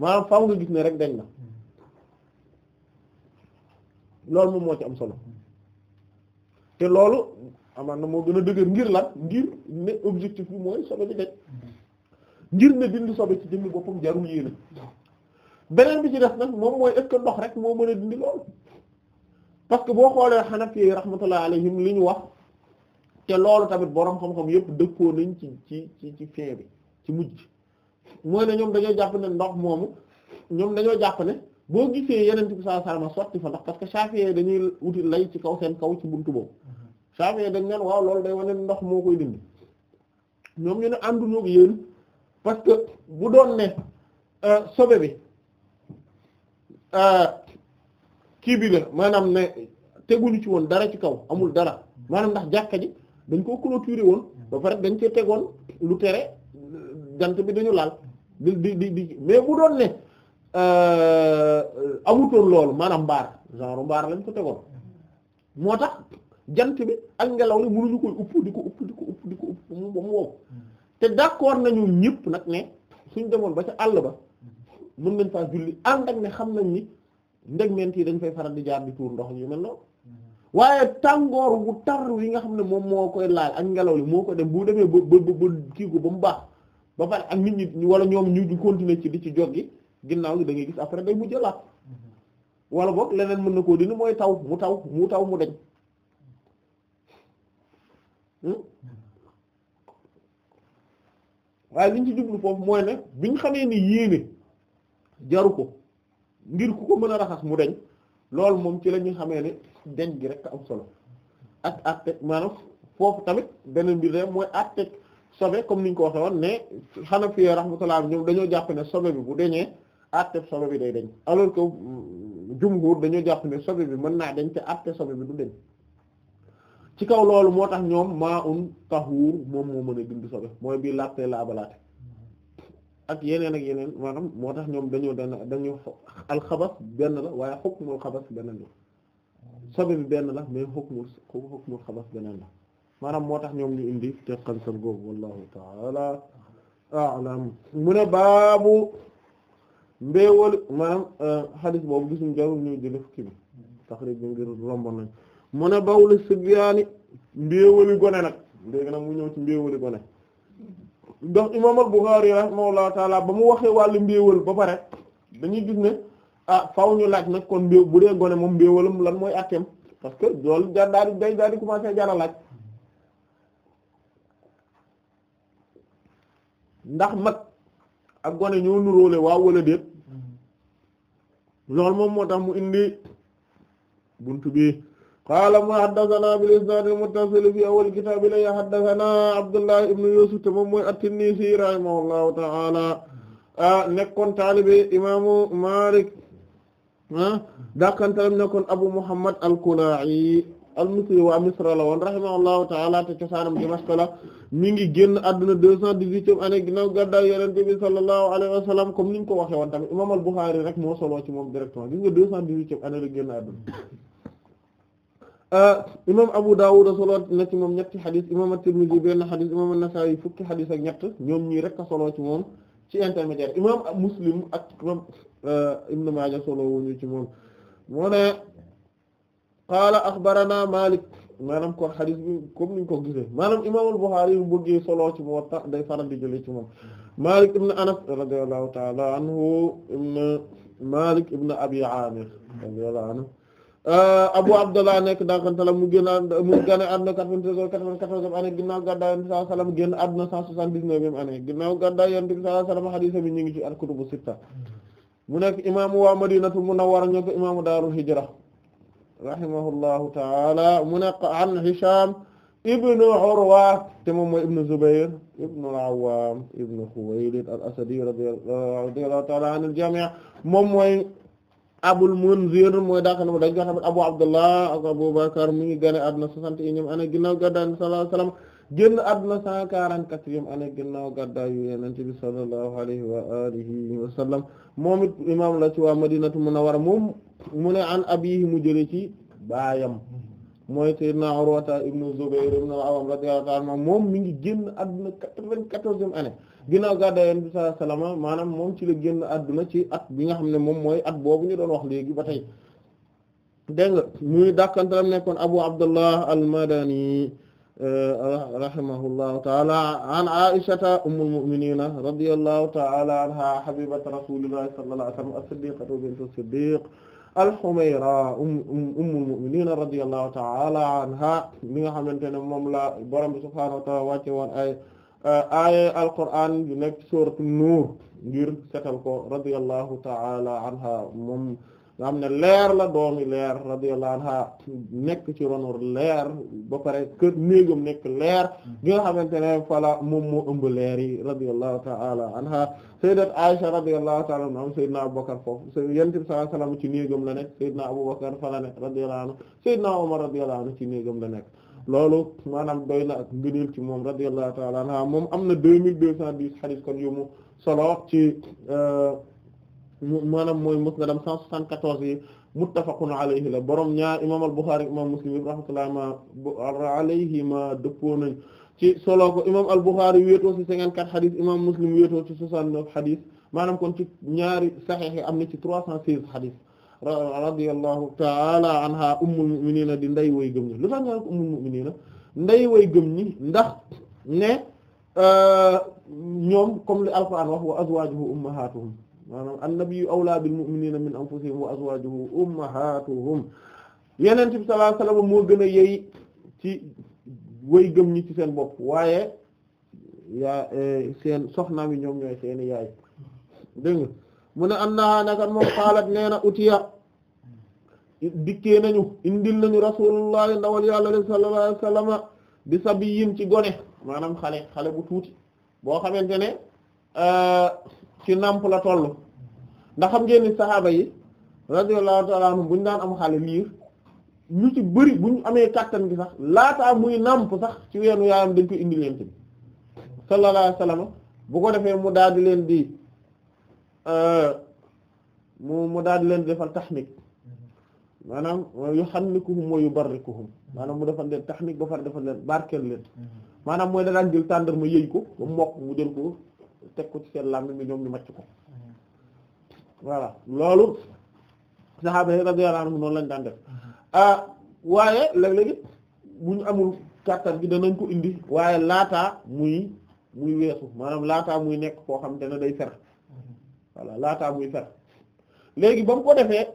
maanaam faaw nga gis ne rek dañ na loolu moom moo ci am solo te loolu amaan na moo gën a dëgër ngir lan ngir ne objectif bi mooy sobe di deñ ngir ne dindi sobe ci jëmmi boppam jarul yéene beneen bi ci def nag moom mooy est-ce ndox rek moo mën dindi loolu parce que boo xoolee Hanafi yi rahmatullahi alayhim li ñu wax te loolu tamit boroom xam-xam yépp dëppoo nañ ci ci ci ci bi ci mujj mooy ne ñoom dañoo jàpp ne ndox moomu ñoom dañoo jàpp ne boo gisee yeneen bi sallallahu alayhi wasallam sotti fa ndax parce que Shafi'i dañuy wuti lay ci kaw seen kaw ci buntu boobu Shafi'i dañ naan waaw loolu day wane ndox moo koy dindi ñoom ñu ne ànduñu ak yéen parce que bu doon ne euh, sobe bi. Euh, kii bi la maanaam ne teguñu ci woon dara ci kaw amul dara maanaam ndax jàkka ji dañ koo clôturer woon ba pare dañ cee tegoon lu tere jant bi dañu laal di di di di mais bu doon ne euh, amutoon loolu maanaam mbaar genre mbaar lañ ko tegoon moo tax jant bi ak ngelaw li mënuñu koy upp di ko upp di ko upp di ko upp mu mu wow te d'accord nañu ñëpp nag ne suñ demoon ba ca àll ba mën nañ faa julli ànd ak ne xam nañ ni ndegmeent yi dañ fay faral di jaar di ndox yu mel noonu mm-hmm. waaye tàngoor wu tar yi nga xam ne moom moo koy laal ak ngelaw li moo ko dem bu demee ba ba ba kii ko ba mu baax ba pare ak nit ñi wala ñoom ñu di ci di ci joggi ginnaaw gi da ngay gis après day mujj laal mm-hmm. wala boog leneen mën na koo dindi mooy taw mu taw mu taw mu deñ hmm? mm-hmm. waaye liñ ci jublu foofu mooy ne biñ xamee ni yéene jaru ko. ngir ku ko mën a raxas mu deñ loolu moom ci la ñuy xamee ne deñ gi rek am solo ak àtteeg maanaam foofu tamit beneen mbir de mooy àtteeg sobe comme ni ñu ko waxee woon ne Hanafi rahmatullah ñoom dañoo jàpp ne sobe bi bu deñee àtteeg sobe bi day deñ alors que mm, jumhur dañoo jàpp ne sobe bi mën naa deñ te àtteeg sobe bi du deñ ci kaw loolu moo tax ñoom maa un taxuur moom moo mën a dindi sobe mooy bii laajtee laabalaate ak yeneen ak yeneen maanaam moo tax ñoom dañoo dana dañu alxabas benn la waaye xukmul xabas beneen la sobe benn la mais xukmul xukmul xabas beneen la maanaam moo tax ñoom ñu indi te xansal googu wallahu taala a'lam mu ne baabu mbéewal maanaam euh, xadis boobu gisuñ jarul ñu jëlef ki bi taxrib bi ngir romb nañ mu ne bawli sibyaani mbéewali gone nag léegi nag mu ñëw ci mbéewali gone ndox imam al-Bukhari rahimahullahu taala ba mu waxee wàll mbéewal ba pare dañuy gis ne a ah, faw ñu laaj nag kon mbéew bu dee gone moom mbéewalam lan mooy atteem parce que loolu da daal di daal di commencé laaj ndax mag ak gone ñoo nuróole waaw wala déet mm-hmm. loolu moom moo tax mu indi bunt bi qaala mu haddasanaa bil isnaad al muttasil fi awwal kitaab ilay haddasanaa Abdullah ibn Yusuf te moom mooy a tinnisi rahimahullahu ta'ala nekkoon taalibe imaamu Maalik dàqantalam nekkoon Abu Muhammad al-Kalaa'i al-Misri wa Misra la woon rahimahullahu ta'ala te cosaanam Dimashq la cent dix-huitième année ginnaaw gàddaay sallallahu alayhi wa sallam comme ni ñu ko woon tamit imaam al-Bukhari rek moo solo moom directement gis nga deux cent dix-huitième année la Euh, imam Abu Dawud solo na ci moom ñetti xadis imam At-Tirmidhi benn xadis imam An-Nasa'i fukki xadis ak ñett ñoom ñii rek a solo ci moom ci intermédiaire imam Muslim ak imam euh, Ibn Maaja solo wuñu ci moom moo ne qaala axbarana Malik maanaam kon xadis bi niñ ko gisee maanaam imam Al-Bukhari yu bëggee solo ci moom tax day faral di jëlee ci moom Malik ibn Anas radiyallahu ta'ala anhu ibn Malik ibn Abi Amir Euh, Abu Abdullah nekk dakantalam mu génn mu gane àdduna 93 94 année ginnaaw gàddaa yonent bi sallallahu alayhi wasallam génn àdduna 179 année ginnaaw gàddaa yonent bi sallallahu alayhi wasallam hadith bi ñu ngi ci al-kutubu sitta mu nekk imaamu waa Madinatul Munawwara ñoo ko imaamu daarul hijra rahimahullahu taala mu nekk an Hisham ibnu Urwa te moom mooy ibnu Zubayr ibnu al-Awwam ibnu Khuwaylid al-Asadi radiyallahu taala anil jami' moom mooy Abul Munzir mooy daaka na mu dañ Abu Abdullah Abu Bakar mi ngi gane àdduna soixante-et-unième année ginnaaw gàddaay bi sallallahu alayhi wa sallam génn àdduna cent quarante-quatrième année ginnaaw gàddaay yu Yonent bi sallallahu alayhi wa alihi wa sallam moom it imaam la ci waa Madinatu Munawwara moom mu ne an abiihi mu jële ci baayam mooy Seydina Urwata ibnu Zubayr ibnu al-Awwam radiyallahu anhu moom mi ngi génn àdduna quatre-vingt-quatorzième année ginnaaw gàddaay Yonent bi sallallahu alayhi wasallam maanaam moom ci la génn àdduna ci at bi nga xam ne moom mooy at boobu ñu doon wax léegi ba tey dégg nga muy dàkkantalam nekkoon Abu Abdullah al-Madani euh, rahimahullahu taala an Aishata ummul mu'minina radiyallahu taala anha habibati rasulillahi sallallahu alayhi wasallam as-siddiqatu bintu siddiq al-Humayra um, um, ummul mu'minina radiyallahu taala anha mi nga xamante ne moom la borom bi subhanahu wa taala wàcce woon ay Euh, aaya alquraan yu nekk sooratu nuur ngir setal ko radiyallahu taala anha moom nga xam ne leer la doomi leer radiyallahu anha nekk ci ronor leer ba pare kër néegam nekk leer gi mm-hmm. nga xamante ne fala moom moo ëmb leer yi radiyallahu taala anha sayyidat Aisha radiyallahu taala anha am sayyidna Abubakar foofu yonent bi sallallahu alayhi wasallam ci néegam la nekk sayyidna Abubakar fala ne radiyallahu anhu sayyidna Umar radiyallahu anhu ci néegam la nekk loolu maanaam doy na ak ngëneel ci moom radiyallahu ta'ala anha moom am na deux mille deux cent dix xadis kon yu solo ci euh, maanaam mooy musnadam cent soixante-quatorze yi muttafaqun alayhi la borom ñaar imam al-Bukhari imam Muslim rahmatullahi ma alayhima dëppoo nañ ci solo ko imam al-Bukhari wéetoo ci cinquante-quatre xadis imam Muslim wéetoo ci soixante-neuf maanaam kon ci ñaari saxiix am na ci trois cent seize xadis radiyallahu taala anha ummul mu'minina di nday way gëm ñi lu tax ñu ko ummul mu'minina nday way gëm ñi ndax ne euh, ñoom comme li alquran wax wa azwajuhu ummahatuhum maanaam annabiyyu awla bil mu'minina min anfusihim wa azwajuhu ummahatuhum yenent bi sallallahu alayhi wasallam moo gën a yey ci way gëm ñi ci seen bopp waaye yaa eh, seen soxnaam yi ñoom ñooy seeni yaay mu ne annaha nakat moom xaalat nee na utiya dikkee nañu indil nañu rasulullahi ndawal yàlla li sallallahu alayhi wasallam bi sabiyin ci gone maanaam xale xale bu tuuti boo xamante ne euh, ci nàmp la toll ndax xam ngeen ni saxaaba yi radiyallahu ta'ala anhum bu ñu daan am xale liir ñu ci bëri bu ñu amee kàttan gi sax laataa muy nàmp sax ci weenu yaayam dañ koy indi leen bi sallallahu alayhi wasallam bu ko defee mu daal di leen di Euh, mu mu daal leen defal tahnik maanaam euh, yuhannikuhum wa yubarrikuhum maanaam mu defal leen tahnik ba far defal leen barkeel leen maanaam mooy da daan jël tàndar ma yëy ko ba mokk mu jël ko teg ko ci seen làmmiñ mi ñoom ñu màcc ko voilà loolu saxaaba a radiyallahu anhum noonu lañ daan def ah, waaye léeg-léeg bu ñu danañ ko indi waaye laata muy muy weesu maanaam laataa muy nekk koo xam te ne day fer voilà laataa muy fer léegi ba mu ko defee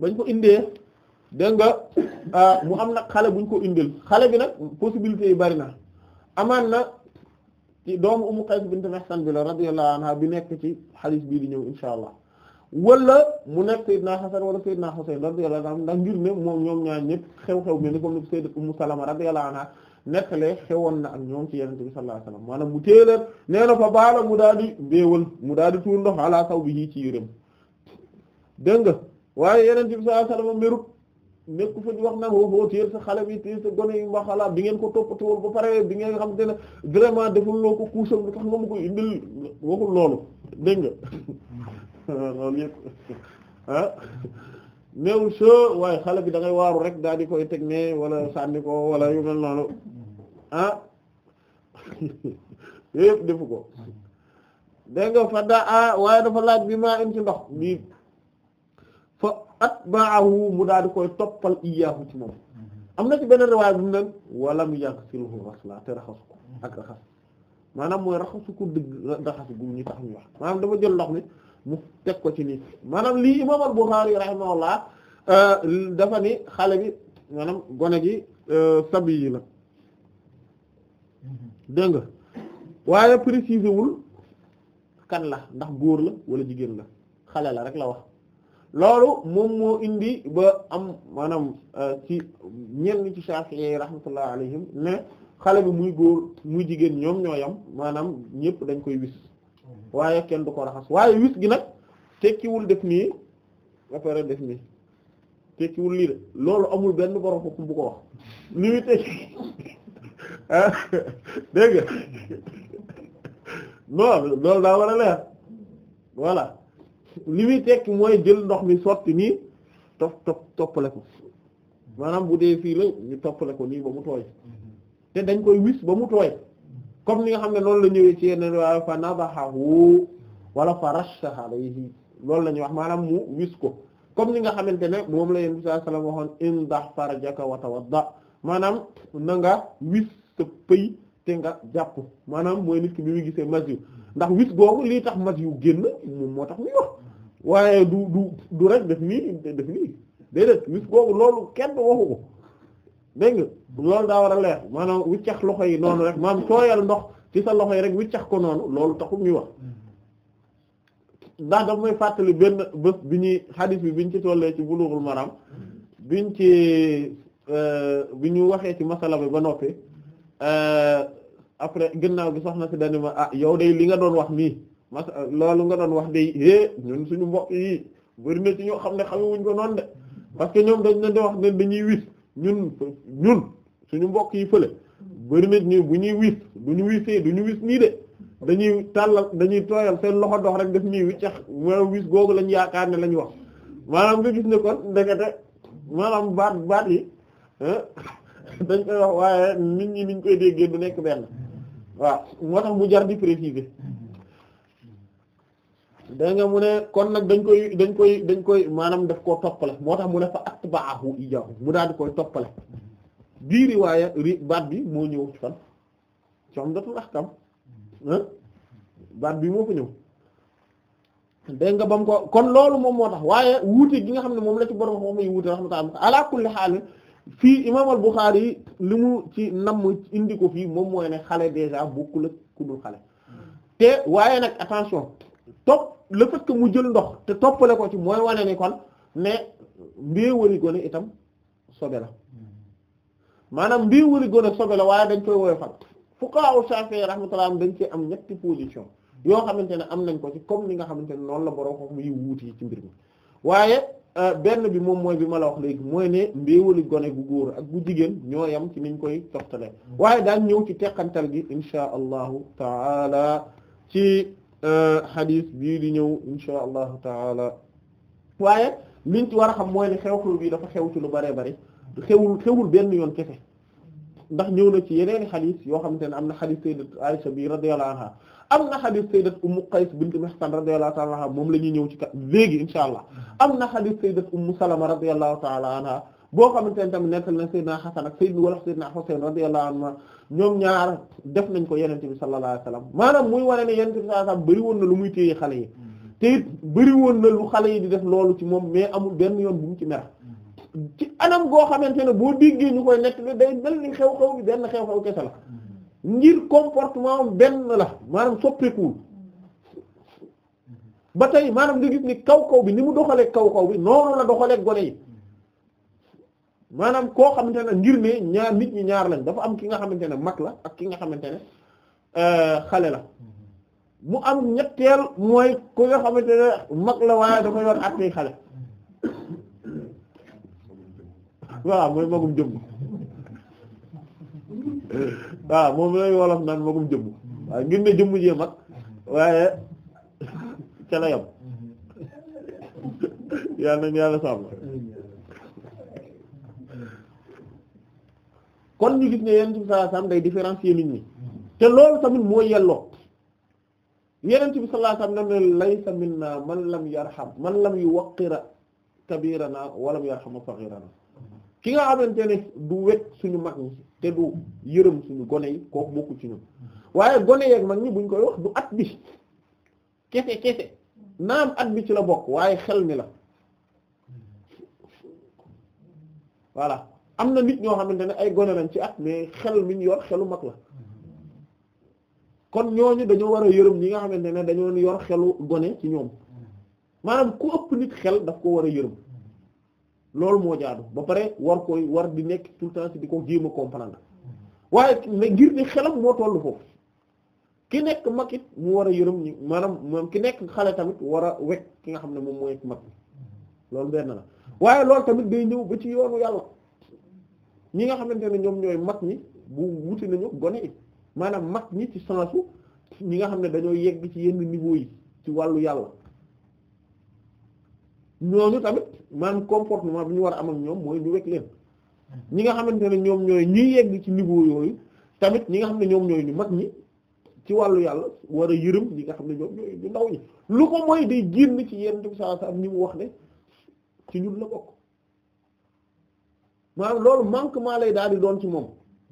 bañ ko indee dégg nga <coughs> ah, mu am nag xale buñ ko indil xale bi nag possibilité yi bari na amaan na ci doomu Ummu Qays bint Mihsan bi la radiyallahu anha bi nekk ci xaalis bii di ñëw insha allah wala mu nekk Seydina Hasan wala Seydina Husayn radiyallahu anhu ndax ngir ne moom ñoom ñaar ñëpp xew-xew bi ni comme ni Sayyidatu Ummu Salama radiyallahu anha nettalee xewoon na ak ñoom ci yenente bi sallallahu alayhi wasallam maanaam mu téeleen nee na fa baala mu daal di mbéewal mu daal di tuur ndox ala saw bi yii ci yërëm dégg nga waaye yenente bi sallallahu alayhi wasallam merut nekku fa di wax naan woofoo oh, oh, téer sa xale bi téer sa gone yi mbaxalaat bi ngeen ko toppatoo ba pare bi ngeen xam te ne vraiment deful loo ko kuusam lu tax nga ma koy indil waxul loolu dégg nga <laughs> loolu yëpp ah néew soo waaye xale bi da ngay waaru rek daal di koy teg ne wala sànni ko wala yu mel noonu ah <laughs> defu ko dégg nga fa daa ah, waaye dafa laaj bi maa in ci ndox bi fa atba'ahu mu daal di koy toppal iyaahu ci moom am na ci beneen riwaay bu mu nag wala mu yàgg silhu rasla te raxasu ak raxas maanaam mooy raxasu ko dëgg raxas gu ñu tax ñu wax maanaam dafa jël ndox mi mu teg ko ci nii maanaam lii imaam al-Bukhari rahimahullah euh, dafa ni xale bi maanaam gone gi euh, sabi yi la dégg nga waaye préciser kan la ndax góor la wala jigéen la xale la rek la wax loolu moom moo indi ba am maanaam euh, ci ñenn ci Shafi'i rahmatullah alayhim ne xale bi muy góor muy jigéen ñoom ñoo yam maanaam ñépp dañ koy wis waaye kenn du ko raxas waaye wis gi nag tekkiwul def nii ba pare def nii tekkiwul lii loolu amul benn borom xukm bu ko wax ni tekki <laughs> <laughs> dégg nga loolu daa war a leer voilà li muy tekki mooy jël ndox mi sotti nii topp topp toppale ko maanaam bu dee fii la ñu toppale ko nii ba mu tooy te dañ koy wis ba mu tooy comme ni nga xam ne loolu la ñëwee ci yeneen waaye fa nabahahu wala fa rashaha alayhi loolu la ñuy wax maanaam mu wis ko comme ni nga xamante ne moom la yéen bi sallallahu alayhi wasallam waxoon indah farjaka wa tawadda maanaam na nga wis sa pëy te nga jàpp maanaam mooy nit ki bi muy gisee mas yu ndax wis googu lii tax mas yu génn moom moo tax muy wax waaye du du du rek def nii def nii déedéet wis googu loolu kenn waxu dégg nga loolu daa war a leer maanaam wiccax loxo yi noonu rek maanaam tooyal ndox ci sa loxo yi rek wiccax ko noonu loolu taxul muy wax ndax daf may fàttali benn bés bi ñuy xadis bi biñ ci tollee ci bulughul maram biñ ci euh, bi ñu waxee ci masala bi ba noppi Euh, après ginnaaw bi soxna si dañu ma ah yow day li nga doon wax nii mas loolu nga doon wax day é ñun suñu mbokk yi bëri na ci ñoo xam ne wuñ ko noon de parce que ñoom dañ leen di wax ne dañuy wis ñun ñun suñu mbokk yi fële bëri na ñu bu ñuy wis du ñu wisee du ñu wis nii de dañuy tàllal dañuy tooyal seen loxo dox rek def ñuy wiccax maanaam wis googu lañu yaakaar ne lañ wax maanaam nga gis ne kon ndekete maanaam baat baat yi ah, dañ koy nit ñi niñ koy déggee du nekk benn waaw moo tax mu jar di préciser mu kon nag dañ koy dañ koy dañ koy maanaam daf koo toppale moo tax mu ne fa atbaahu ijaahu mu daal di koy toppale bii riwaaya ri baat bi moo ñëw ci fan ci am datul ahkam baat bi moo fa ñëw dégg ko kon loolu moom moo tax waaye wuute gi nga xam ne moom la ci borom moom muy wuute wax na ala kulli xaal fii imaam al Buxaari yi li mu ci namm indi ko fii moom mooy ne xale déjà bokkul kula ku dul xale te waaye nag attention topp le fait mu jël ndox te toppale ko ci mooy wane ni kon mais mbéewali gone itam sobe la maanaam mbéewali gone sobe la waaye dañ koy woyofal fuqaha Shafi'i rahmatullah am dañ ci am ñetti position yoo xamante ne am nañ ko ci comme li nga xamante ne noonu la borom xam yi wuuti ci mbir mi waaye Euh, benn bi moom mooy bi ma la wax léegi mooy ne mbéewalu gone gu góor ak gu jigéen ñoo yam ci niñ koy toxtale mm. waaye daal ñëw ci teqantal gi insha allahu taala ci euh, xadiis bii di ñëw insha allahu taala waaye liñ ci war a xam mooy ne xew-xew bi dafa xew ci lu bare bari xewul xewul benn yoon kefe ndax ñëw na ci yeneen xadiis yoo xam ne am na xadiis sayyidat Aisha bi radiyallahu anha am na xadis sayyidat ummu qays bint mihsan radiyallahu ta'ala anha moom la ñuy ñëw ci kat léegi insha allah mm-hmm. am na xadis sayyidat ummu salama radiyallahu ta'ala anha boo xamante ne tamit nettal na sayyidina hasan ak sayyid wala sayyidina husayn radiyallahu anhu ñoom ñaar def nañ ko yeneen bi sallallahu alayhi wasallam maanaam muy wane ne yenente bi sallallahu alayhi wasallam bëri woon na lu muy téye xale yi mm-hmm. te it bëri woon na lu xale yi di def loolu ci moom mais amul benn yoon bu mu ci mer mm-hmm. ci anam goo xamante ne boo déggee ñu koy nekk day mel ni xew-xew bi benn xew la ngir comportement am benn la maanaam soppeekuwul ba tey maanaam nga gis ni kaw kaw bi ni mu doxalee kaw kaw bi noonu la doxalee gone yi maanaam koo xamante ne ngir ne ñaar nit ñi ñaar lañ dafa am ki nga xamante ne mag la ak ki nga xamante ne euh, xale la mu am ñetteel mooy ku nga xamante ne mag la waaye dafa yor at xale waaw <coughs> mooy magum jëm. waaw ah, moom lay wolof naan magum jëmm waaw ah, ngir ne jëmm jee mag waaye ca yam yàlla nañ yàlla sàmm kon ñu gis ne yeneen bi sallallahu alayhi wasallam day différencier nit ñi te loolu tamit moo yelloo yeneen bi sallallahu alayhi wasallam ne man lam yarham man lam yuwaqqira kabirana walam yarham saghirana ki nga xamante ne du wet suñu mag ñi te du yërëm suñu gone yi kooku bokkul ci ñun waaye gone yeeg mag ñi buñ koy wax du at bi kese kese naam at bi ci la bokk waaye xel mi la voilà am na nit ñoo xamante ne ay gone lañ ci at mais xel mi ñu yor xelu mag la kon ñooñu dañoo war a yërëm ñi nga xamante ne dañoo yor xelu gone ci ñoom maanaam ku ëpp nit xel daf ko war a yërëm loolu moo jaadu ba pare war koy war di nekk tout le temps ci di ko jéem a comprendre waaye mais ngir ne xelam moo tollu foofu ki nekk mag it mu war a yërëm ñi maanaam moom ki nekk xale tamit war a ki nga xam ne moom mooy mag loolu benn la waaye loolu tamit day ñëw ba ci yoonu yàlla ñi nga xamante ne ñoom ñooy mag ñi bu wuti nañu gone it maanaam mag ñi ci sensu ñi nga xam ne dañoo yegg ci yenn niveau yi ci wàllu yàlla ñooñu tamit maanaam comportement bi ñu war a am ñoom mooy ñu wekk leen ñi nga xamante ne ñoom ñooy ñu yegg ci niveau yooyu tamit ñi nga xam ne ñoom ñooyu ñu mag ñi ci wàllu yàlla war a yërëm ñi nga xam ne ñoom ñooy ñu ndaw ñi lu ko mooy ci yenn bi saa saa ñi mu wax ne ci ñun la bokk maanaam loolu manquement lay daal di moom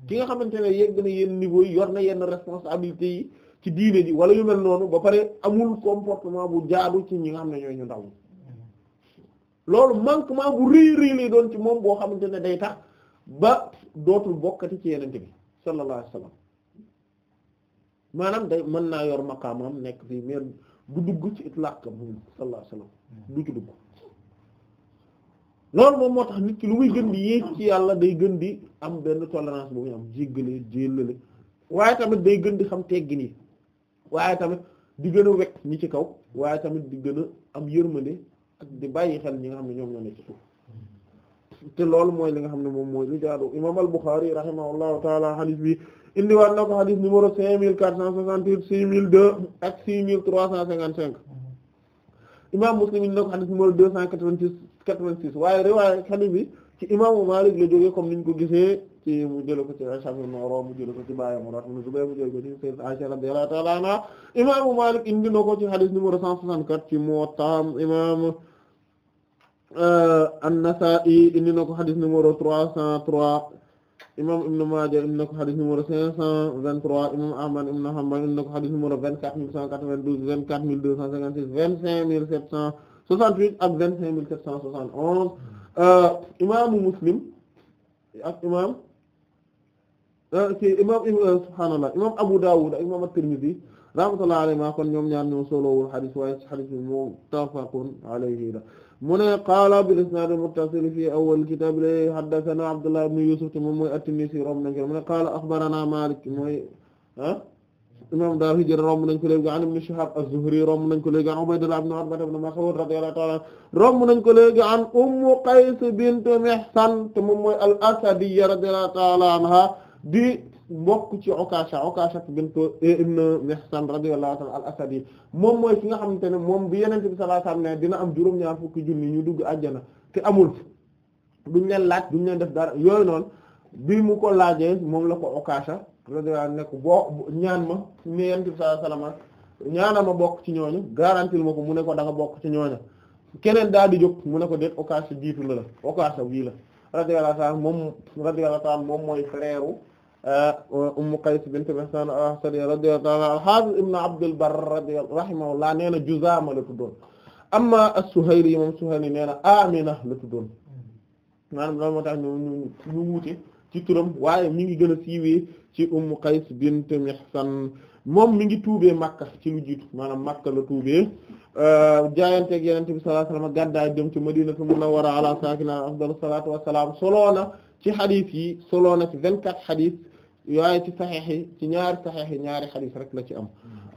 ki nga xamante ne yegg na yenn niveau yi yor na yenn responsabilité yi ci diine ji wala yu mel noonu ba pare amul comportement bu jaadu ci ñi nga xam ne ñooy ñu ndaw ñi loolu manquement bu rëy rëy lay doon ci moom boo xamante ne day tax ba dootul bokkati ci yenente bi sallallahu alayhi wasallam maanaam day mën naa yor maqaamam nekk fii mais du dugg ci itlaq moom sallallahu alayhi wasallam ci dugg loolu moom moo tax nit ki lu muy gën di yéeg ci yàlla day gën di am benn tolérance bu muy am jéggale jéllale waaye tamit day gën di xam teggin yi waaye tamit di gën a wekk ñi ci kaw waaye tamit di gën a am yërmande ak di bàyyi xel ñi nga xam ne ñoom ñoo ne ci suuf te loolu mooy li nga xam ne al-Bukhari rahimahullahu taala hadith bi indiwaat na ko hadith numéro cinq mille quatre cent soixante-huit six mille deux ak six mille trois cent cinq imam Muslim indi na ko hadith numéro deux cent quatre-vingt-six waaye riwaaya hadith bi ci imaamu Maalik la jógee comme niñ ko gisee ci mu jële ko ci Shafi Mawro mu jële ko ci Baye Mawro mu mu jële ko ci Sayyida Aisha ci hadith numéro cent soixante Euh, an-Nasa'i indi na ko xadis numéro trois cent trois imam Ibn Maaja indi na ko cinq cent vingt-trois imam Ahmad ibn Hanbal indi na ko vingt-quatre vingt douze vingt-quatre mille deux cent cinquante-six vingt-cinq mille sept cent soixante-huit ak vingt-cinq mille sept cent soixante-onze euh, imaamu Muslim imam ci euh, imam Abu Dawud ak imam at-Tirmidhi rahmatullahi alayhi maa ñoom ñaar ñoo solowul xadis waaye xadis bi muttafaqun alayhi la mu ne qaala bil isnaadil muttasil fii awwal kitaab la haddasanaa Abdullah ibn Yusuf te moom mooy at-Tinnisi romb nañ ko mu ne qaala axbaranaa Maalik mooy ah imaam Daaru Hijra romb nañ ko léegi an Ibn Shihaab az-Zuhri romb nañ ko léegi an Ubaydullah ibn Utba ibn Mas'uud radiyallahu ta'ala romb nañ ko léegi an Ummu Qays bint Mihsan te moom mooy al-Asadiyya radiyallahu ta'ala anha di mbokk ci Ukasha Ukasha bint ibn Mihsan radiyallahu ta'ala al asadi moom mooy ki nga xamante ne moom bi yenente bi sallallahu alayhi wasallam ne dina am juróom-ñaar fukki junni ñu dugg àjjana te amul duñ leen laaj duñ leen def dara yooyu noon bi mu ko laajee moom la ko Ukasha radiyallahu anhu nekk boo ñaan ma ne yenente bi sallallahu alayhi wasallam ñaana ma bokk ci ñooñu garantil ma ko mu ne da nga bokk ci ñooñu keneen daal di jóg mu ne ko déet Ukasha jiitu la la Ukasha bii la radiyallahu ta'ala moom radiyallahu ta'ala moom mooy frère Uh, uh, Ummu Qays bint Mihsan al-Asadi radiyallahu anha al-Hafiz ibn Abd al-Barr radiyallahu rahimahullah nee na Juzaama la tuddoon amma as-Suhayli moom Suhayli nee na Amina la tuddoon maanaam loolu moo tax ñu ci turam waaye mi ngi gën a ci Ummu Qays bint Mihsan moom mi ngi tuubee Makka ci lu jiitu maanaam Makka la tuubee uh, jaayanteeg Yonent bi sallallahu alayhi wasallam gàddaay dem ci Madinatu Munawwara ala saakina solo na ci xadis yi solo waaye ci saxeex yi ci ñaari saxeex ñaari xadis rek la ci am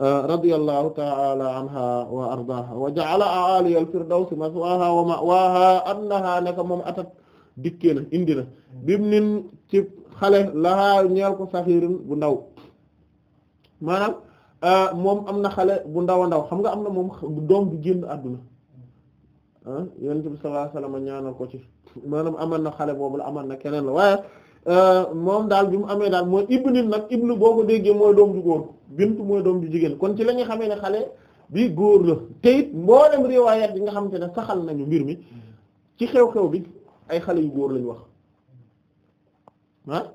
euh, radiyallahu ta'ala anha wa ardaha wa ja'ala a'ali al-firdaws maswaha wa ma'waha annaha naka moom atat dikkee na indi na bibnin ci xale lahaa ñeel ko saxiirin bu ndaw maanaam euh, moom am na xale bu ndaw a ndaw xam nga am na moom doom bu génn àdduna ah, yonent bi sallallahu alayhi ñaanal ko ci maanaam amal na xale boobu la amal na keneen la waaye Euh, moom daal bi mu amee daal mooy ibnin nag ibnu boo ko déggee mooy doom ju góor bintu mooy doom ju jigéen kon ci la nga xamee ne xale bi góor la mboo it mboolem riwaayaat yi nga xamante ne saxal nañu mbir mi ci xew-xew bi ay xale yu góor lañu wax ah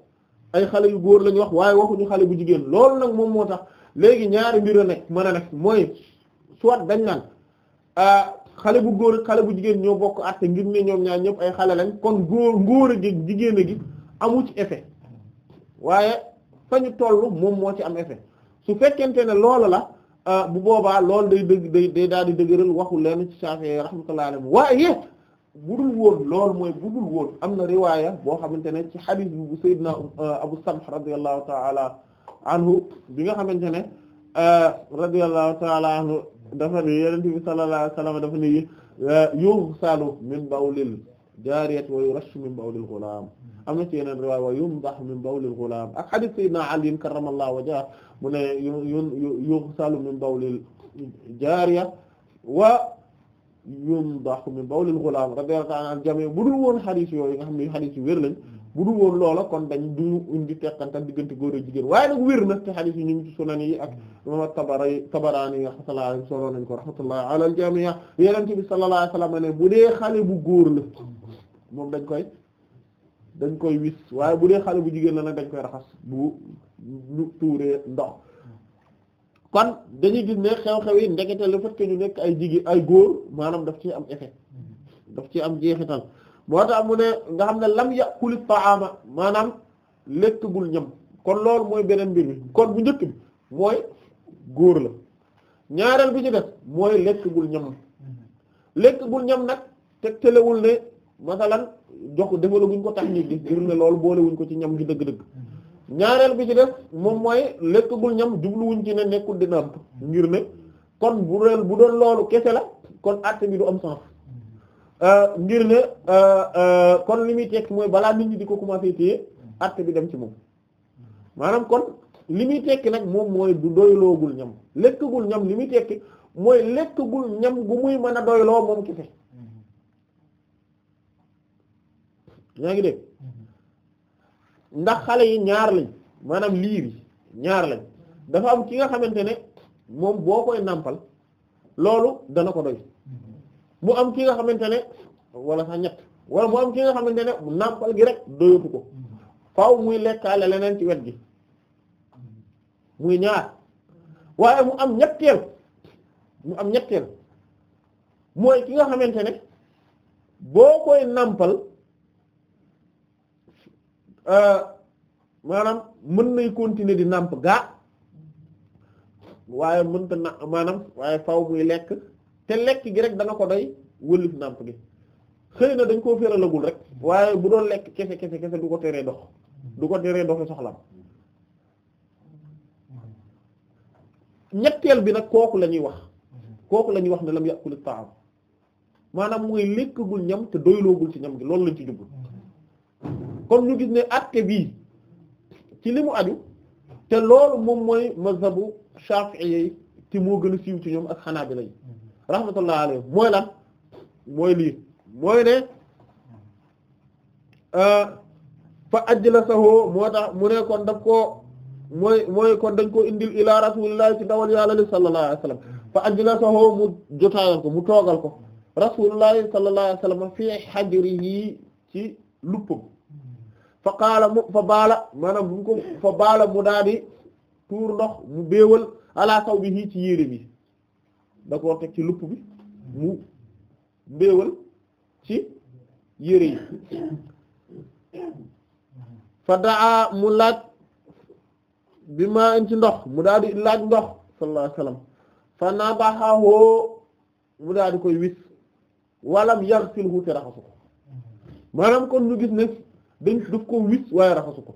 ay xale yu góor lañu wax waaye waxuñu xale bu jigéen loolu nag moom moo tax léegi ñaari mbir a nekk mën a nekk mooy soit dañ naan ah, xale bu góor xale bu jigéen ñoo bokk àtte ngir ne ñoom ñaar ñëpp ay xale lañ kon góor góor a gi jigéen a gi amu ci effet waaye fa ñu toll moom moo ci am effet su fekkente ne loola la euh, bu boobaa lool day dëgg day day daal di dëgëral waxu leen ci Shafi'i rahmatullahi alayhi waaye budul woon lool mooy budul woon am na riwaaya boo xamante ne ci xadiis bu Seydina euh, Abu Samh radiyallahu ta'ala anhu bi nga xamante ne euh, radiyallahu ta'ala anhu dafa ne Yonent bi sallallahu alayhi wasallam dafa ne yughsalu min bawlil jaariyati wa yurashu min bawlil ghulaam am na ci yeneen riwaay wa yumdah min bawlil ghulam ak hadith sayyidina Ali karramallahu wajhahu mu ne yughsalu min bawlil jaariya wa yumdah min bawlil ghulam radiyallahu ta'ala an jami bu dul woon hadith yooyu nga xam ne hadith yu wér lañ bu dul woon loola kon dañ du indi teqantal diggante góor ak jigéen waaye nag wér na te hadith yi ñu ngi ci sunan yi ak imam Tabari Tabaraani yi rahmatullahi alayhi solo nañ ko rahmatullahi ala al jami' Yonent bi sallallahu alayhi wasallam ne bu dee xale bu góor la moom dañ koy dañ koy wis waaye bu dee xale bu jigéen la nag dañ koy raxas bu ñu tuuree ndox kon dañuy gis ne xew-xew yi ndekete le fait nekk ay jigéen ay góor maanaam daf ci am effet daf ci am jeexital moo tax mu ne nga xam ne lam yàquli taama maanaam lekk bul ñam kon loolu mooy beneen mbir mi kon bu njëkk bi mooy góor la ñaareel bi ci def mooy lekk bul ñam lekk bul ñam nag tegtalewul ne masalan jox defalaguñ ko tax ñu gis ngir ne loolu boolewuñ ko ci ñam gi dëgg-dëgg ñaareel bi ci def moom mooy lekkagul ñam jubluwuñ ci ne nekkul di ngir ne kon bu doon bu doon loolu kese la kon acte bi du am sens euh, ngir ne euh, euh, kon li muy tekki mooy balaa nit ñi di ko commencer téye acte bi dem ci moom maanaam kon li muy tekki nag moom mooy du doyloogul ñam lekkagul ñam li muy tekki mooy lekkagul ñam gu muy mën a doyloo moom kese. yaa ngi dégg ndax xale yi ñaar lañ maanaam liir ñaar lañ dafa am ki nga xamante ne moom boo koy nampal loolu dana ko doy mu am ki nga xamante ne wala sax ñett wala mu am ki nga xamante ne mu nàmpal gi rek doyatu ko faaw muy lekkaale leneen ci wet gi muy ñaar waaye mu am ñetteel mu am ñetteel mooy ki nga xamante ne boo koy nàmpal Euh, maanaam mën nay continuer di nàmp gaa waaye mën mënta na maanaam waaye faw muy lekk te lekk gi rek dana ko doy wëlif nàmp gi xëy na dañ koo féralagul rek waaye bu doon lekk kese kefe kese du ko teree dox du ko teree dox soxlam ñetteel bi nag kooku la ñuy wax kooku la ñuy wax ne lam yàquli taam maanaam mooy lekkagul ñam te doyloogul ci ñam gi loolu lañ ci jublu kon ñu gis ne atte bii ci li aju te loolu moom mooy mazhabu shafi'i te moo gën a siiw ci ñoom ak xanaabila yi rahmatullah alayhi mooy lan mooy lii mooy ne euh, fa ajlasahoo moo tax mu ne kon daf koo dañ koo indil ila rasulillahi ci dawal yàlla li sallallahu alayhi wasallam fa ajlasahoo mu jotaayal ko mu toogal ko rasulillahi sallallahu alayhi wasallam fi hajrihi ci luppam fa qaala mu fa baala maanaam bu ko fa baala mu daal di tuur ndox mu béewal ala saw bi ci yére bi da koo ci lupp bi mu béewal ci yére yi fa daa mu laaj bi maa in ci ndox mu daal laaj ndox sallallahu alayhi wasallam fa nabaxaahoo mu daal koy wis walam yaghsilhu te raxasu ko maanaam gis ne dañ daf ko wis waaye raxasu ko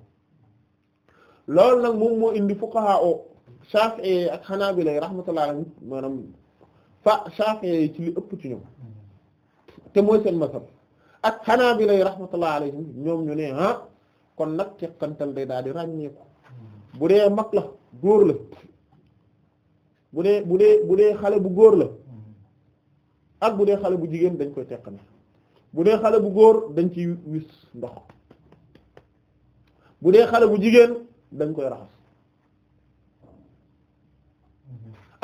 loolu nag moom moo indi fuqaha o Shafi'i ak Hanabila rahmatullahi alayhim maanaam fa Shafi'i ci li ëpp ci ñoom te mooy seen masal ak xanaa Hanabila rahmatullahi alayhim ñoom ñu ne ah kon nag teqantal day daal di ràññeeku bu dee mag la góor la bu dee bu dee bu xale bu góor la ak bu dee xale bu jigéen dañ koy teqantal bu dee xale bu góor dañ ci wis ndox bu dee xale bu jigéen dañ koy raxas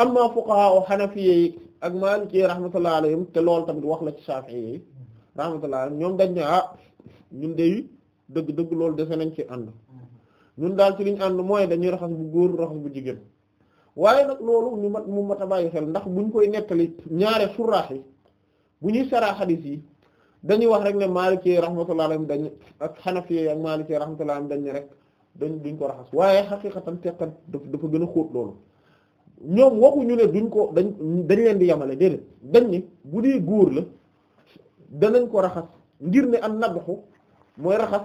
amma fuqaha hanafiyyi ak maliki rahmatullahi alayhim te loolu tamit wax la ci shafi'i rahmatullahi alayhim ñoom dañ ne ah ñun de dëgg dëgg loolu defe nañ ci ànd ñun daal ci liñ ànd mooy dañuy raxas bu góor raxas bu jigéen waaye nag loolu ñu mat mu mat xel ndax buñ koy nettali ñaare suraax yi bu ñuy saraa xadiis yi dañuy wax rek ne Maliki rahmatullah alayhim dañ ak Hanafi ak Maliki rahmatullah alayhim dañ rek dañ duñ ko raxas waaye xaqiqatan teqan dafa gën a xóot loolu ñoom waxuñu ne duñ ko dañ leen di yamale déedéet dañ ni bu dee góor la danañ ko raxas ngir ne am nadxu mooy raxas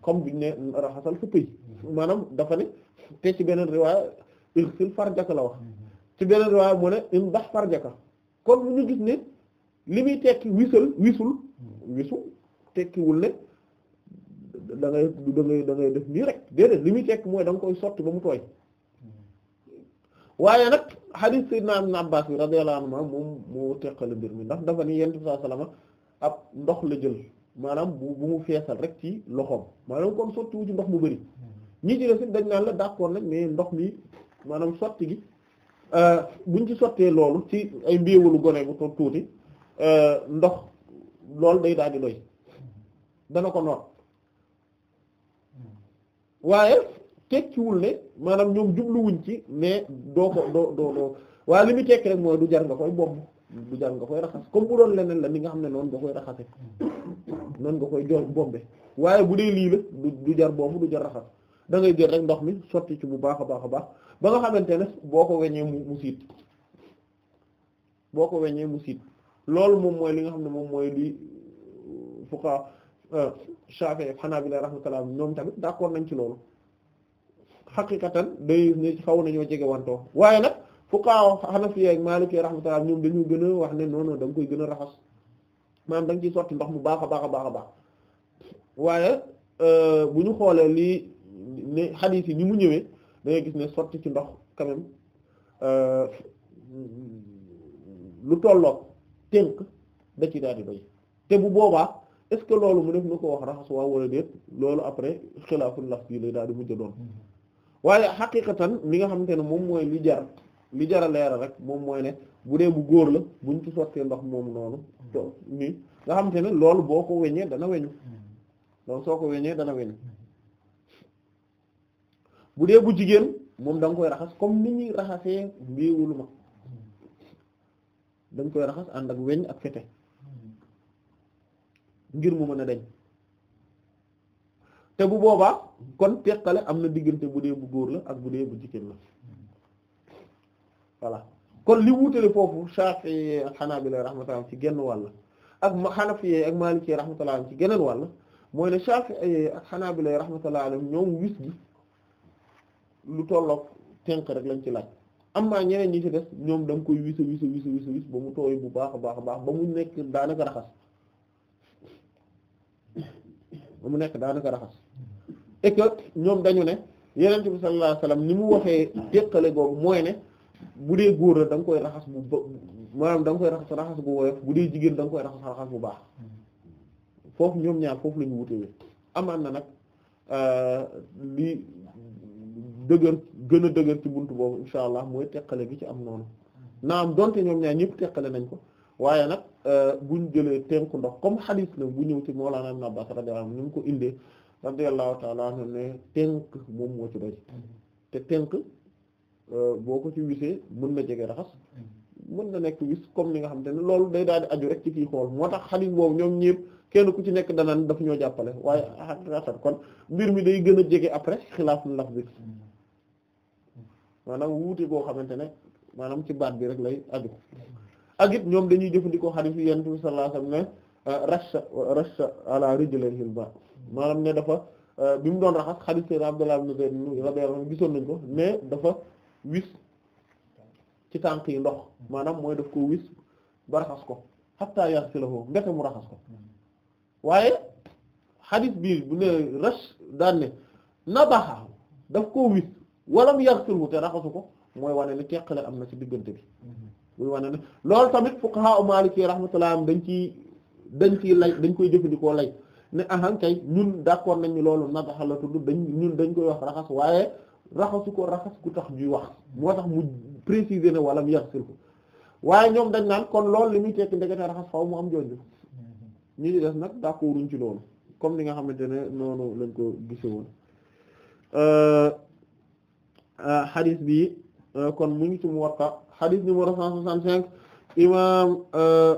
comme buñ ne raxasal sa pëy maanaam dafa ne te ci beneen riwaaya far farjaka la wax mm-hmm. ci beneen riwaaya mu ne indax farjaka kon ñu gis ne li muy tekki wisal wisul wisu tekkiwul ne da dangay def nii rek déedéet li muy tekki mooy da nga koy sotti ba mu tooy waaye nag hadith sayyidina naan Abbas bi radiyallahu anhu moom moo teqala mbir mi ndax dafa ni yent saa salama ab ndox la jël maanaam bu bu mu feesal rek ci loxoom maanaam kon sottiwu ci ndox mu bari ñi ci def dañ naan la d'accord nag mais ndox mi maanaam sotti gi euh, buñ ci sottee loolu ci ay mbéewalu gone bu tuuti Euh, ndox loolu day daal doy dana ko noon waaye tekkiwul ne maanaam ñoom jubluwuñ ci mais doo ko doo doo doo waaye li muy tekki rek mooy du jar nga koy bomb du jar nga koy raxas comme bu doon leneen la li nga xam ne noonu nga koy raxase noonu nga koy jox bombe waaye bu dee lii la du jar bomb du jar raxas dangay ngay jël rek ndox mi sotti ci bu baax a baax a baax ba nga xamante ne boo ko weñee mu mu siit boo ko weñee mu siit loolu moom mooy li nga xam ne moom mooy li xanaa euh, euh, Shafi'i Hanabila rahmatullah ñoom tamit d'accord nañ ci loolu xaqiqatan day ne xaw nañoo jege wantoo waaye nag fuqaha Hanafi ak Maliki rahmatullah ñoom dañuy gën a wax ne non non koy gën a raxas maanaam dañ nga ciy sotti ndox mu baax a baax a baax a baax waaye euh, bu ñu xoolee lii ne xadiis yi ni mu ñëwee da gis ne sotti ci ndox quand même lu tollook tënk da ci daal di doy te bu boobaa est-ce que loolu mu def na ko wax raxas waaw wala déet loolu après xilaaful nafs yi lay daal di mujj doon waaye xaqiqatan li nga xamante ne moom mooy li jar li jar a leeral moom mooy ne bu dee bu góor la buñ ci sottee ndox moom noonu to nii nga ne loolu boo ko weñee dana weñu loolu soo ko weñee dana weñu bu dee bu jigéen moom da nga koy raxas comme nit ñi raxasee mbiiwulu ma dañ koy raxas ànd ak weñ ak fete ngir mu mën a deñ te bu boobaa kon teqale am na diggante bu dee bu góor la ak bu dee bu jigéen la voilà kon li wutale foofu Shafi'i ak Hanabila rahmatullah ci genn wàll ak Hanafi ak Maliki rahmatullah ci geneen wàll mooy ne Shafi'i ak Hanabila rahmatullah ñoom wis gi lu tollook tenq rek lañ ci laaj am na ñeneen ñi ci def ñoom da nga koy wis a wis a wis ba mu tooy bu baax baax a baax ba mu nekk daanaka raxas ba mu nekk daanaka raxas et que ñoom dañu ne yeneen bi sallallahu alayhi wasallam ni mu waxee teqale googu mooy ne bu dee góor la da koy raxas bu ba maanaam da koy raxas raxas bu woyof bu dee jigéen da koy raxas raxas bu baax foofu ñoom ñaar foofu la ñu wutewee amaan na nag euh, li dëgër gën a dëgër ci bunt boobu insha allah mooy teqale gi ci am noonu naam donte ñoom ñaa ñëpp teqale nañ ko waaye nag euh, bu ñu jëlee tenku ndox comme hadith na bu ñëw ci Mawlana Ibn Abbas radiyallahu anhu ni mu ko indee radiyallahu ta'ala anhu ne tenk moom moo ci doy te tenk euh, boo ko ci wisee mën na jege raxas mën na nekk wis comme li nga xam te ne loolu day daal di aju rek ci kii xool moo tax hadith boobu ñoom ñëpp kenn ku ci nekk danaan daf ñoo jàppale waaye ah, raxas kon mbir mi day gën a jege après xilaaf laf bi maanaam wuute goo xamante ne maanaam ci baat bi rek lay aju ak ñoom dañuy jëfandikoo xadiis yi Yonent bi sallallahu alayhi wasallam ne ah, rasha rasha ala rijlihi al-ba maanaam ne dafa ah, bi mu doon raxas xadiis Sayyid Abdullah ibn Zayd radiyallahu gisoon nañ ko mais dafa wis ci tànk yi ndox maanaam mooy daf ko wis ba raxas ko hatta yasilahu mbete mu raxas ko waaye xadiis bii bu ne rash daan ne nabaxa daf koo wis walam yaxsulhu te raxasu ko mooy wane ne teqale am na ci diggante bi muy wane ne loolu tamit fuqaha u maliki rahmatullah dañ ciy dañ ci lay dañ koy jëfandikoo lay ne ahan kay ñun d'accord nañ ni loolu nadaxa la tudd dañ ñun dañ koy wax raxas waaye raxasu ko raxas ku tax ñuy wax moo tax mu préciser ne walam yaxsulhu waaye ñoom dañ naan kon loolu li muy tekki ndekete raxas faw mu am jooju ñu ci des nag d'accorduñ ci loolu comme ni nga xamante ne noonu lañ ko gisewoon euh, xadis euh, bi euh, kon mu ngi ci Muwatta xadis numéro 165 imaam euh,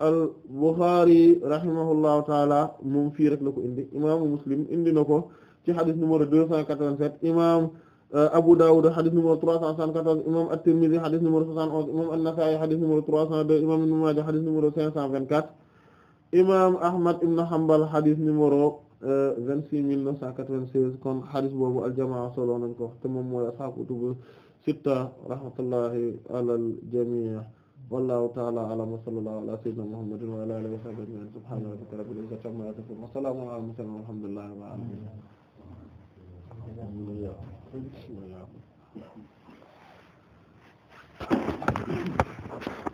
al Bukhari rahimahullahu taala moom fii rek la ko indi imaamu Muslim indi na ko ci xadis numéro 287 imaam Abu Dawud xadis numéro 374 imaam At-Tirmidhi xadis numéro 71 imaam An-Nasa'i xadis numéro 302 imaam Ibn Maaja xadis numéro 524 imaam Ahmad ibn Hanbal xadis numéro. vingt-six mille neuf cent quatre-vingt-seize kon hadith boobu aljamaa solo nañ ko te moom mooy ashaabu kutubu sitta rahmatullahi alal jamii wallahu ta'ala a'lam wa sallallahu ala sayyidina muhammadin wa ala alihi wa sahbihi ajma'in subhana rabbika rabbil izzati amma yasifun wa salamun ala mursalin walhamdulillahi rabbil alamin